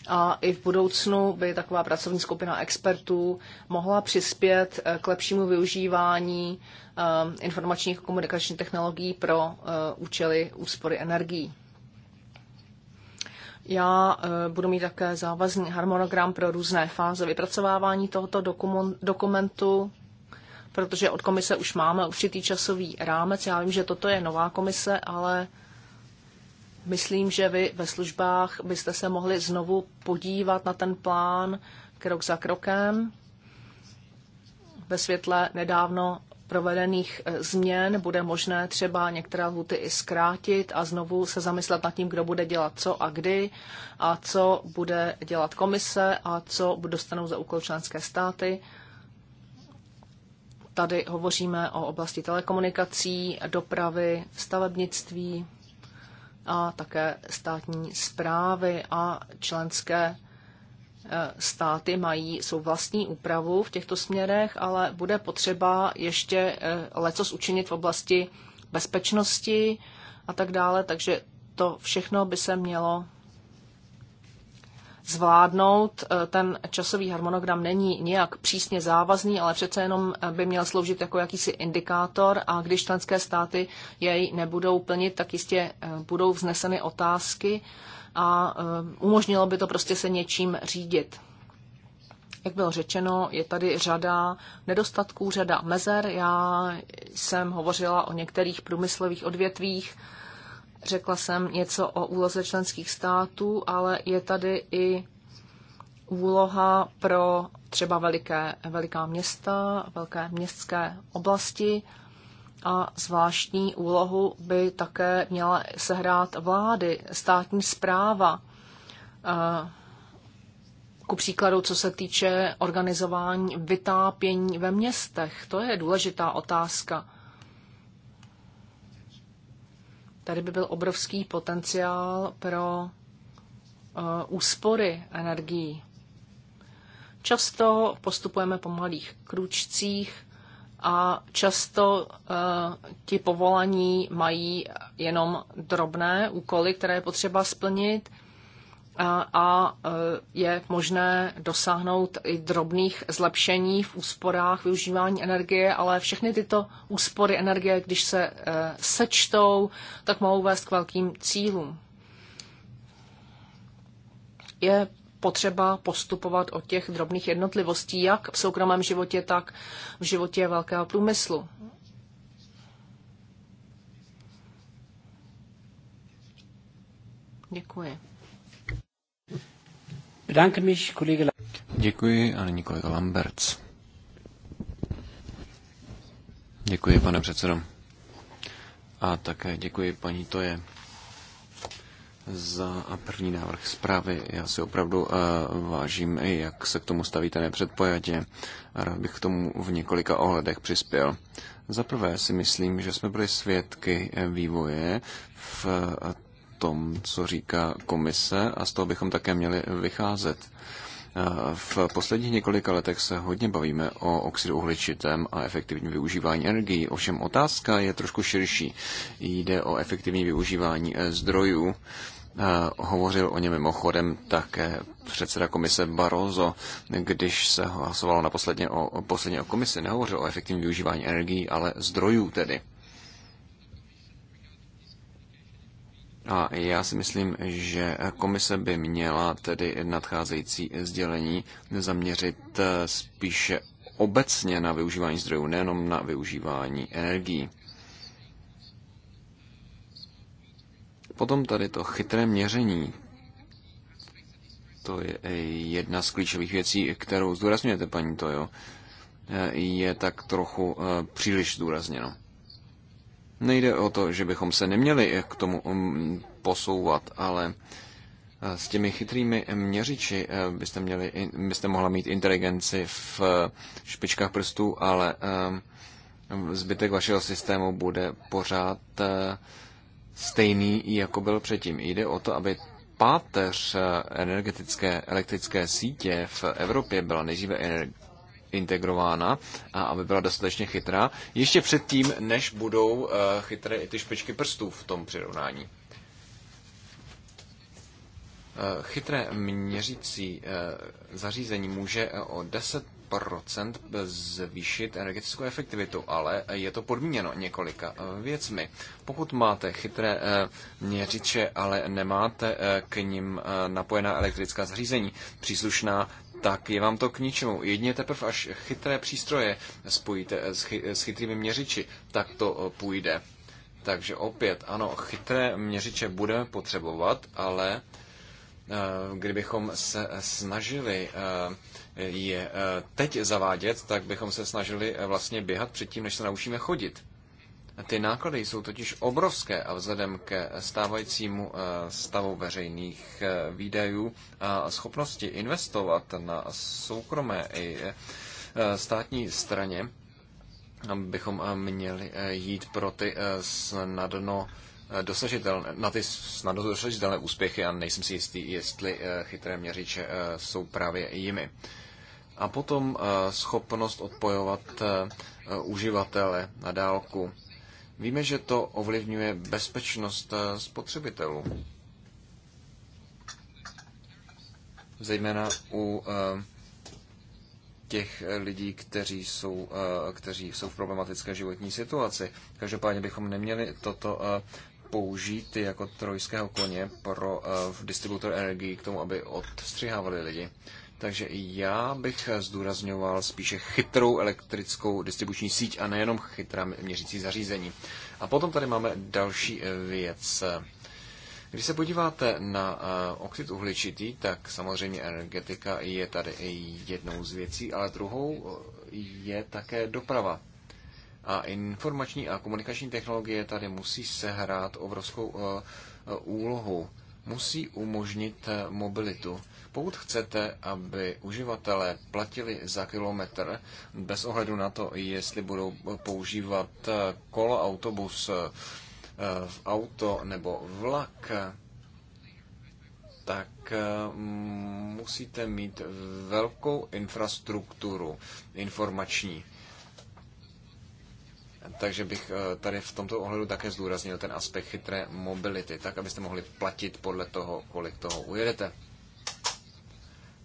S3: a i v budoucnu by taková pracovní skupina expertů mohla přispět eh, k lepšímu využívání eh, informačních a komunikačních technologií pro eh, účely úspory energií. Já budu mít také závazný harmonogram pro různé fáze vypracovávání tohoto dokumentu, protože od komise už máme určitý časový rámec. Já vím, že toto je nová komise, ale myslím, že vy ve službách byste se mohli znovu podívat na ten plán krok za krokem ve světle nedávno provedených eh, změn bude možné třeba některé lhuty i zkrátit a znovu se zamyslet nad tím, kdo bude dělat co a kdy a co bude dělat komise a co dostanou za úkol členské státy. Tady hovoříme o oblasti telekomunikací, dopravy, stavebnictví, a také státní zprávy a členské e, státy mají svou vlastní úpravu v těchto směrech, ale bude potřeba ještě e, leco učinit v oblasti bezpečnosti a tak dále, takže to všechno by se mělo zvládnout. Eh, ten časový harmonogram není nijak přísně závazný, ale přece jenom eh, by měl sloužit jako jakýsi indikátor a když členské státy jej nebudou plnit, tak jistě eh, budou vzneseny otázky a umožnilo by to prostě se něčím řídit. Jak bylo řečeno, je tady řada nedostatků, řada mezer. Já jsem hovořila o některých průmyslových odvětvích, Řekla jsem něco o úloze členských států, ale je tady i úloha pro třeba veliké, veliká města, velké městské oblasti a zvláštní úlohu by také měla sehrát vlády, státní zpráva. Ku příkladu, co se týče organizování vytápění ve městech, to je důležitá otázka. Tady by byl obrovský potenciál pro eh, úspory energií. Často postupujeme po malých kručcích a často uh, ti povolaní mají jenom drobné úkoly, které je potřeba splnit a e, je možné dosáhnout i drobných zlepšení v úsporách využívání energie, ale všechny tyto úspory energie, když se e, sečtou, tak mohou vést k velkým cílům. Je potřeba postupovat od těch drobných jednotlivostí, jak v soukromém životě, tak v životě velkého průmyslu. Děkuji.
S2: Děkuji a nyní kolega Lamberts. Děkuji, pane předsedo. A také děkuji paní Toje za první návrh zprávy. Já si opravdu uh, vážím, jak se k tomu stavíte nepředpojatě. Rád bych k tomu v několika ohledech přispěl. Za prvé si myslím, že jsme byli svědky eh, vývoje v tom, co říká komise a z toho bychom také měli vycházet. V posledních několika letech se hodně bavíme o oxidu uhličitém a efektivním využívání energií. Ovšem otázka je trošku širší. Jde o efektivní využívání eh, zdrojů. Eh, hovořil o něm mimochodem také předseda komise Barroso, když se hlasovalo naposledně o, posledně o komisi. Nehovořil o efektivním využívání energií, ale zdrojů tedy. A já si myslím, že komise by měla tedy nadcházející sdělení zaměřit eh, spíše obecně na využívání zdrojů, nejenom na využívání energií. Potom tady to chytré měření. To je jedna z klíčových věcí, kterou zdůrazňujete, paní Tojo. Eh, je tak trochu eh, příliš zdůrazněno. Nejde o to, že bychom se neměli k tomu um, posouvat, ale eh, s těmi chytrými měřiči eh, byste, měli, byste mohla mít inteligenci v eh, špičkách prstů, ale zbytek vašeho systému bude pořád stejný, jako byl předtím. Jde o to, aby páteř energetické elektrické sítě v Evropě byla nejdříve integrována a aby byla dostatečně chytrá, ještě předtím, než budou eh, chytré i ty špičky prstů v tom přirovnání. Eh, chytré měřící eh, zařízení může o 10 procent zvýšit energetickou efektivitu, ale je to podmíněno několika věcmi. Pokud máte chytré měřiče, ale nemáte k nim napojená elektrická zařízení, příslušná tak je vám to k ničemu. Jedně teprve až chytré přístroje spojíte s, chy, s chytrými měřiči, tak to eh, půjde. Takže opět, ano, chytré měřiče budeme potřebovat, ale eh, kdybychom se snažili eh, je teď zavádět, tak bychom se snažili vlastně běhat předtím, než se naučíme chodit. Ty náklady jsou totiž obrovské a vzhledem ke stávajícímu eh, stavu veřejných eh, výdajů a schopnosti investovat na soukromé i eh, státní straně, bychom měli jít pro ty snadno dosažitelné, na ty snadno dosažitelné úspěchy a nejsem si jistý, jestli chytré měřiče jsou právě jimi. A potom schopnost odpojovat uživatele na dálku Víme, že to ovlivňuje bezpečnost eh, spotřebitelů. Zejména u eh, těch lidí, kteří jsou, eh, kteří jsou v problematické životní situaci. Každopádně bychom neměli toto použít jako trojského koně pro distributor energii k tomu, aby odstřihávali lidi. Takže já bych zdůrazňoval spíše chytrou elektrickou distribuční síť a nejenom chytrá měřící zařízení. A potom tady máme další eh, věc. Když se podíváte na eh, oxid uhličitý, tak samozřejmě energetika je tady jednou z věcí, ale druhou eh, je také doprava. A informační a komunikační technologie tady musí sehrát obrovskou úlohu. Musí umožnit mobilitu pokud chcete, aby uživatelé platili za kilometr bez ohledu na to, jestli budou používat eh, kolo, autobus, eh, eh, auto nebo vlak, tak musíte mít velkou infrastrukturu informační. Takže bych tady v tomto ohledu také zdůraznil ten aspekt chytré mobility, tak abyste mohli platit podle toho, kolik toho ujedete.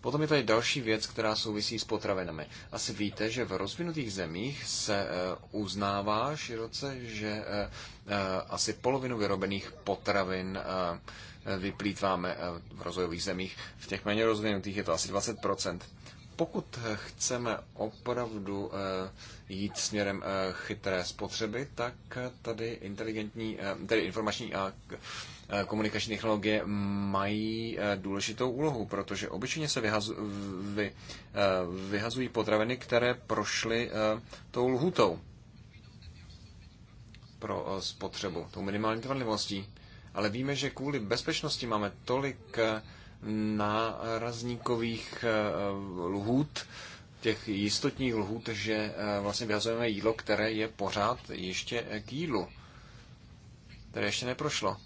S2: Potom je tady další věc, která souvisí s potravinami. Asi víte, že v rozvinutých zemích se eh, uznává široce, že eh, eh, asi polovinu vyrobených potravin vyplýtváme v rozvojových zemích. V těch méně rozvinutých je to asi 20 pokud chceme opravdu jít směrem chytré spotřeby, tak tady inteligentní, tedy informační a Eh, komunikační technologie mají eh, důležitou úlohu, protože obyčejně se vyhazu, vy, eh, vyhazují potraviny, které prošly tou lhutou pro spotřebu, tou minimální trvanlivostí. Ale víme, že kvůli bezpečnosti máme tolik nárazníkových lhůt, těch jistotních lhůt, že vlastně vyhazujeme jídlo, které je pořád ještě k jídlu, které ještě neprošlo.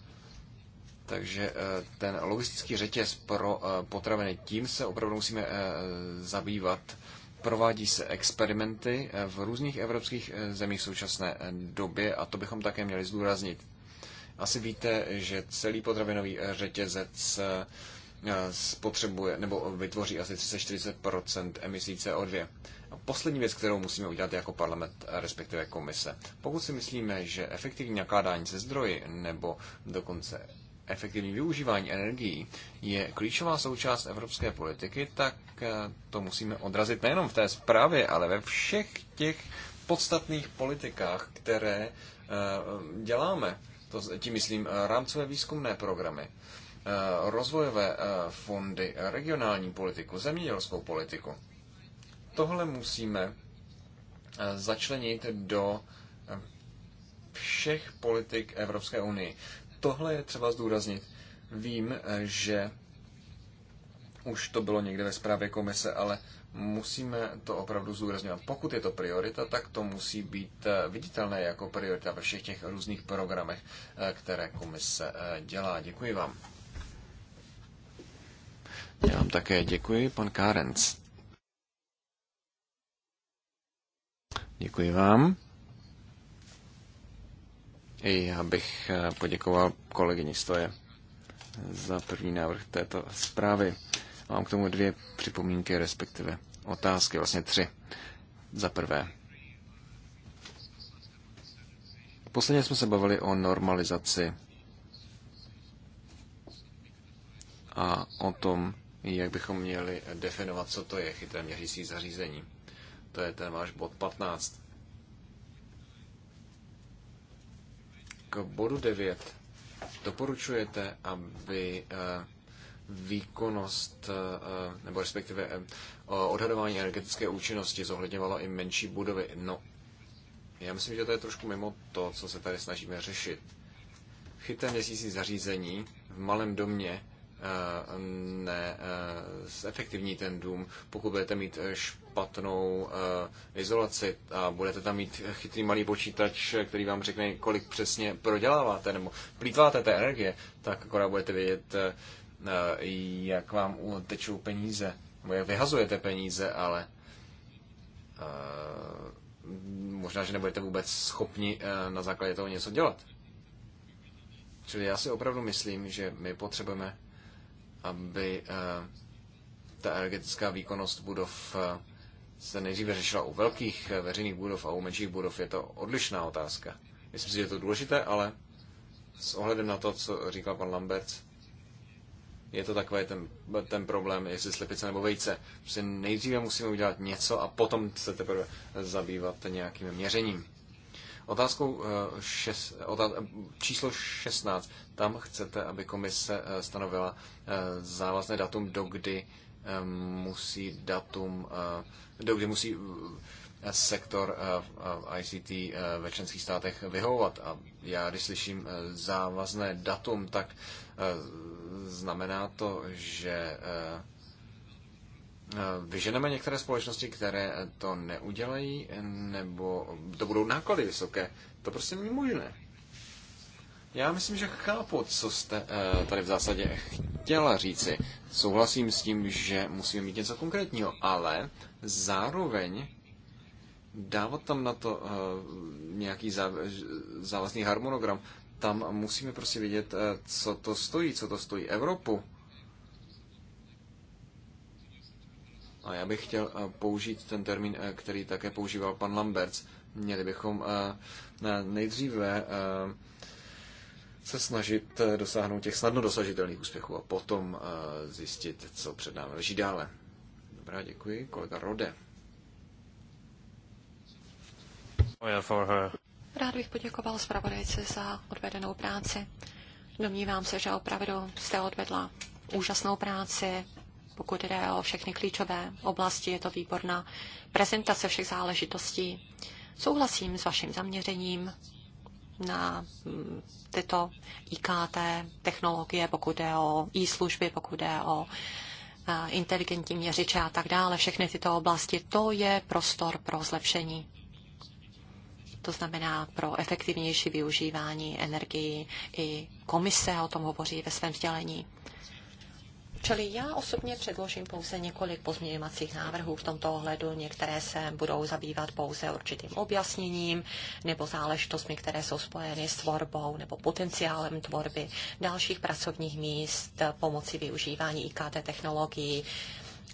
S2: Takže eh, ten logistický řetěz pro eh, potraviny, tím se opravdu musíme eh, zabývat. Provádí se experimenty v různých evropských zemích v současné době a to bychom také měli zdůraznit. Asi víte, že celý potravinový řetězec spotřebuje nebo vytvoří asi 30-40 emisí CO2. A poslední věc, kterou musíme udělat jako parlament, respektive komise. Pokud si myslíme, že efektivní nakládání se zdroji nebo dokonce efektivní využívání energií je klíčová součást evropské politiky, tak eh, to musíme odrazit nejenom v té zprávě, ale ve všech těch podstatných politikách, které eh, děláme. To, tím myslím eh, rámcové výzkumné programy, rozvojové fondy, regionální politiku, zemědělskou politiku. Tohle musíme začlenit do všech politik Evropské unii tohle je třeba zdůraznit. Vím, že už to bylo někde ve zprávě komise, ale musíme to opravdu zdůrazňovat. Pokud je to priorita, tak to musí být eh, viditelné jako priorita ve všech těch různých programech, eh, které komise eh, dělá. Děkuji vám. Já vám také děkuji, pan Kárenc. Děkuji vám. I já bych eh, poděkoval kolegyni Stoje za první návrh této zprávy. Mám k tomu dvě připomínky, respektive otázky, vlastně tři. Za prvé, posledně jsme se bavili o normalizaci a o tom, jak bychom měli definovat, co to je chytré měřící zařízení. To je ten váš bod 15. bodu 9 doporučujete, aby eh, výkonnost, eh, eh, nebo respektive odhadování energetické účinnosti zohledňovalo i menší budovy. No, já myslím, že to je trošku mimo to, co se tady snažíme řešit. Chyté měsící zařízení v malém domě Eh, ne, eh, zefektivní ten dům. Pokud budete mít eh, špatnou izolaci a budete tam mít chytrý malý počítač, který vám řekne, kolik přesně proděláváte nebo plítváte té energie, tak akorát budete vědět, jak vám tečou peníze, nebo jak vyhazujete peníze, ale možná, že nebudete vůbec schopni na základě toho něco dělat. Čili já si opravdu myslím, že my potřebujeme aby eh, ta energetická výkonnost budov eh, se nejdříve řešila u velkých eh, veřejných budov a u menších budov. Je to odlišná otázka. Myslím si, že je to důležité, ale s ohledem na to, co říkal pan Lambert, je to takový ten, ten problém, jestli slepice nebo vejce. Prostě nejdříve musíme udělat něco a potom se teprve zabývat nějakým měřením. Otázkou eh, šest, eh, otáz, eh, číslo 16. Tam chcete, aby komise stanovila závazné datum, do kdy musí datum, do kdy musí sektor ICT ve členských státech vyhovovat. A já, když slyším závazné datum, tak znamená to, že Eh, vyženeme některé společnosti, které to neudělají, nebo to budou náklady vysoké. To prostě není možné. Já myslím, že chápu, co jste eh, tady v zásadě chtěla říci. Souhlasím s tím, že musíme mít něco konkrétního, ale zároveň dávat tam na to eh, nějaký závazný harmonogram, tam musíme prostě vidět, co to stojí, co to stojí Evropu, A já bych chtěl eh, použít ten termín, eh, který také používal pan Lamberts. Měli bychom eh, nejdříve se snažit dosáhnout těch snadno dosažitelných úspěchů a potom zjistit, co před námi leží dále. Dobrá, děkuji. Kolega Rode.
S1: Rád bych poděkoval zpravodajce za odvedenou práci. Domnívám se, že opravdu jste odvedla úžasnou práci, pokud jde o všechny klíčové oblasti, je to výborná prezentace všech záležitostí. Souhlasím s vaším zaměřením na mm, tyto IKT technologie, pokud jde o e-služby, pokud jde o inteligentní měřiče a tak dále, všechny tyto oblasti, to je prostor pro zlepšení. To znamená pro efektivnější využívání energii. I komise o tom hovoří ve svém vzdělení. Čili já osobně předložím pouze několik pozměňovacích návrhů v tomto ohledu. Některé se budou zabývat pouze určitým objasněním nebo záležitostmi, které jsou spojeny s tvorbou nebo potenciálem tvorby dalších pracovních míst pomocí využívání IKT technologií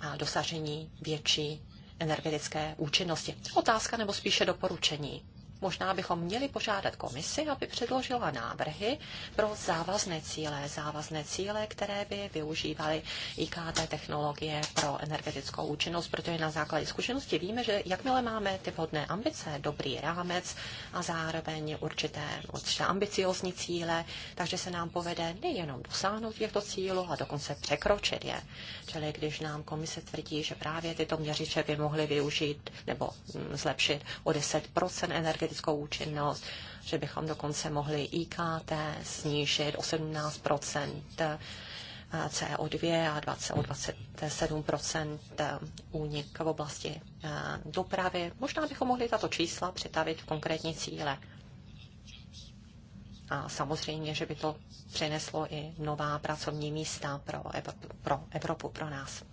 S1: a dosažení větší energetické účinnosti. Otázka nebo spíše doporučení. Možná bychom měli požádat komisi, aby předložila návrhy pro závazné cíle, závazné cíle, které by využívaly IKT technologie pro energetickou účinnost, protože na základě zkušenosti víme, že jakmile máme ty vhodné ambice, dobrý rámec a zároveň určité, určité ambiciozní cíle, takže se nám povede nejenom dosáhnout těchto cílů, a dokonce překročit je. Čili když nám komise tvrdí, že právě tyto měřiče by mohly využít nebo mm, zlepšit o 10 energetické energetickou účinnost, že bychom dokonce mohli IKT snížit o 17 eh, CO2 a 20, o 27 eh, únik v oblasti eh, dopravy. Možná bychom mohli tato čísla přetavit v konkrétní cíle. A samozřejmě, že by to přineslo i nová pracovní místa pro Evropu, pro, Evropu, pro nás.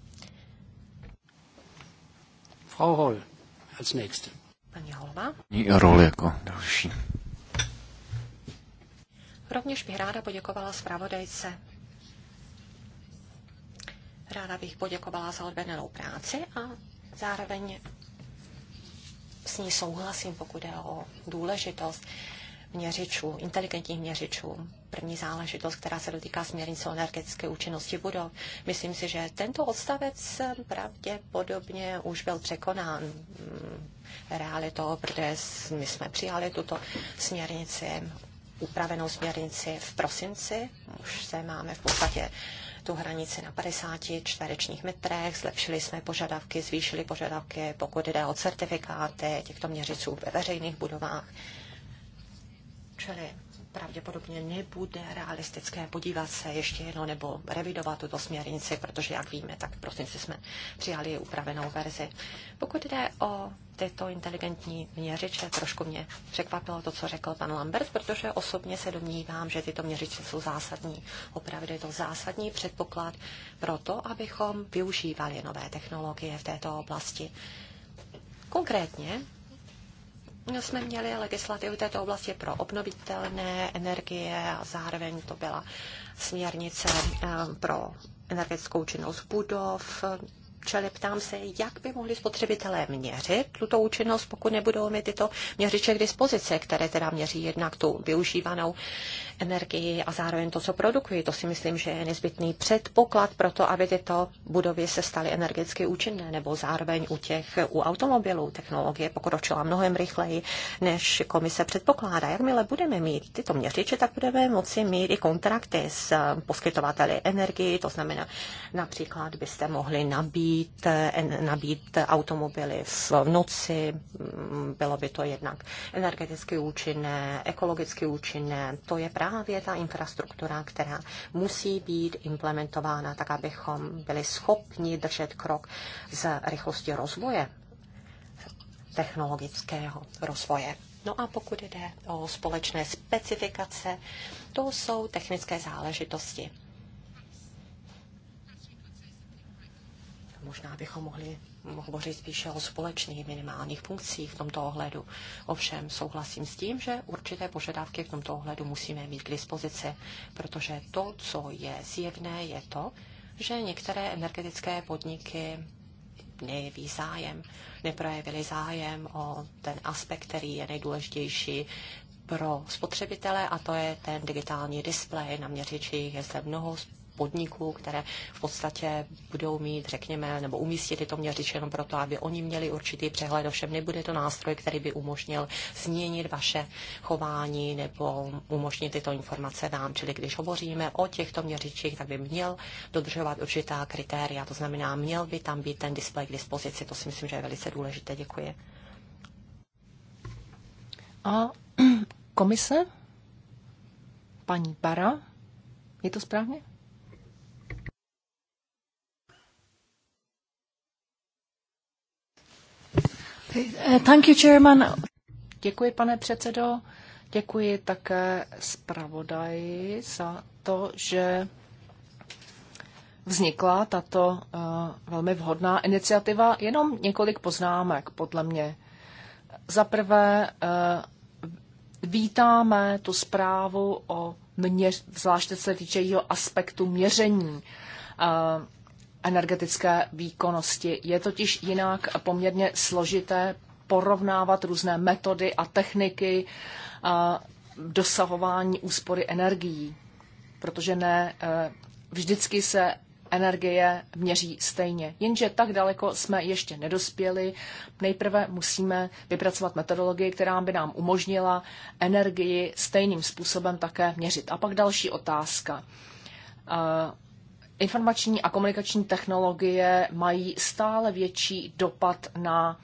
S1: Frau
S4: Holl, als nächste. Paní
S2: Holma. roli jako další.
S1: Rovněž bych ráda poděkovala zpravodajce. Ráda bych poděkovala za odvedenou práci a zároveň s ní souhlasím, pokud je o důležitost měřičů, inteligentních měřičů. První záležitost, která se dotýká směrnice o energetické účinnosti budov. Myslím si, že tento odstavec pravděpodobně už byl překonán realitou, protože my jsme přijali tuto směrnici, upravenou směrnici v prosinci. Už se máme v podstatě tu hranici na 50 čtverečních metrech, zlepšili jsme požadavky, zvýšili požadavky, pokud jde o certifikáty těchto měřiců ve veřejných budovách. Čili pravděpodobně nebude realistické podívat se ještě jedno nebo revidovat tuto směrnici, protože, jak víme, tak prosím si jsme přijali upravenou verzi. Pokud jde o tyto inteligentní měřiče, trošku mě překvapilo to, co řekl pan Lambert, protože osobně se domnívám, že tyto měřiče jsou zásadní. Opravdu je to zásadní předpoklad pro to, abychom využívali nové technologie v této oblasti. Konkrétně No, jsme měli legislativu této oblasti pro obnovitelné energie a zároveň to byla směrnice eh, pro energetickou činnost budov. Čili ptám se, jak by mohli spotřebitelé měřit tuto účinnost, pokud nebudou mít tyto měřiče k dispozici, které teda měří jednak tu využívanou energii a zároveň to, co produkují. To si myslím, že je nezbytný předpoklad pro to, aby tyto budovy se staly energeticky účinné, nebo zároveň u těch u automobilů technologie pokročila mnohem rychleji, než komise předpokládá. Jakmile budeme mít tyto měřiče, tak budeme moci mít i kontrakty s poskytovateli energii, to znamená například byste mohli nabít, nabít automobily v noci, bylo by to jednak energeticky účinné, ekologicky účinné, to je právě právě ta infrastruktura, která musí být implementována tak, abychom byli schopni držet krok s rychlostí rozvoje technologického rozvoje. No a pokud jde o společné specifikace, to jsou technické záležitosti. Možná bychom mohli hovořit spíše o společných minimálních funkcích v tomto ohledu. Ovšem souhlasím s tím, že určité požadavky v tomto ohledu musíme mít k dispozici, protože to, co je zjevné, je to, že některé energetické podniky nejví zájem, neprojevili zájem o ten aspekt, který je nejdůležitější pro spotřebitele a to je ten digitální displej na měřičích. Je zde mnoho podniků, které v podstatě budou mít, řekněme, nebo umístit tyto měřiče jenom proto, aby oni měli určitý přehled. Ovšem nebude to nástroj, který by umožnil změnit vaše chování nebo umožnit tyto informace vám. Čili když hovoříme o těchto měřičích, tak by měl dodržovat určitá kritéria. To znamená, měl by tam být ten displej k dispozici. To si myslím, že je velice
S3: důležité. Děkuji. A komise? Paní Para? Je to správně? Eh,
S4: thank you, chairman.
S3: Děkuji, pane předsedo. Děkuji také zpravodaji za to, že vznikla tato eh, velmi vhodná iniciativa. Jenom několik poznámek, podle mě. Za prvé, eh, vítáme tu zprávu o měř, zvláště se týče jeho aspektu měření energetické výkonnosti. Je totiž jinak poměrně složité porovnávat různé metody a techniky a dosahování úspory energií, protože ne eh, vždycky se energie měří stejně. Jenže tak daleko jsme ještě nedospěli. Nejprve musíme vypracovat metodologii, která by nám umožnila energii stejným způsobem také měřit. A pak další otázka. Eh, informační a komunikační technologie mají stále větší dopad na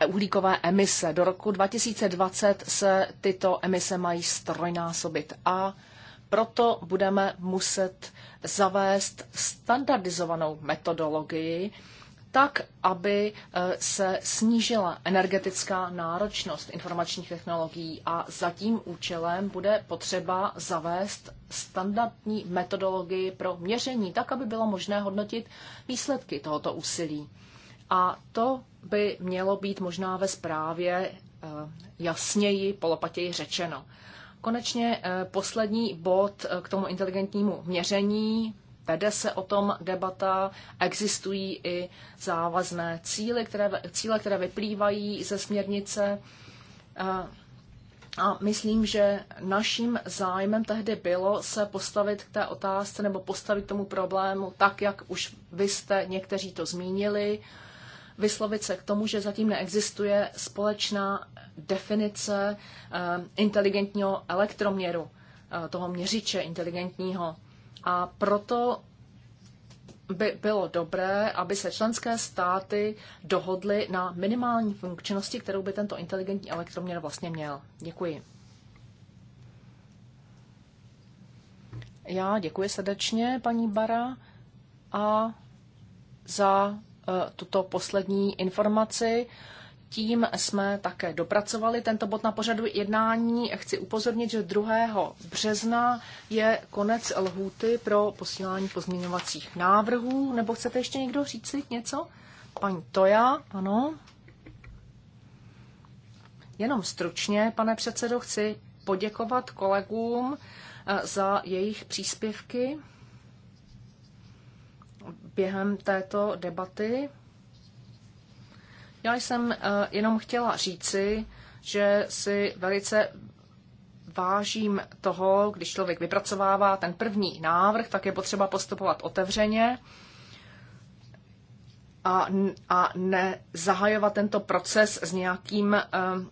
S3: eh, uhlíkové emise. Do roku 2020 se tyto emise mají strojnásobit a proto budeme muset zavést standardizovanou metodologii, tak, aby eh, se snížila energetická náročnost informačních technologií a za tím účelem bude potřeba zavést standardní metodologii pro měření, tak, aby bylo možné hodnotit výsledky tohoto úsilí. A to by mělo být možná ve zprávě eh, jasněji, polopatěji řečeno. Konečně eh, poslední bod k tomu inteligentnímu měření, Vede se o tom debata, existují i závazné cíle, které, cíle, které vyplývají ze směrnice. A myslím, že naším zájmem tehdy bylo se postavit k té otázce nebo postavit tomu problému tak, jak už vy jste někteří to zmínili, vyslovit se k tomu, že zatím neexistuje společná definice eh, inteligentního elektroměru, eh, toho měřiče inteligentního. A proto by bylo dobré, aby se členské státy dohodly na minimální funkčnosti, kterou by tento inteligentní elektroměr vlastně měl. Děkuji. Já děkuji srdečně, paní Bara, a za eh, tuto poslední informaci tím jsme také dopracovali tento bod na pořadu jednání. Chci upozornit, že 2. března je konec lhůty pro posílání pozměňovacích návrhů. Nebo chcete ještě někdo říct něco? Paní Toja, ano. Jenom stručně, pane předsedo, chci poděkovat kolegům eh, za jejich příspěvky během této debaty. Já jsem eh, jenom chtěla říci, že si velice vážím toho, když člověk vypracovává ten první návrh, tak je potřeba postupovat otevřeně a, a nezahajovat tento proces s nějakým uh,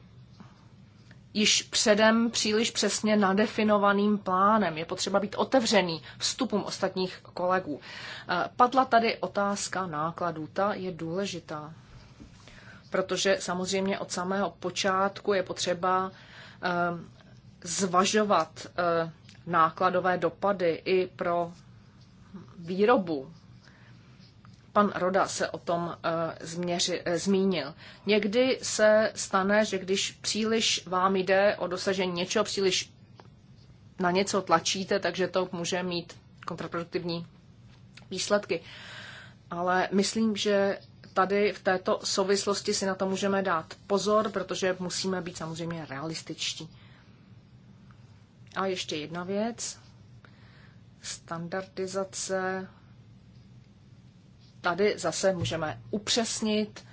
S3: již předem příliš přesně nadefinovaným plánem. Je potřeba být otevřený vstupům ostatních kolegů. Uh, padla tady otázka nákladů, ta je důležitá protože samozřejmě od samého počátku je potřeba ehm, zvažovat ehm, nákladové dopady i pro výrobu. Pan Roda se o tom ehm, změři, eh, zmínil. Někdy se stane, že když příliš vám jde o dosažení něčeho, příliš na něco tlačíte, takže to může mít kontraproduktivní výsledky. Ale myslím, že tady v této souvislosti si na to můžeme dát pozor, protože musíme být samozřejmě realističtí. A ještě jedna věc. Standardizace. Tady zase můžeme upřesnit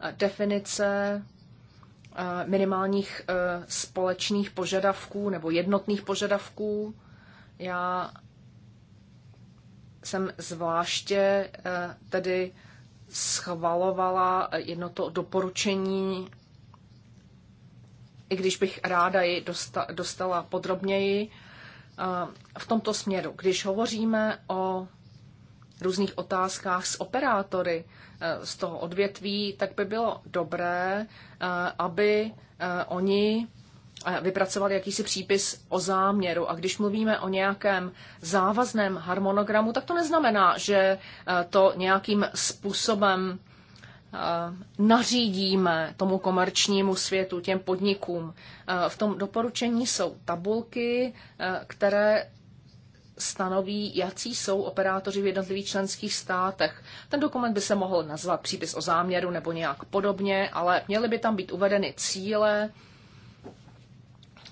S3: eh, definice eh, minimálních eh, společných požadavků nebo jednotných požadavků. Já jsem zvláště tedy schvalovala jedno to doporučení, i když bych ráda ji dostala podrobněji, eh, v tomto směru. Když hovoříme o různých otázkách s operátory eh, z toho odvětví, tak by bylo dobré, eh, aby oni vypracovali jakýsi přípis o záměru. A když mluvíme o nějakém závazném harmonogramu, tak to neznamená, že eh, to nějakým způsobem eh, nařídíme tomu komerčnímu světu, těm podnikům. Eh, v tom doporučení jsou tabulky, které stanoví, jaký jsou operátoři v jednotlivých členských státech. Ten dokument by se mohl nazvat přípis o záměru nebo nějak podobně, ale měly by tam být uvedeny cíle,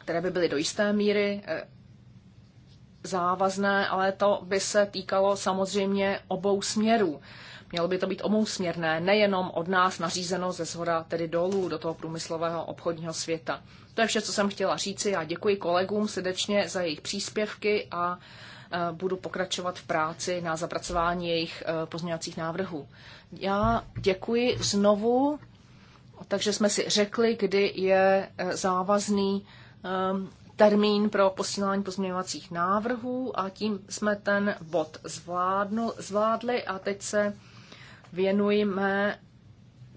S3: které by byly do jisté míry eh, závazné, ale to by se týkalo samozřejmě obou směrů. Mělo by to být směrné, nejenom od nás nařízeno ze zhora, tedy dolů do toho průmyslového obchodního světa. To je vše, co jsem chtěla říci. Já děkuji kolegům srdečně za jejich příspěvky a eh, budu pokračovat v práci na zapracování jejich eh, pozměňovacích návrhů. Já děkuji znovu, takže jsme si řekli, kdy je závazný Ehm, termín pro posílání pozměňovacích návrhů a tím jsme ten bod zvládnu, zvládli a teď se věnujeme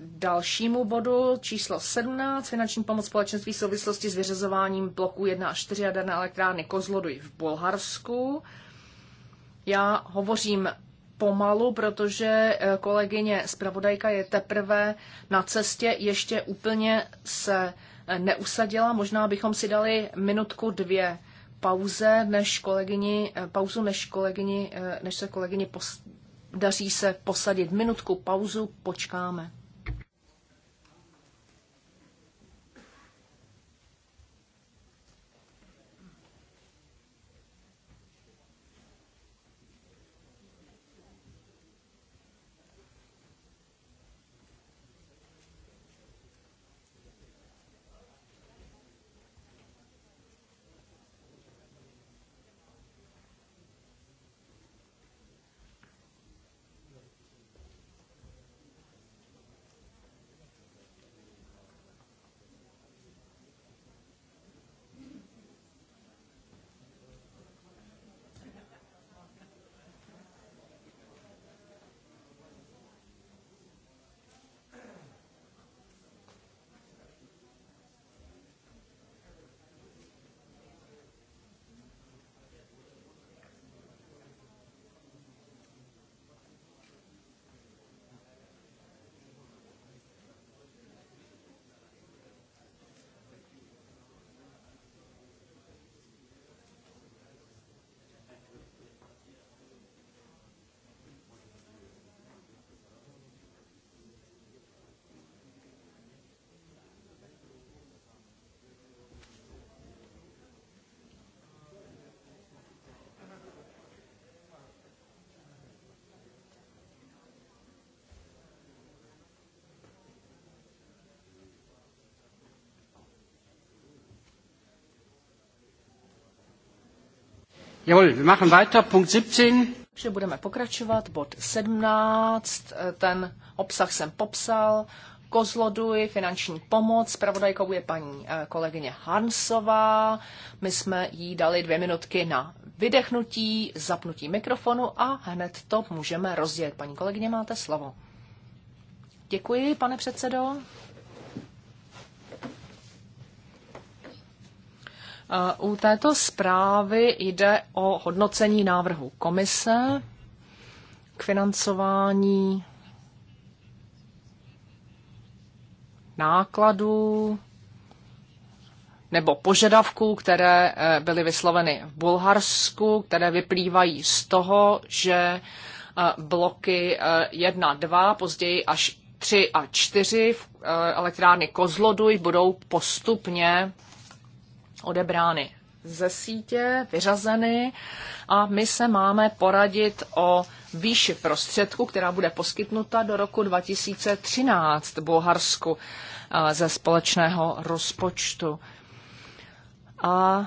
S3: dalšímu bodu číslo 17, finanční pomoc společenství v souvislosti s vyřazováním bloku 1 a 4 jaderné elektrárny Kozloduj v Bulharsku. Já hovořím pomalu, protože eh, kolegyně zpravodajka je teprve na cestě, ještě úplně se neusadila. Možná bychom si dali minutku dvě pauze, než kolegyni, eh, pauzu, než, kolegyni, eh, než se kolegyni pos, daří se posadit. Minutku pauzu počkáme.
S4: Jawohl, wir machen weiter. Punkt 17.
S3: Takže budeme pokračovat. Bod 17, ten obsah jsem popsal. Kozloduj, finanční pomoc. pravodajkou je paní eh, kolegyně Hansová. My jsme jí dali dvě minutky na vydechnutí, zapnutí mikrofonu a hned to můžeme rozdělit. Paní kolegyně, máte slovo. Děkuji, pane předsedo. Eh, u této zprávy jde o hodnocení návrhu komise k financování nákladů nebo požadavků, které eh, byly vysloveny v Bulharsku, které vyplývají z toho, že eh, bloky 1, 2, později až 3 a 4 elektrárny Kozloduj budou postupně odebrány ze sítě, vyřazeny a my se máme poradit o výši prostředku, která bude poskytnuta do roku 2013 Bulharsku eh, ze společného rozpočtu. A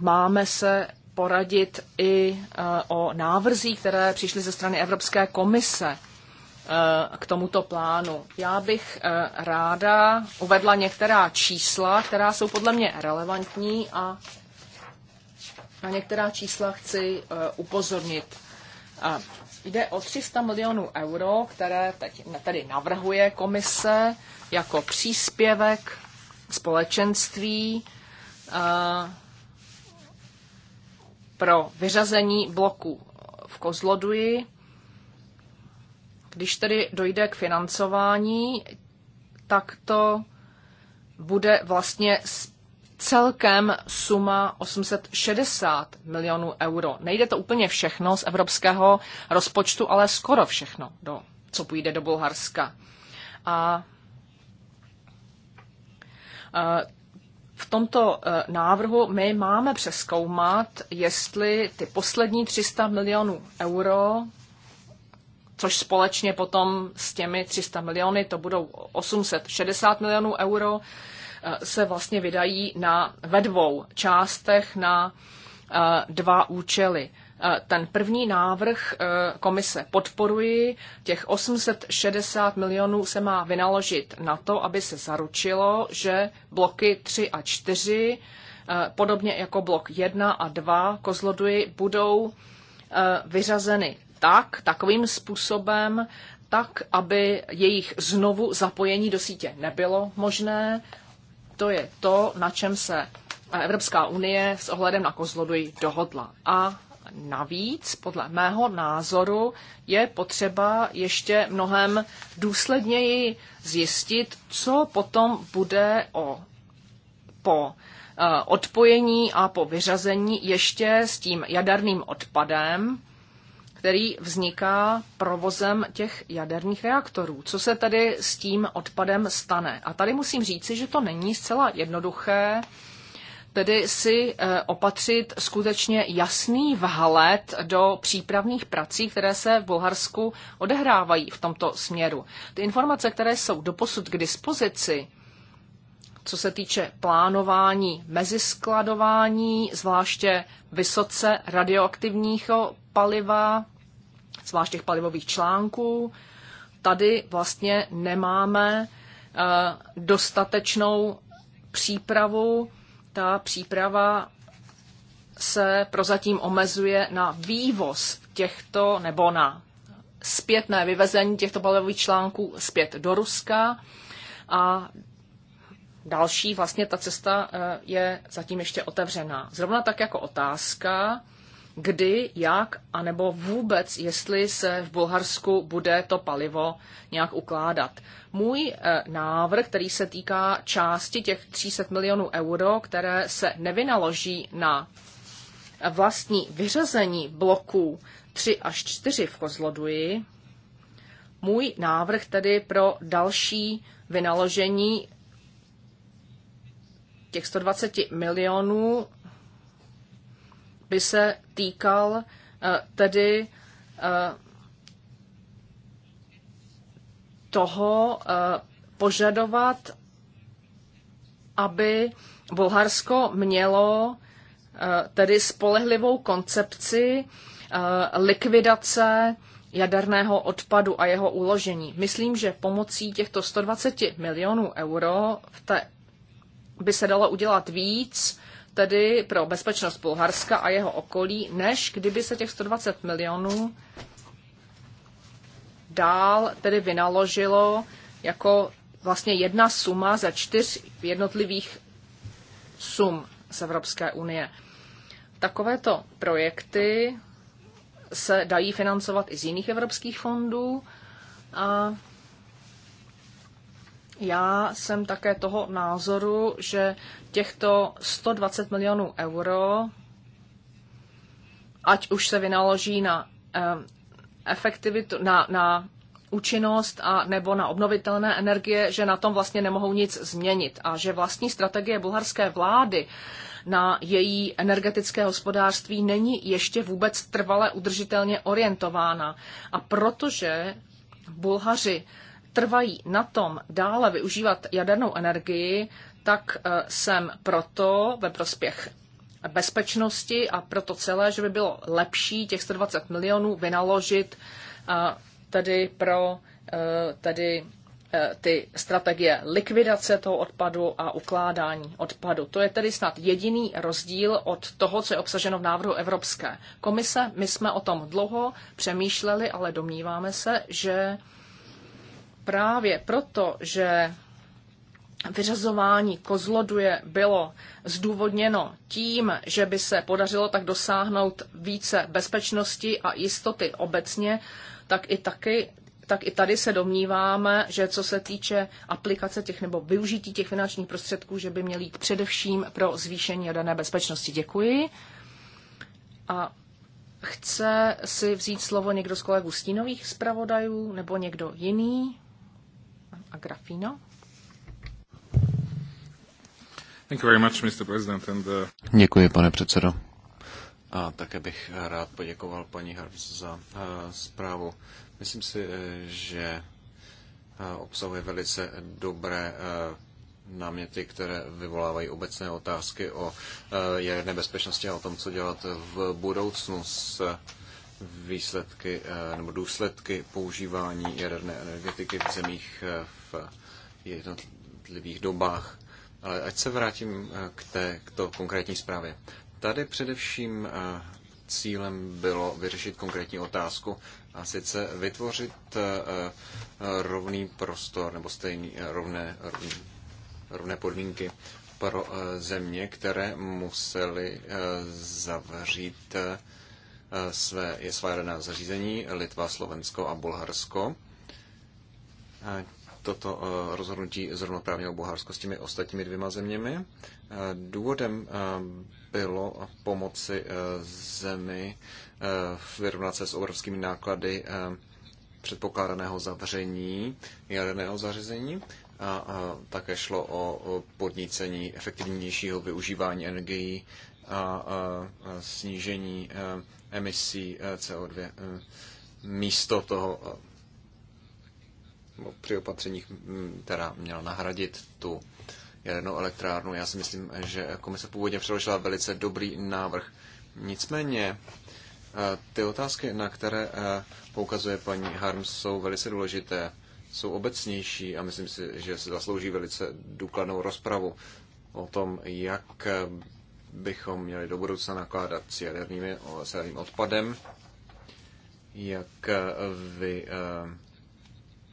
S3: máme se poradit i eh, o návrzích, které přišly ze strany Evropské komise Eh, k tomuto plánu. Já bych eh, ráda uvedla některá čísla, která jsou podle mě relevantní a na některá čísla chci eh, upozornit. Jde o 300 milionů euro, které teď tady navrhuje komise jako příspěvek společenství pro vyřazení bloku v Kozloduji když tedy dojde k financování, tak to bude vlastně celkem suma 860 milionů euro. Nejde to úplně všechno z evropského rozpočtu, ale skoro všechno, do, co půjde do Bulharska. A v tomto e, návrhu my máme přeskoumat, jestli ty poslední 300 milionů euro což společně potom s těmi 300 miliony, to budou 860 milionů euro, eh, se vlastně vydají na, ve dvou částech na eh, dva účely. Eh, ten první návrh komise podporuji. Těch 860 milionů se má vynaložit na to, aby se zaručilo, že bloky 3 a 4, podobně jako blok 1 a 2 Kozloduji, budou vyřazeny tak, takovým způsobem, tak, aby jejich znovu zapojení do sítě nebylo možné. To je to, na čem se Evropská unie s ohledem na Kozloduj dohodla. A navíc, podle mého názoru, je potřeba ještě mnohem důsledněji zjistit, co potom bude o, po eh, odpojení a po vyřazení ještě s tím jaderným odpadem, který vzniká provozem těch jaderných reaktorů. Co se tedy s tím odpadem stane? A tady musím říci, že to není zcela jednoduché, tedy si eh, opatřit skutečně jasný vhled do přípravných prací, které se v Bulharsku odehrávají v tomto směru. Ty informace, které jsou doposud k dispozici, co se týče plánování meziskladování, zvláště vysoce radioaktivního paliva, zvlášť těch palivových článků. Tady vlastně nemáme eh, dostatečnou přípravu. Ta příprava se prozatím omezuje na vývoz těchto nebo na zpětné vyvezení těchto palivových článků zpět do Ruska a další vlastně ta cesta eh, je zatím ještě otevřená. Zrovna tak jako otázka, kdy, jak, anebo vůbec, jestli se v Bulharsku bude to palivo nějak ukládat. Můj eh, návrh, který se týká části těch 300 milionů euro, které se nevynaloží na vlastní vyřazení bloků 3 až 4 v Kozloduji, můj návrh tedy pro další vynaložení těch 120 milionů by se týkal eh, tedy eh, toho eh, požadovat, aby Bulharsko mělo tedy spolehlivou koncepci likvidace jaderného odpadu a jeho uložení. Myslím, že pomocí těchto 120 milionů euro v té by se dalo udělat víc tedy pro bezpečnost Bulharska a jeho okolí, než kdyby se těch 120 milionů dál tedy vynaložilo jako vlastně jedna suma ze čtyř jednotlivých sum z Evropské unie. Takovéto projekty se dají financovat i z jiných evropských fondů a já jsem také toho názoru, že těchto 120 milionů euro, ať už se vynaloží na efektivitu, na, na účinnost a nebo na obnovitelné energie, že na tom vlastně nemohou nic změnit a že vlastní strategie bulharské vlády na její energetické hospodářství není ještě vůbec trvale udržitelně orientována. A protože Bulhaři trvají na tom dále využívat jadernou energii, tak eh, jsem proto ve prospěch bezpečnosti a proto celé, že by bylo lepší těch 120 milionů vynaložit eh, tedy pro eh, tedy ty strategie likvidace toho odpadu a ukládání odpadu. To je tedy snad jediný rozdíl od toho, co je obsaženo v návrhu Evropské komise. My jsme o tom dlouho přemýšleli, ale domníváme se, že právě proto, že vyřazování kozloduje bylo zdůvodněno tím, že by se podařilo tak dosáhnout více bezpečnosti a jistoty obecně, tak i taky tak i tady se domníváme, že co se týče aplikace těch nebo využití těch finančních prostředků, že by měly jít především pro zvýšení jaderné bezpečnosti. Děkuji. A chce si vzít slovo někdo z kolegů stínových zpravodajů nebo někdo jiný?
S2: Agrafino. Thank uh, Děkuji, pane předsedo. A také bych rád poděkoval paní Harms za uh, zprávu. Myslím si, uh, že uh, obsahuje velice dobré náměty, které vyvolávají obecné otázky o jaderné bezpečnosti a o tom, co dělat v budoucnu s výsledky nebo důsledky používání jaderné energetiky v zemích v jednotlivých dobách. Ale ať se vrátím eh, k té, k to konkrétní zprávě. Tady především eh, cílem bylo vyřešit konkrétní otázku a sice vytvořit eh, rovný prostor nebo stejný rovné, rovný, rovné podmínky pro země, které musely zavřít své, je svá zařízení Litva, Slovensko a Bulharsko toto eh, rozhodnutí zrovnoprávního Bulharsko s těmi ostatními dvěma zeměmi. Eh, důvodem eh, bylo pomoci zemi vyrovnat se s obrovskými náklady předpokládaného zavření jaderného zařízení a také šlo o podnícení efektivnějšího využívání energií a snížení emisí CO2 místo toho při opatřeních, mm, teda měla nahradit tu jadernou elektrárnu. Já si myslím, že komise původně předložila velice dobrý návrh. Nicméně eh, ty otázky, na které eh, poukazuje paní Harms, jsou velice důležité, jsou obecnější a myslím si, že se zaslouží velice důkladnou rozpravu o tom, jak eh, bychom měli do budoucna nakládat s, jadernými, s jaderným odpadem, jak vy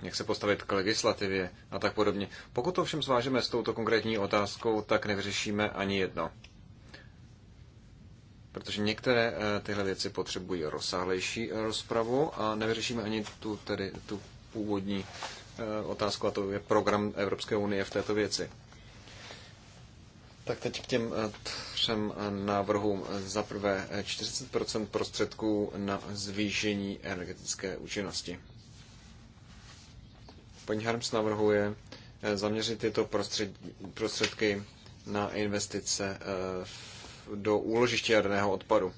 S2: jak se postavit k legislativě a tak podobně. Pokud to všem zvážeme s touto konkrétní otázkou, tak nevyřešíme ani jedno. Protože některé eh, tyhle věci potřebují rozsáhlejší rozpravu a nevyřešíme ani tu, tedy, tu původní eh, otázku, a to je program Evropské unie v této věci. Tak teď k těm eh, třem návrhům. Za prvé 40 prostředků na zvýšení energetické účinnosti. Paní Harms navrhuje eh, zaměřit tyto prostředky na investice eh, do úložiště jaderného odpadu.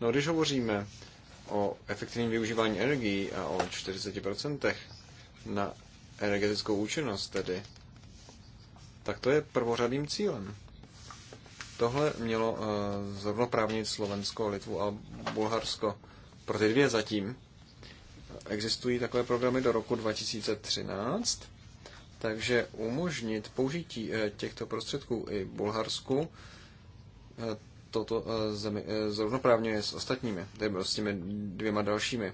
S2: No, když hovoříme o efektivním využívání energií a o 40% na energetickou účinnost tedy, tak to je prvořadým cílem. Tohle mělo eh, zrovnoprávnit Slovensko, Litvu a Bulharsko. Pro ty dvě zatím existují takové programy do roku 2013, takže umožnit použití eh, těchto prostředků i Bulharsku eh, toto eh, zemi zrovnoprávňuje s ostatními, tedy s těmi dvěma dalšími.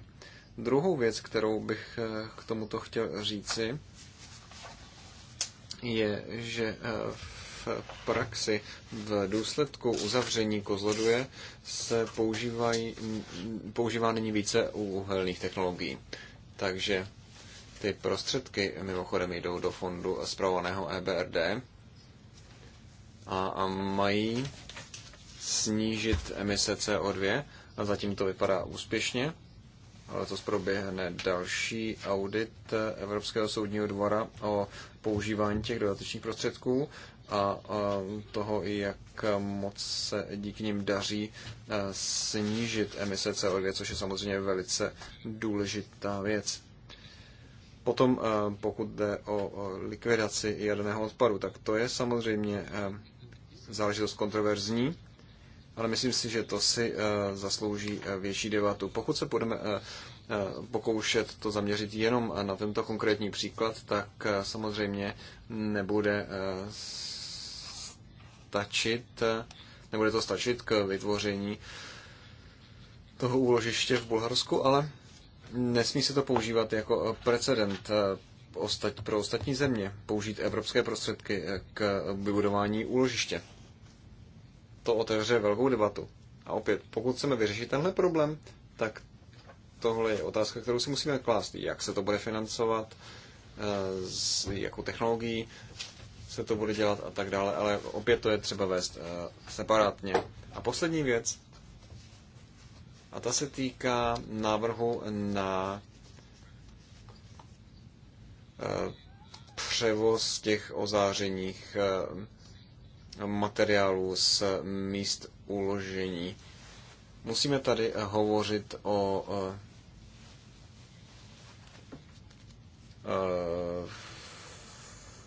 S2: Druhou věc, kterou bych k tomuto chtěl říci, je, že v praxi v důsledku uzavření kozloduje se používají, používá nyní více uhelných technologií. Takže ty prostředky mimochodem jdou do fondu zpravovaného EBRD a, a mají snížit emise CO2 a zatím to vypadá úspěšně. ale to zproběhne další audit Evropského soudního dvora o používání těch dodatečných prostředků a toho, jak moc se díky nim daří e, snížit emise CO2, což je samozřejmě velice důležitá věc. Potom, e, pokud jde o likvidaci jaderného odpadu, tak to je samozřejmě e, záležitost kontroverzní, ale myslím si, že to si zaslouží větší debatu. Pokud se budeme Eh, pokoušet to zaměřit jenom na tento konkrétní příklad, tak eh, samozřejmě nebude eh, stačit, nebude to stačit k vytvoření toho úložiště v Bulharsku, ale nesmí se to používat jako precedent pro ostatní země, použít evropské prostředky k vybudování úložiště. To otevře velkou debatu. A opět, pokud chceme vyřešit tenhle problém, tak tohle je otázka, kterou si musíme klást. Jak se to bude financovat, eh, s jakou technologií se to bude dělat a tak dále, ale opět to je třeba vést eh, separátně. A poslední věc, a ta se týká návrhu na eh, převoz těch ozářeních materiálů z míst uložení. Musíme tady hovořit o Eh,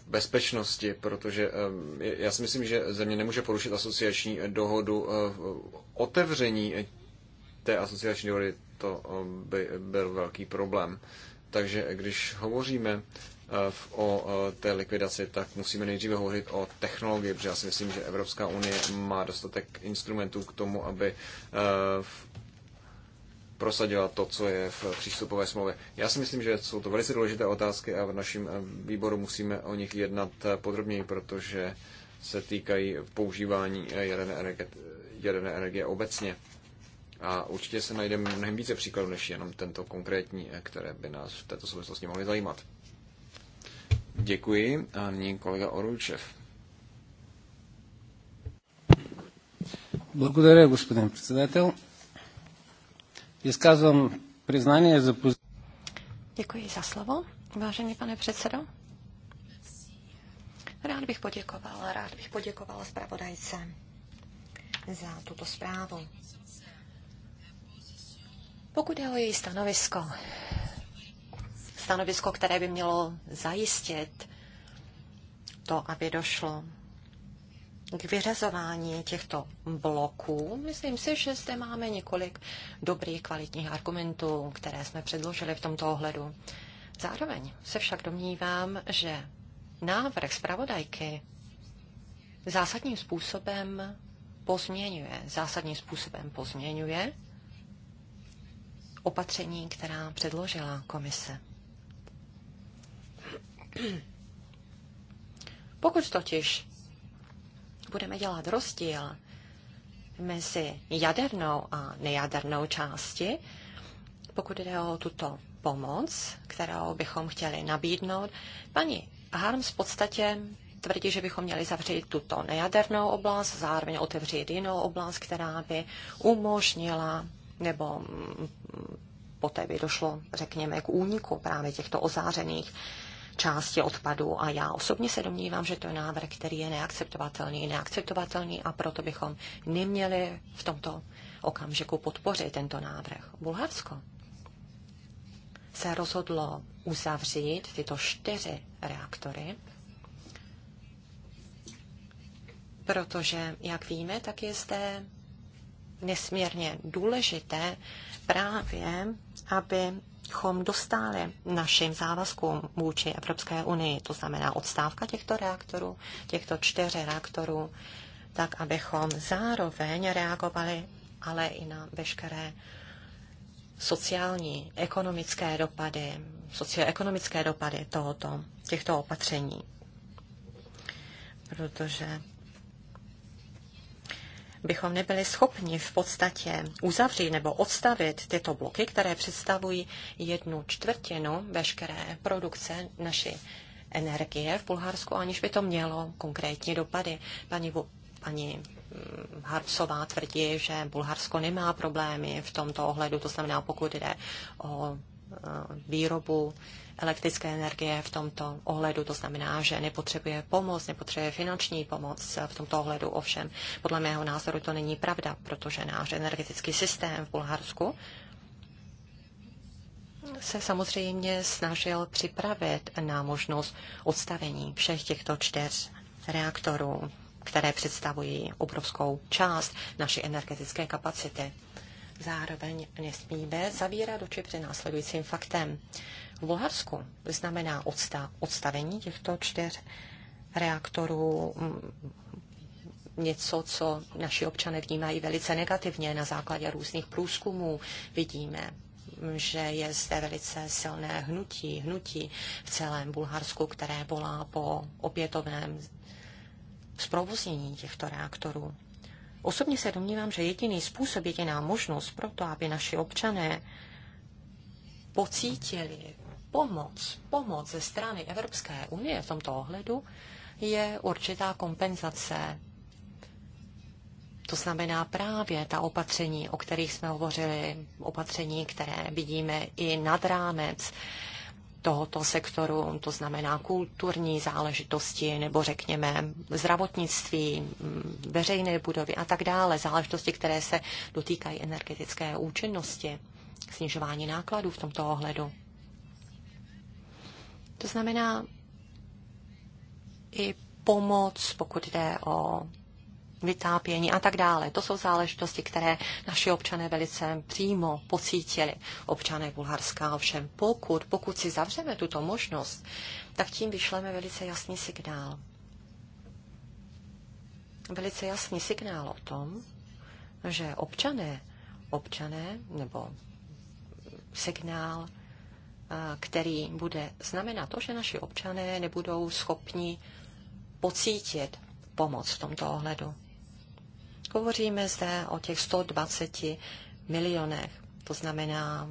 S2: bezpečnosti, protože eh, já si myslím, že země nemůže porušit asociační dohodu. Eh, otevření té asociační dohody to by byl velký problém. Takže když hovoříme o té likvidaci, tak musíme nejdříve hovořit o technologii, protože já si myslím, že Evropská unie má dostatek instrumentů k tomu, aby prosadila to, co je v přístupové smlouvě. Já si myslím, že jsou to velice důležité otázky a v našem eh, výboru musíme o nich jednat eh, podrobněji, protože se týkají používání eh, jaderné energie, jaderné energie obecně. A určitě se najde mnohem více příkladů, než jenom tento konkrétní, které by nás v této souvislosti mohly zajímat. Děkuji. A nyní kolega Oručev. Благодаря, господин председател. Vyskazom přiznání za
S1: Děkuji za slovo, vážený pane předsedo. Rád bych poděkoval, rád bych poděkoval zpravodajce za tuto zprávu. Pokud je o její stanovisko, stanovisko, které by mělo zajistit to, aby došlo k vyřazování těchto bloků. Myslím si, že zde máme několik dobrých, kvalitních argumentů, které jsme předložili v tomto ohledu. Zároveň se však domnívám, že návrh zpravodajky zásadním způsobem pozměňuje, zásadním způsobem pozměňuje opatření, která předložila komise. Pokud totiž budeme dělat rozdíl mezi jadernou a nejadernou části, pokud jde o tuto pomoc, kterou bychom chtěli nabídnout, paní Harms v podstatě tvrdí, že bychom měli zavřít tuto nejadernou oblast, zároveň otevřít jinou oblast, která by umožnila nebo mm, poté by došlo, řekněme, k úniku právě těchto ozářených části odpadu a já osobně se domnívám, že to je návrh, který je neakceptovatelný, neakceptovatelný a proto bychom neměli v tomto okamžiku podpořit tento návrh. Bulharsko se rozhodlo uzavřít tyto čtyři reaktory, protože, jak víme, tak je zde nesmírně důležité právě, aby chom dostali našim závazkům vůči Evropské unii, to znamená odstávka těchto reaktorů, těchto čtyř reaktorů, tak abychom zároveň reagovali ale i na veškeré sociální, ekonomické dopady, socioekonomické dopady tohoto, těchto opatření. Protože bychom nebyli schopni v podstatě uzavřít nebo odstavit tyto bloky, které představují jednu čtvrtinu veškeré produkce naší energie v Bulharsku, aniž by to mělo konkrétní dopady. Paní, paní mm, Harpsová tvrdí, že Bulharsko nemá problémy v tomto ohledu, to znamená, pokud jde o e, výrobu elektrické energie v tomto ohledu. To znamená, že nepotřebuje pomoc, nepotřebuje finanční pomoc v tomto ohledu. Ovšem, podle mého názoru to není pravda, protože náš energetický systém v Bulharsku se samozřejmě snažil připravit na možnost odstavení všech těchto čtyř reaktorů, které představují obrovskou část naší energetické kapacity. Zároveň nesmíme zavírat oči před následujícím faktem v Bulharsku. Znamená odsta- odstavení těchto čtyř reaktorů mm, něco, co naši občané vnímají velice negativně na základě různých průzkumů. Vidíme, že je zde velice silné hnutí, hnutí v celém Bulharsku, které volá po opětovném zprovoznění těchto reaktorů. Osobně se domnívám, že jediný způsob, jediná možnost pro to, aby naši občané pocítili pomoc, pomoc ze strany Evropské unie v tomto ohledu je určitá kompenzace. To znamená právě ta opatření, o kterých jsme hovořili, opatření, které vidíme i nad rámec tohoto sektoru, to znamená kulturní záležitosti nebo řekněme zdravotnictví, veřejné budovy a tak dále, záležitosti, které se dotýkají energetické účinnosti, snižování nákladů v tomto ohledu. To znamená i pomoc, pokud jde o vytápění a tak dále. To jsou záležitosti, které naši občané velice přímo pocítili. Občané Bulharska ovšem, pokud, pokud si zavřeme tuto možnost, tak tím vyšleme velice jasný signál. Velice jasný signál o tom, že občané, občané nebo signál který bude znamenat to, že naši občané nebudou schopni pocítit pomoc v tomto ohledu. Hovoříme zde o těch 120 milionech, to znamená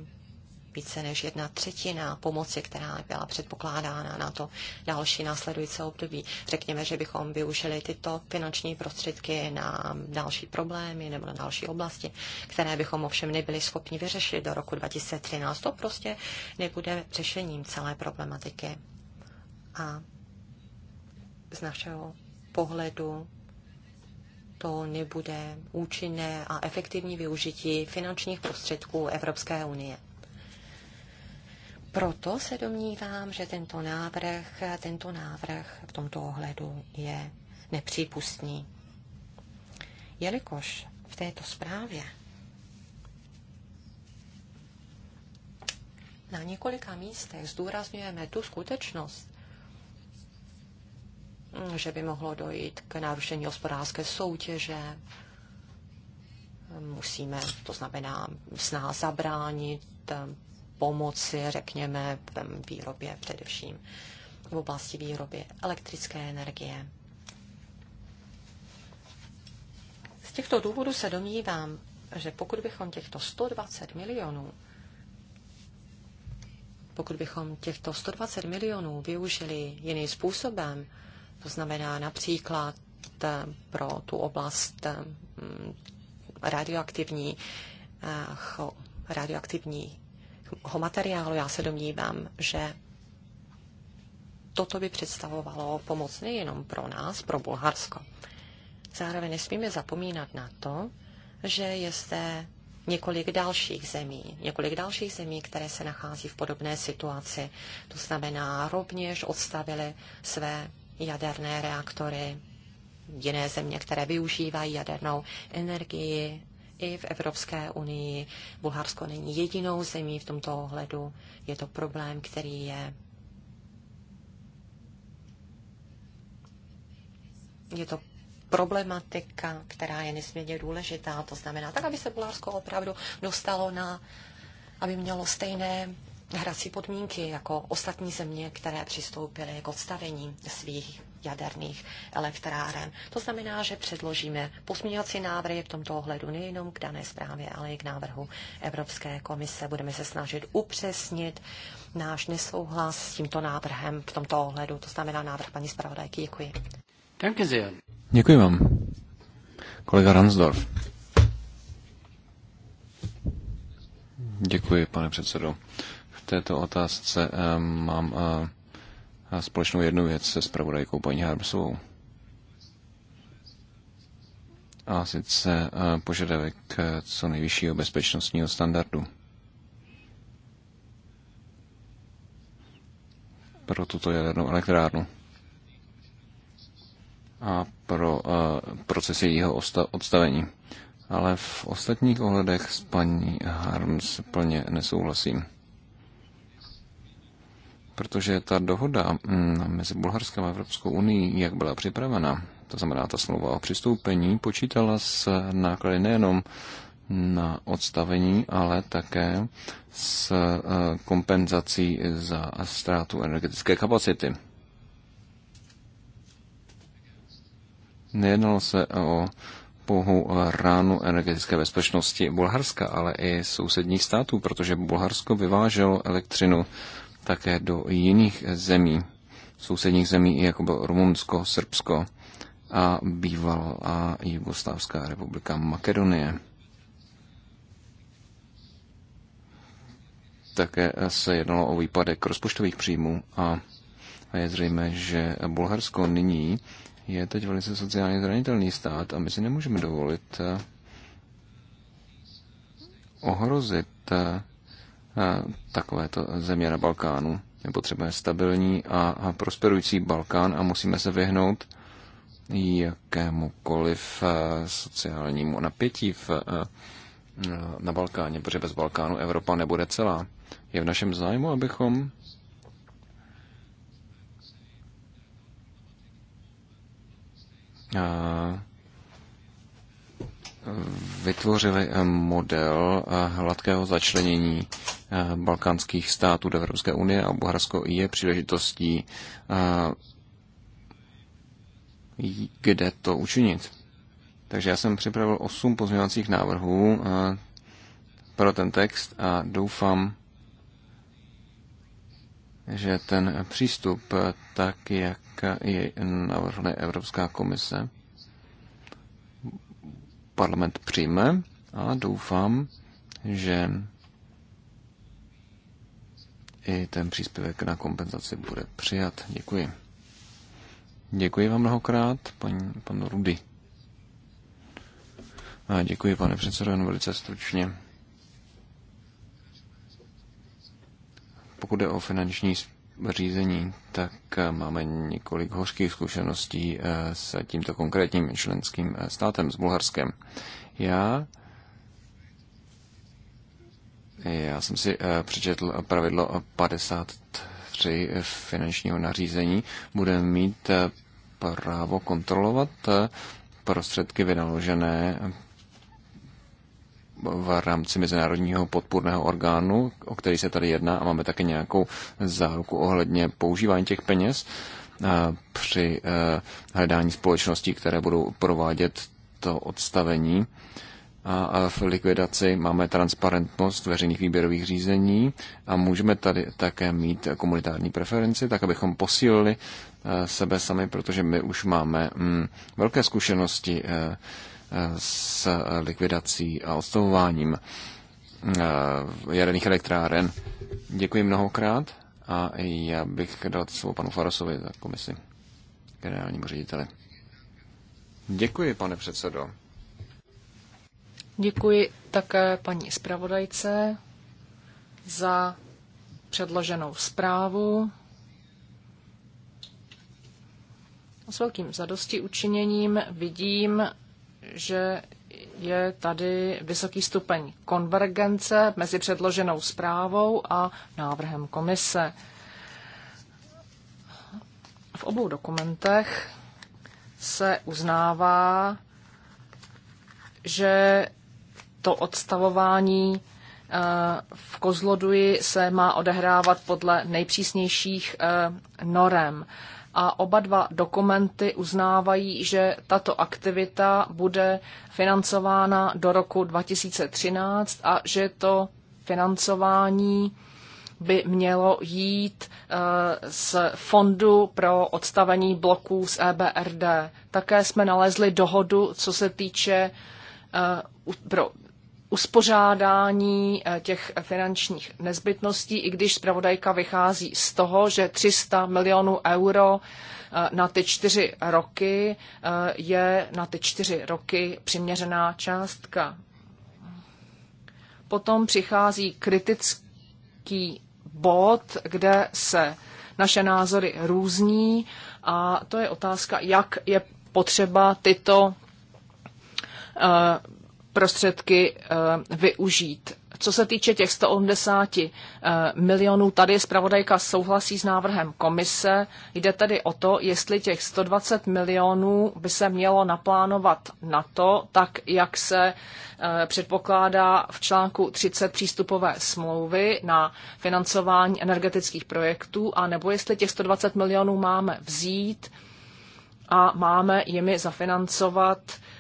S1: více než jedna třetina pomoci, která byla předpokládána na to další následující období. Řekněme, že bychom využili tyto finanční prostředky na další problémy nebo na další oblasti, které bychom ovšem nebyli schopni vyřešit do roku 2013. To prostě nebude řešením celé problematiky. A z našeho pohledu to nebude účinné a efektivní využití finančních prostředků Evropské unie proto se domnívám, že tento návrh, tento návrh v tomto ohledu je nepřípustný. Jelikož v této zprávě na několika místech zdůrazňujeme tu skutečnost, že by mohlo dojít k narušení hospodářské soutěže, musíme, to znamená, s nás zabránit pomoci, řekněme, v výrobě především v oblasti výroby elektrické energie. Z těchto důvodů se domnívám, že pokud bychom těchto 120 milionů pokud bychom těchto 120 milionů využili jiným způsobem, to znamená například eh, pro tu oblast eh, radioaktivní, eh, radioaktivní toho materiálu, já se domnívám, že toto by představovalo pomoc nejenom pro nás, pro Bulharsko. Zároveň nesmíme zapomínat na to, že je zde několik dalších zemí, několik dalších zemí, které se nachází v podobné situaci. To znamená, rovněž odstavili své jaderné reaktory, jiné země, které využívají jadernou energii, i v Evropské unii. Bulharsko není jedinou zemí v tomto ohledu. Je to problém, který je je to problematika, která je nesmírně důležitá. To znamená, tak, aby se Bulharsko opravdu dostalo na, aby mělo stejné hrací podmínky jako ostatní země, které přistoupily k odstavení svých jaderných elektráren. To znamená, že předložíme pozměňovací návrhy v tomto ohledu nejenom k dané zprávě, ale i k návrhu Evropské komise. Budeme se snažit upřesnit náš nesouhlas s tímto návrhem v tomto ohledu. To znamená návrh paní zpravodajky. Děkuji.
S2: Děkuji vám. Kolega Ransdorf. Děkuji, pane předsedo. V této otázce eh, mám eh, společnou jednu věc se spravodajkou paní Harmsovou. A sice eh, požadavek eh, co nejvyššího bezpečnostního standardu. pro tuto jadernou elektrárnu a pro uh, proces jeho odstavení. Ale v ostatních ohledech s paní Harms plně nesouhlasím. Protože ta dohoda mm, mezi Bulharskem a Evropskou unii, jak byla připravena, to znamená ta slova o přistoupení, počítala s náklady nejenom na odstavení, ale také s eh, kompenzací za ztrátu energetické kapacity. Nejednalo se o pouhou ránu energetické bezpečnosti Bulharska, ale i sousedních států, protože Bulharsko vyváželo elektřinu také do jiných zemí, sousedních zemí, jako bylo Rumunsko, Srbsko a bývalá Jugoslávská republika Makedonie. Také se jednalo o výpadek rozpočtových příjmů a je zřejmé, že Bulharsko nyní je teď velice sociálně zranitelný stát a my si nemůžeme dovolit eh, ohrozit eh, takovéto země na Balkánu. My potřebujeme stabilní a prosperující Balkán a musíme se vyhnout jakémukoliv eh, sociálnímu napětí v, eh, na Balkáně, protože bez Balkánu Evropa nebude celá. Je v našem zájmu, abychom a vytvořili eh, model eh, hladkého začlenění eh, balkánských států do Evropské unie a Bulharsko je příležitostí, kde to učinit. Takže já jsem připravil 8 pozměňovacích návrhů pro ten text a doufám, že ten přístup, tak jak je navrhne Evropská komise, parlament přijme a doufám, že i ten příspěvek na kompenzaci bude přijat. Děkuji. Děkuji vám mnohokrát, paní, pan Rudy. A děkuji, pane předsedo, jen velice stručně. Pokud jde o finanční řízení, tak eh, máme několik hořkých zkušeností eh, s tímto konkrétním členským eh, státem, s Bulharskem. Já já jsem si přečetl pravidlo 53 finančního nařízení. Budeme mít právo kontrolovat prostředky vynaložené v rámci Mezinárodního podpůrného orgánu, o který se tady jedná a máme také nějakou záruku ohledně používání těch peněz při e, hledání společností, které budou provádět to odstavení. A v likvidaci máme transparentnost veřejných výběrových řízení a můžeme tady také mít komunitární preferenci, tak abychom posílili e, sebe sami, protože my už máme mm, velké zkušenosti e, Eh, s likvidací a odstavováním eh, jaderných elektráren. Děkuji mnohokrát a já bych dal slovo panu Farosovi za komisi generálnímu řediteli. Děkuji, pane předsedo.
S3: Děkuji také paní zpravodajce za předloženou zprávu. S velkým zadosti učiněním vidím, že je tady vysoký stupeň konvergence mezi předloženou zprávou a návrhem komise. V obou dokumentech se uznává, že to odstavování eh, v Kozloduji se má odehrávat podle nejpřísnějších eh, norem a oba dva dokumenty uznávají, že tato aktivita bude financována do roku 2013 a že to financování by mělo jít eh, z fondu pro odstavení bloků z EBRD. Také jsme nalezli dohodu, co se týče eh, pro uspořádání eh, těch finančních nezbytností, i když zpravodajka vychází z toho, že 300 milionů euro eh, na ty čtyři roky eh, je na ty čtyři roky přiměřená částka. Potom přichází kritický bod, kde se naše názory různí a to je otázka, jak je potřeba tyto prostředky eh, využít. Co se týče těch 180 eh, milionů, tady zpravodajka souhlasí s návrhem komise. Jde tedy o to, jestli těch 120 milionů by se mělo naplánovat na to, tak jak se eh, předpokládá v článku 30 přístupové smlouvy na financování energetických projektů, a nebo jestli těch 120 milionů máme vzít a máme jimi zafinancovat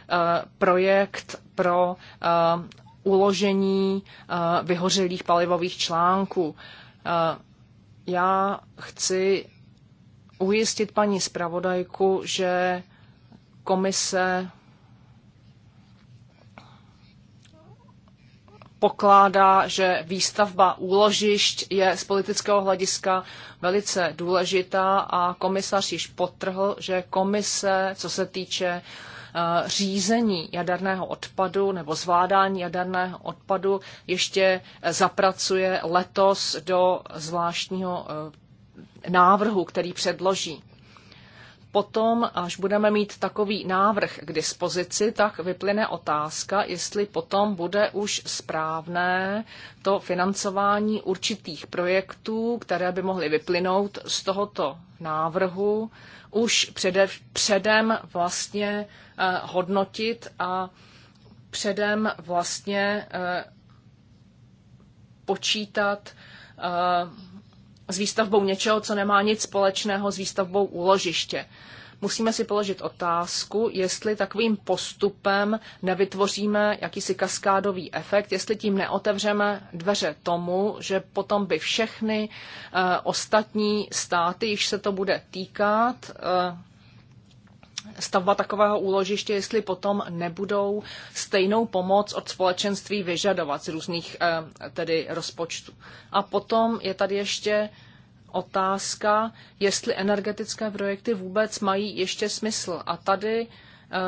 S3: Eh, projekt pro eh, uložení eh, vyhořelých palivových článků. Já chci ujistit paní zpravodajku, že komise pokládá, že výstavba úložišť je z politického hlediska velice důležitá a komisař již potrhl, že komise, co se týče uh, Eh, řízení jaderného odpadu nebo zvládání jaderného odpadu ještě zapracuje letos do zvláštního eh, návrhu, který předloží. Potom, až budeme mít takový návrh k dispozici, tak vyplyne otázka, jestli potom bude už správné to financování určitých projektů, které by mohly vyplynout z tohoto návrhu, už předev, předem vlastně Eh, hodnotit a předem vlastně eh, počítat eh, s výstavbou něčeho, co nemá nic společného s výstavbou úložiště. Musíme si položit otázku, jestli takovým postupem nevytvoříme jakýsi kaskádový efekt, jestli tím neotevřeme dveře tomu, že potom by všechny ostatní státy, již se to bude týkat, stavba takového úložiště, jestli potom nebudou stejnou pomoc od společenství vyžadovat z různých eh, tedy rozpočtů. A potom je tady ještě otázka, jestli energetické projekty vůbec mají ještě smysl. A tady eh,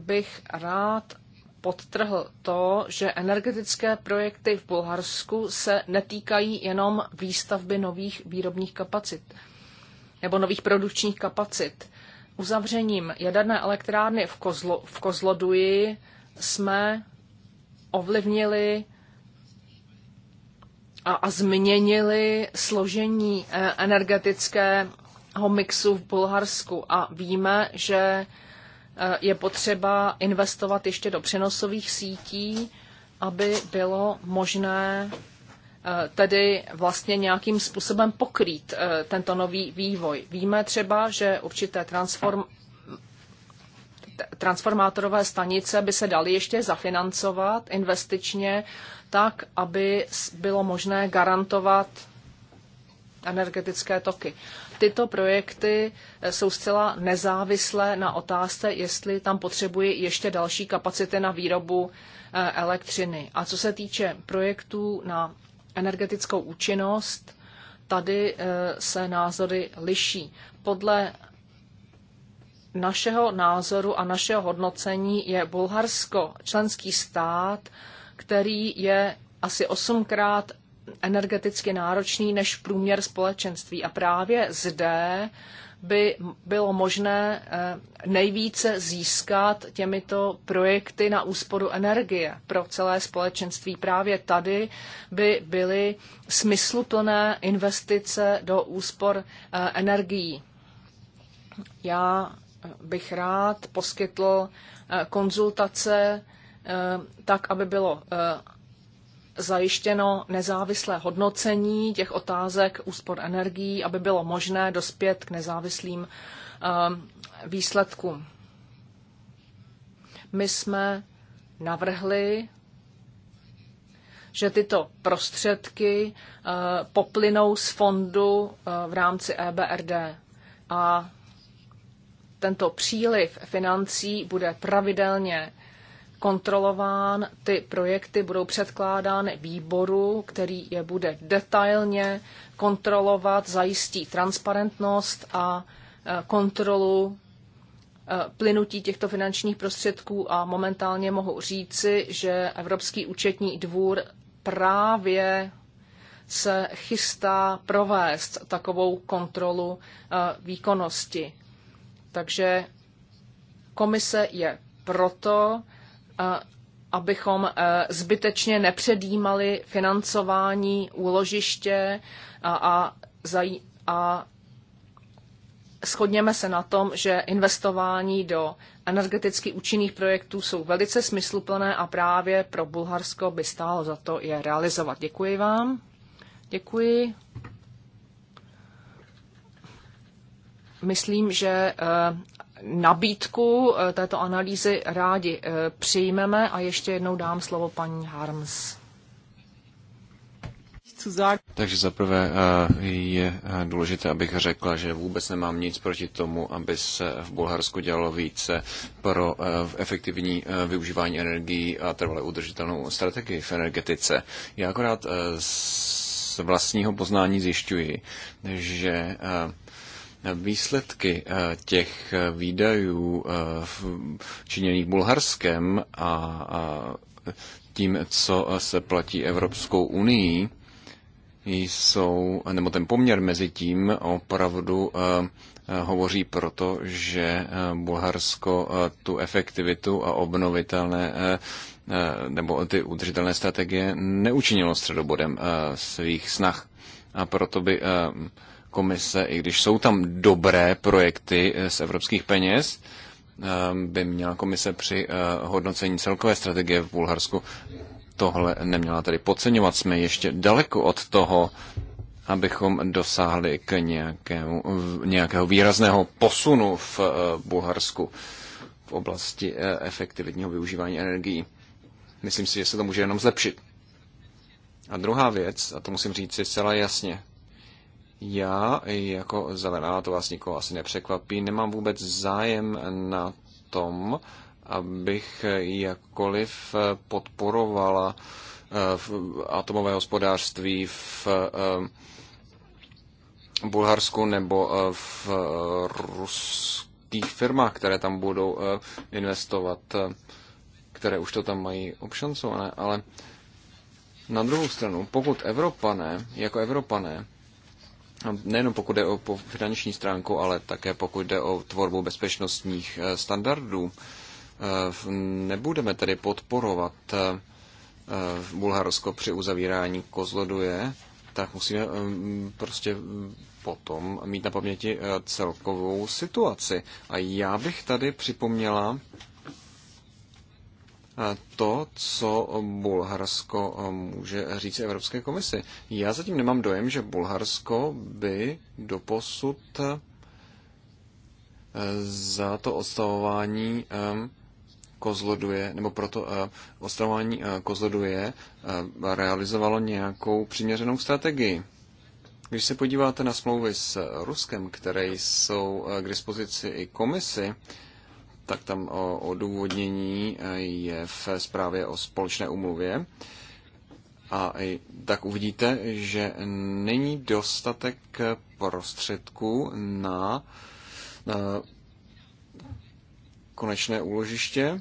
S3: bych rád podtrhl to, že energetické projekty v Bulharsku se netýkají jenom výstavby nových výrobních kapacit nebo nových produkčních kapacit uzavřením jaderné elektrárny v, Kozlo, v Kozloduji jsme ovlivnili a, a změnili složení eh, energetického mixu v Bulharsku a víme, že eh, je potřeba investovat ještě do přenosových sítí, aby bylo možné Eh, tedy vlastně nějakým způsobem pokrýt eh, tento nový vývoj. Víme třeba, že určité transform, transformátorové stanice by se daly ještě zafinancovat investičně tak, aby bylo možné garantovat energetické toky. Tyto projekty eh, jsou zcela nezávislé na otázce, jestli tam potřebuje ještě další kapacity na výrobu elektřiny. A co se týče projektů na energetickou účinnost, tady eh, se názory liší. Podle našeho názoru a našeho hodnocení je Bulharsko členský stát, který je asi osmkrát energeticky náročný než průměr společenství. A právě zde by bylo možné eh, nejvíce získat těmito projekty na úsporu energie pro celé společenství. Právě tady by byly smysluplné investice do úspor eh, energií. Já bych rád poskytl eh, konzultace tak, aby bylo zajištěno nezávislé hodnocení těch otázek úspor energií, aby bylo možné dospět k nezávislým ehm, výsledkům. My jsme navrhli, že tyto prostředky eh, poplynou z fondu eh, v rámci EBRD a tento příliv financí bude pravidelně kontrolován, ty projekty budou předkládány výboru, který je bude detailně kontrolovat, zajistí transparentnost a e, kontrolu e, plynutí těchto finančních prostředků a momentálně mohu říci, že Evropský účetní dvůr právě se chystá provést takovou kontrolu e, výkonnosti. Takže komise je proto, Eh, abychom eh, zbytečně nepředjímali financování úložiště a, a, zaj, a shodněme se na tom, že investování do energeticky účinných projektů jsou velice smysluplné a právě pro Bulharsko by stálo za to je realizovat. Děkuji vám. Děkuji. Myslím, že eh, nabídku eh, této analýzy rádi eh, přijmeme a ještě jednou dám slovo paní Harms.
S2: Takže zaprvé eh, je důležité, abych řekla, že vůbec nemám nic proti tomu, aby se v Bulharsku dělalo více pro efektivní využívání energií a trvale udržitelnou strategii v energetice. Já akorát z vlastního poznání zjišťuji, že Výsledky eh, těch eh, výdajů eh, činěných Bulharskem a tím, co se platí Evropskou unii, jsou, nebo ten poměr mezi tím opravdu hovoří proto, že Bulharsko tu efektivitu a obnovitelné nebo ty udržitelné strategie neučinilo středobodem svých snah. A proto by komise, i když jsou tam dobré projekty eh, z evropských peněz, ehm, by měla komise při eh, hodnocení celkové strategie v Bulharsku tohle neměla tedy podceňovat. Jsme ještě daleko od toho, abychom dosáhli k nějakému, nějakého výrazného posunu v eh, Bulharsku v oblasti efektivitního využívání energií. Myslím si, že se to může jenom zlepšit. A druhá věc, a to musím říct si zcela jasně, já jako zelená, to vás nikoho asi nepřekvapí, nemám vůbec zájem na tom, abych jakkoliv eh, podporovala eh, v atomové hospodářství v eh, Bulharsku nebo v ruských firmách, které tam budou investovat, které už to tam mají obšancované, ale na druhou stranu, pokud Evropané, jako Evropané, nejenom pokud jde o finanční stránku, ale také pokud jde o tvorbu bezpečnostních eh, standardů. Eh, nebudeme tedy podporovat eh, Bulharsko při uzavírání Kozloduje, tak musíme prostě potom mít na paměti celkovou situaci. A já bych tady připomněla to, co Bulharsko může říct Evropské komisi. Já zatím nemám dojem, že Bulharsko by doposud eh, za to odstavování eh, kozloduje, nebo proto eh, odstavování kozloduje realizovalo nějakou přiměřenou strategii. Když se podíváte na smlouvy s Ruskem, které jsou k dispozici i komisi, tak tam o odůvodnění eh, je v zprávě o společné umluvě. A tak uvidíte, že není dostatek prostředků na konečné úložiště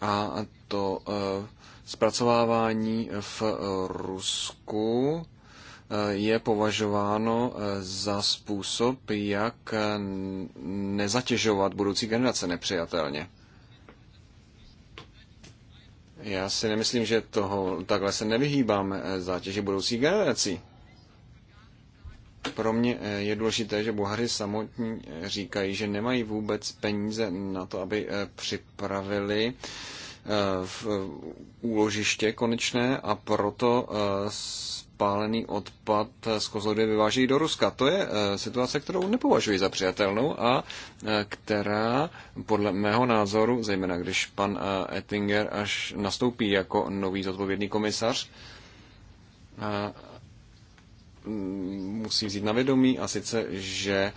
S2: a to eh, zpracovávání v Rusku je považováno eh, za způsob, jak eh, nezatěžovat budoucí generace nepřijatelně. Já si nemyslím, že toho takhle se nevyhýbáme eh, zátěži budoucí generací. Pro mě je důležité, že Bulhaři samotní říkají, že nemají vůbec peníze na to, aby připravili v úložiště konečné a proto spálený odpad z Kozlově vyváží do Ruska. To je eh, situace, kterou nepovažuji za přijatelnou a eh, která podle mého názoru, zejména když pan eh, Ettinger až nastoupí jako nový zodpovědný komisař, musí vzít na vědomí a sice, že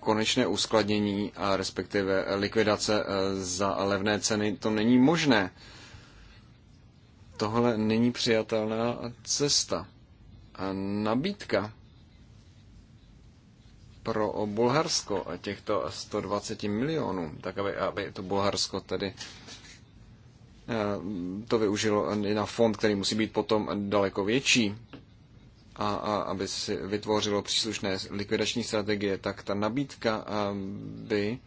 S2: konečné uskladnění a respektive likvidace za levné ceny to není možné Tohle není přijatelná cesta. A nabídka pro Bulharsko a těchto 120 milionů, tak aby, aby to Bulharsko tedy eh, to využilo i na fond, který musí být potom daleko větší, a, a aby si vytvořilo příslušné likvidační strategie, tak ta nabídka eh, by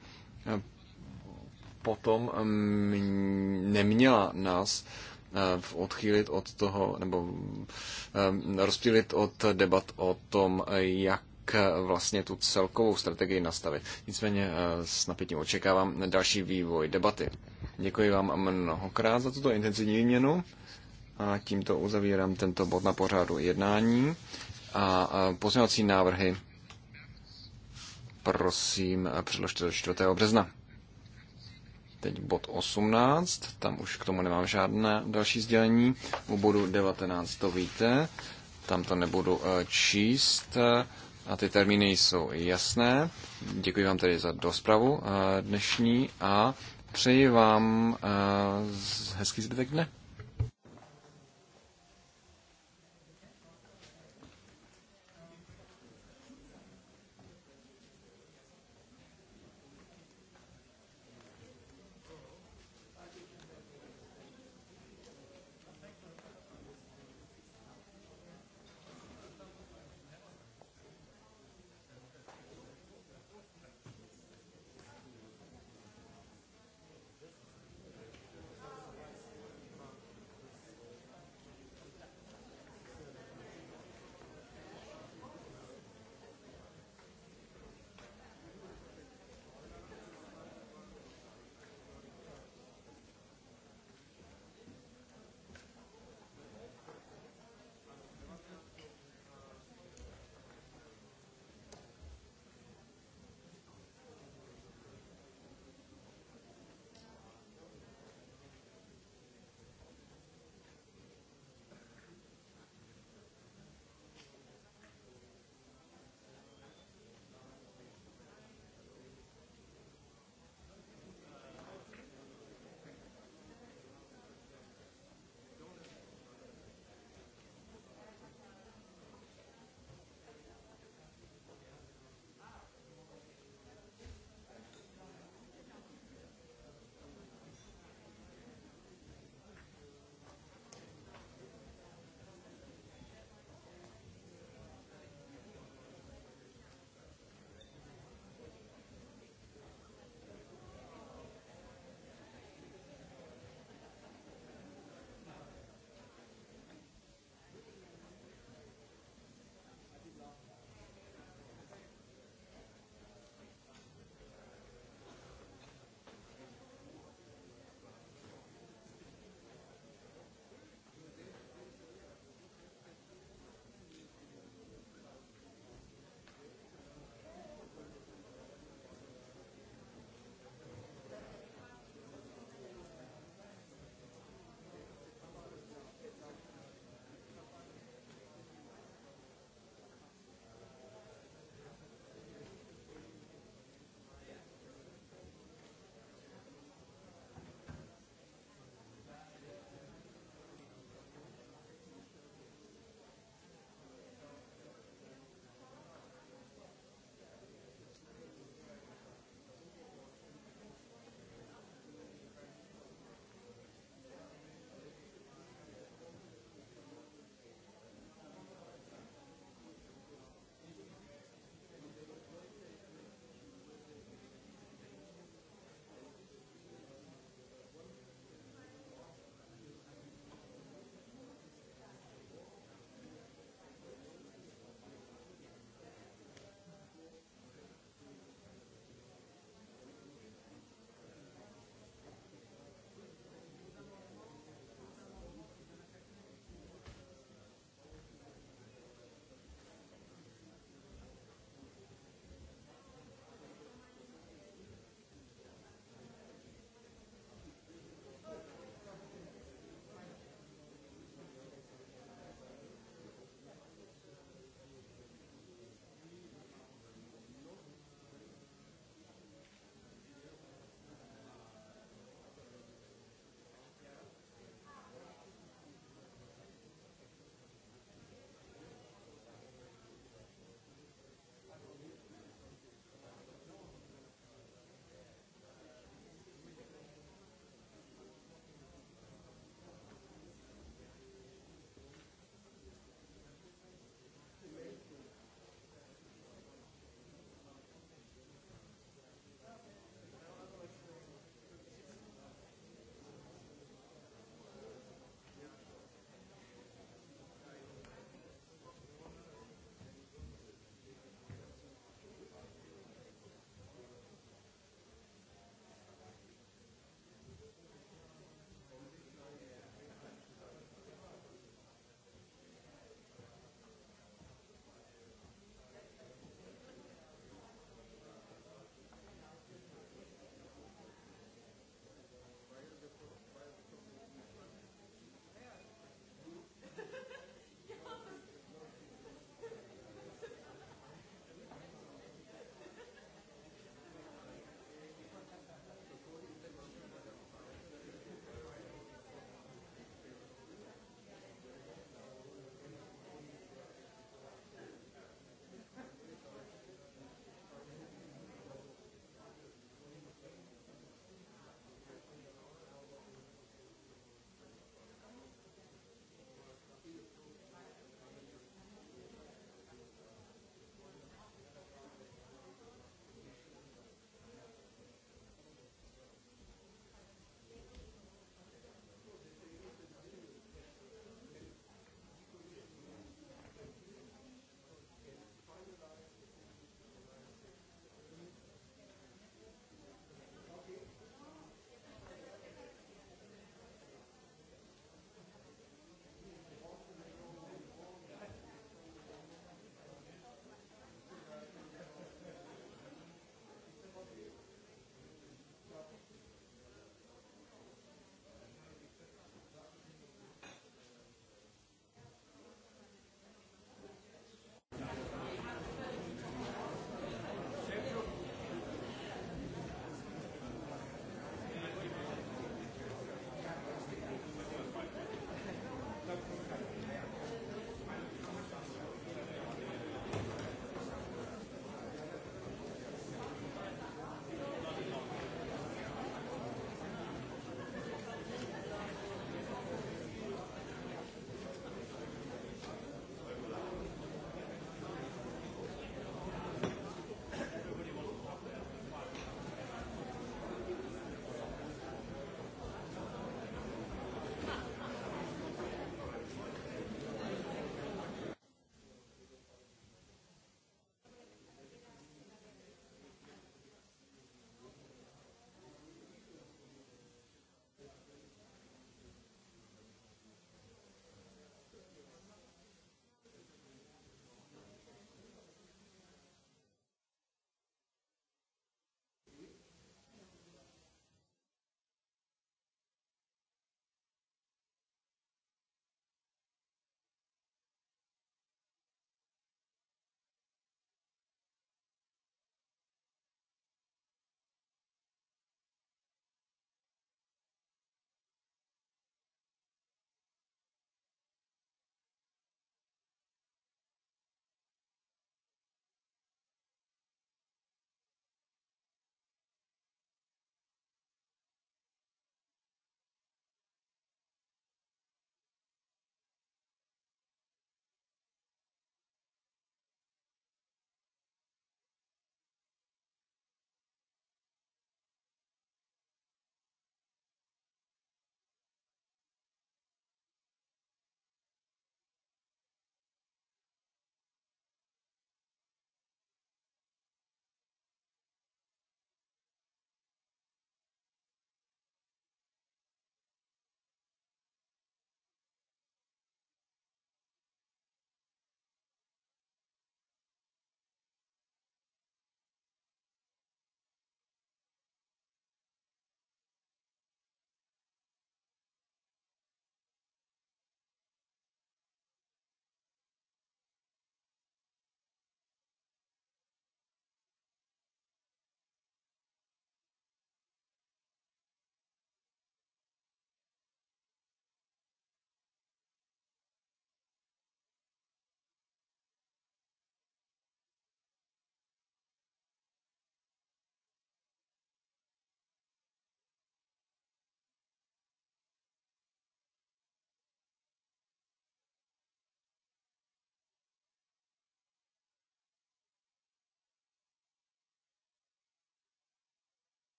S2: eh, potom mm, neměla nás Eh, odchýlit od toho, nebo eh, rozptýlit od debat o tom, jak eh, vlastně tu celkovou strategii nastavit. Nicméně s napětím očekávám další vývoj debaty. Děkuji vám mnohokrát za tuto intenzivní výměnu a tímto uzavírám tento bod na pořádu jednání a pozměňovací návrhy prosím předložte do 4. března teď bod 18, tam už k tomu nemám žádné další sdělení. U bodu 19 to víte, tam to nebudu eh, číst eh, a ty termíny jsou jasné. Děkuji vám tedy za dospravu eh, dnešní a přeji vám hezký zbytek dne.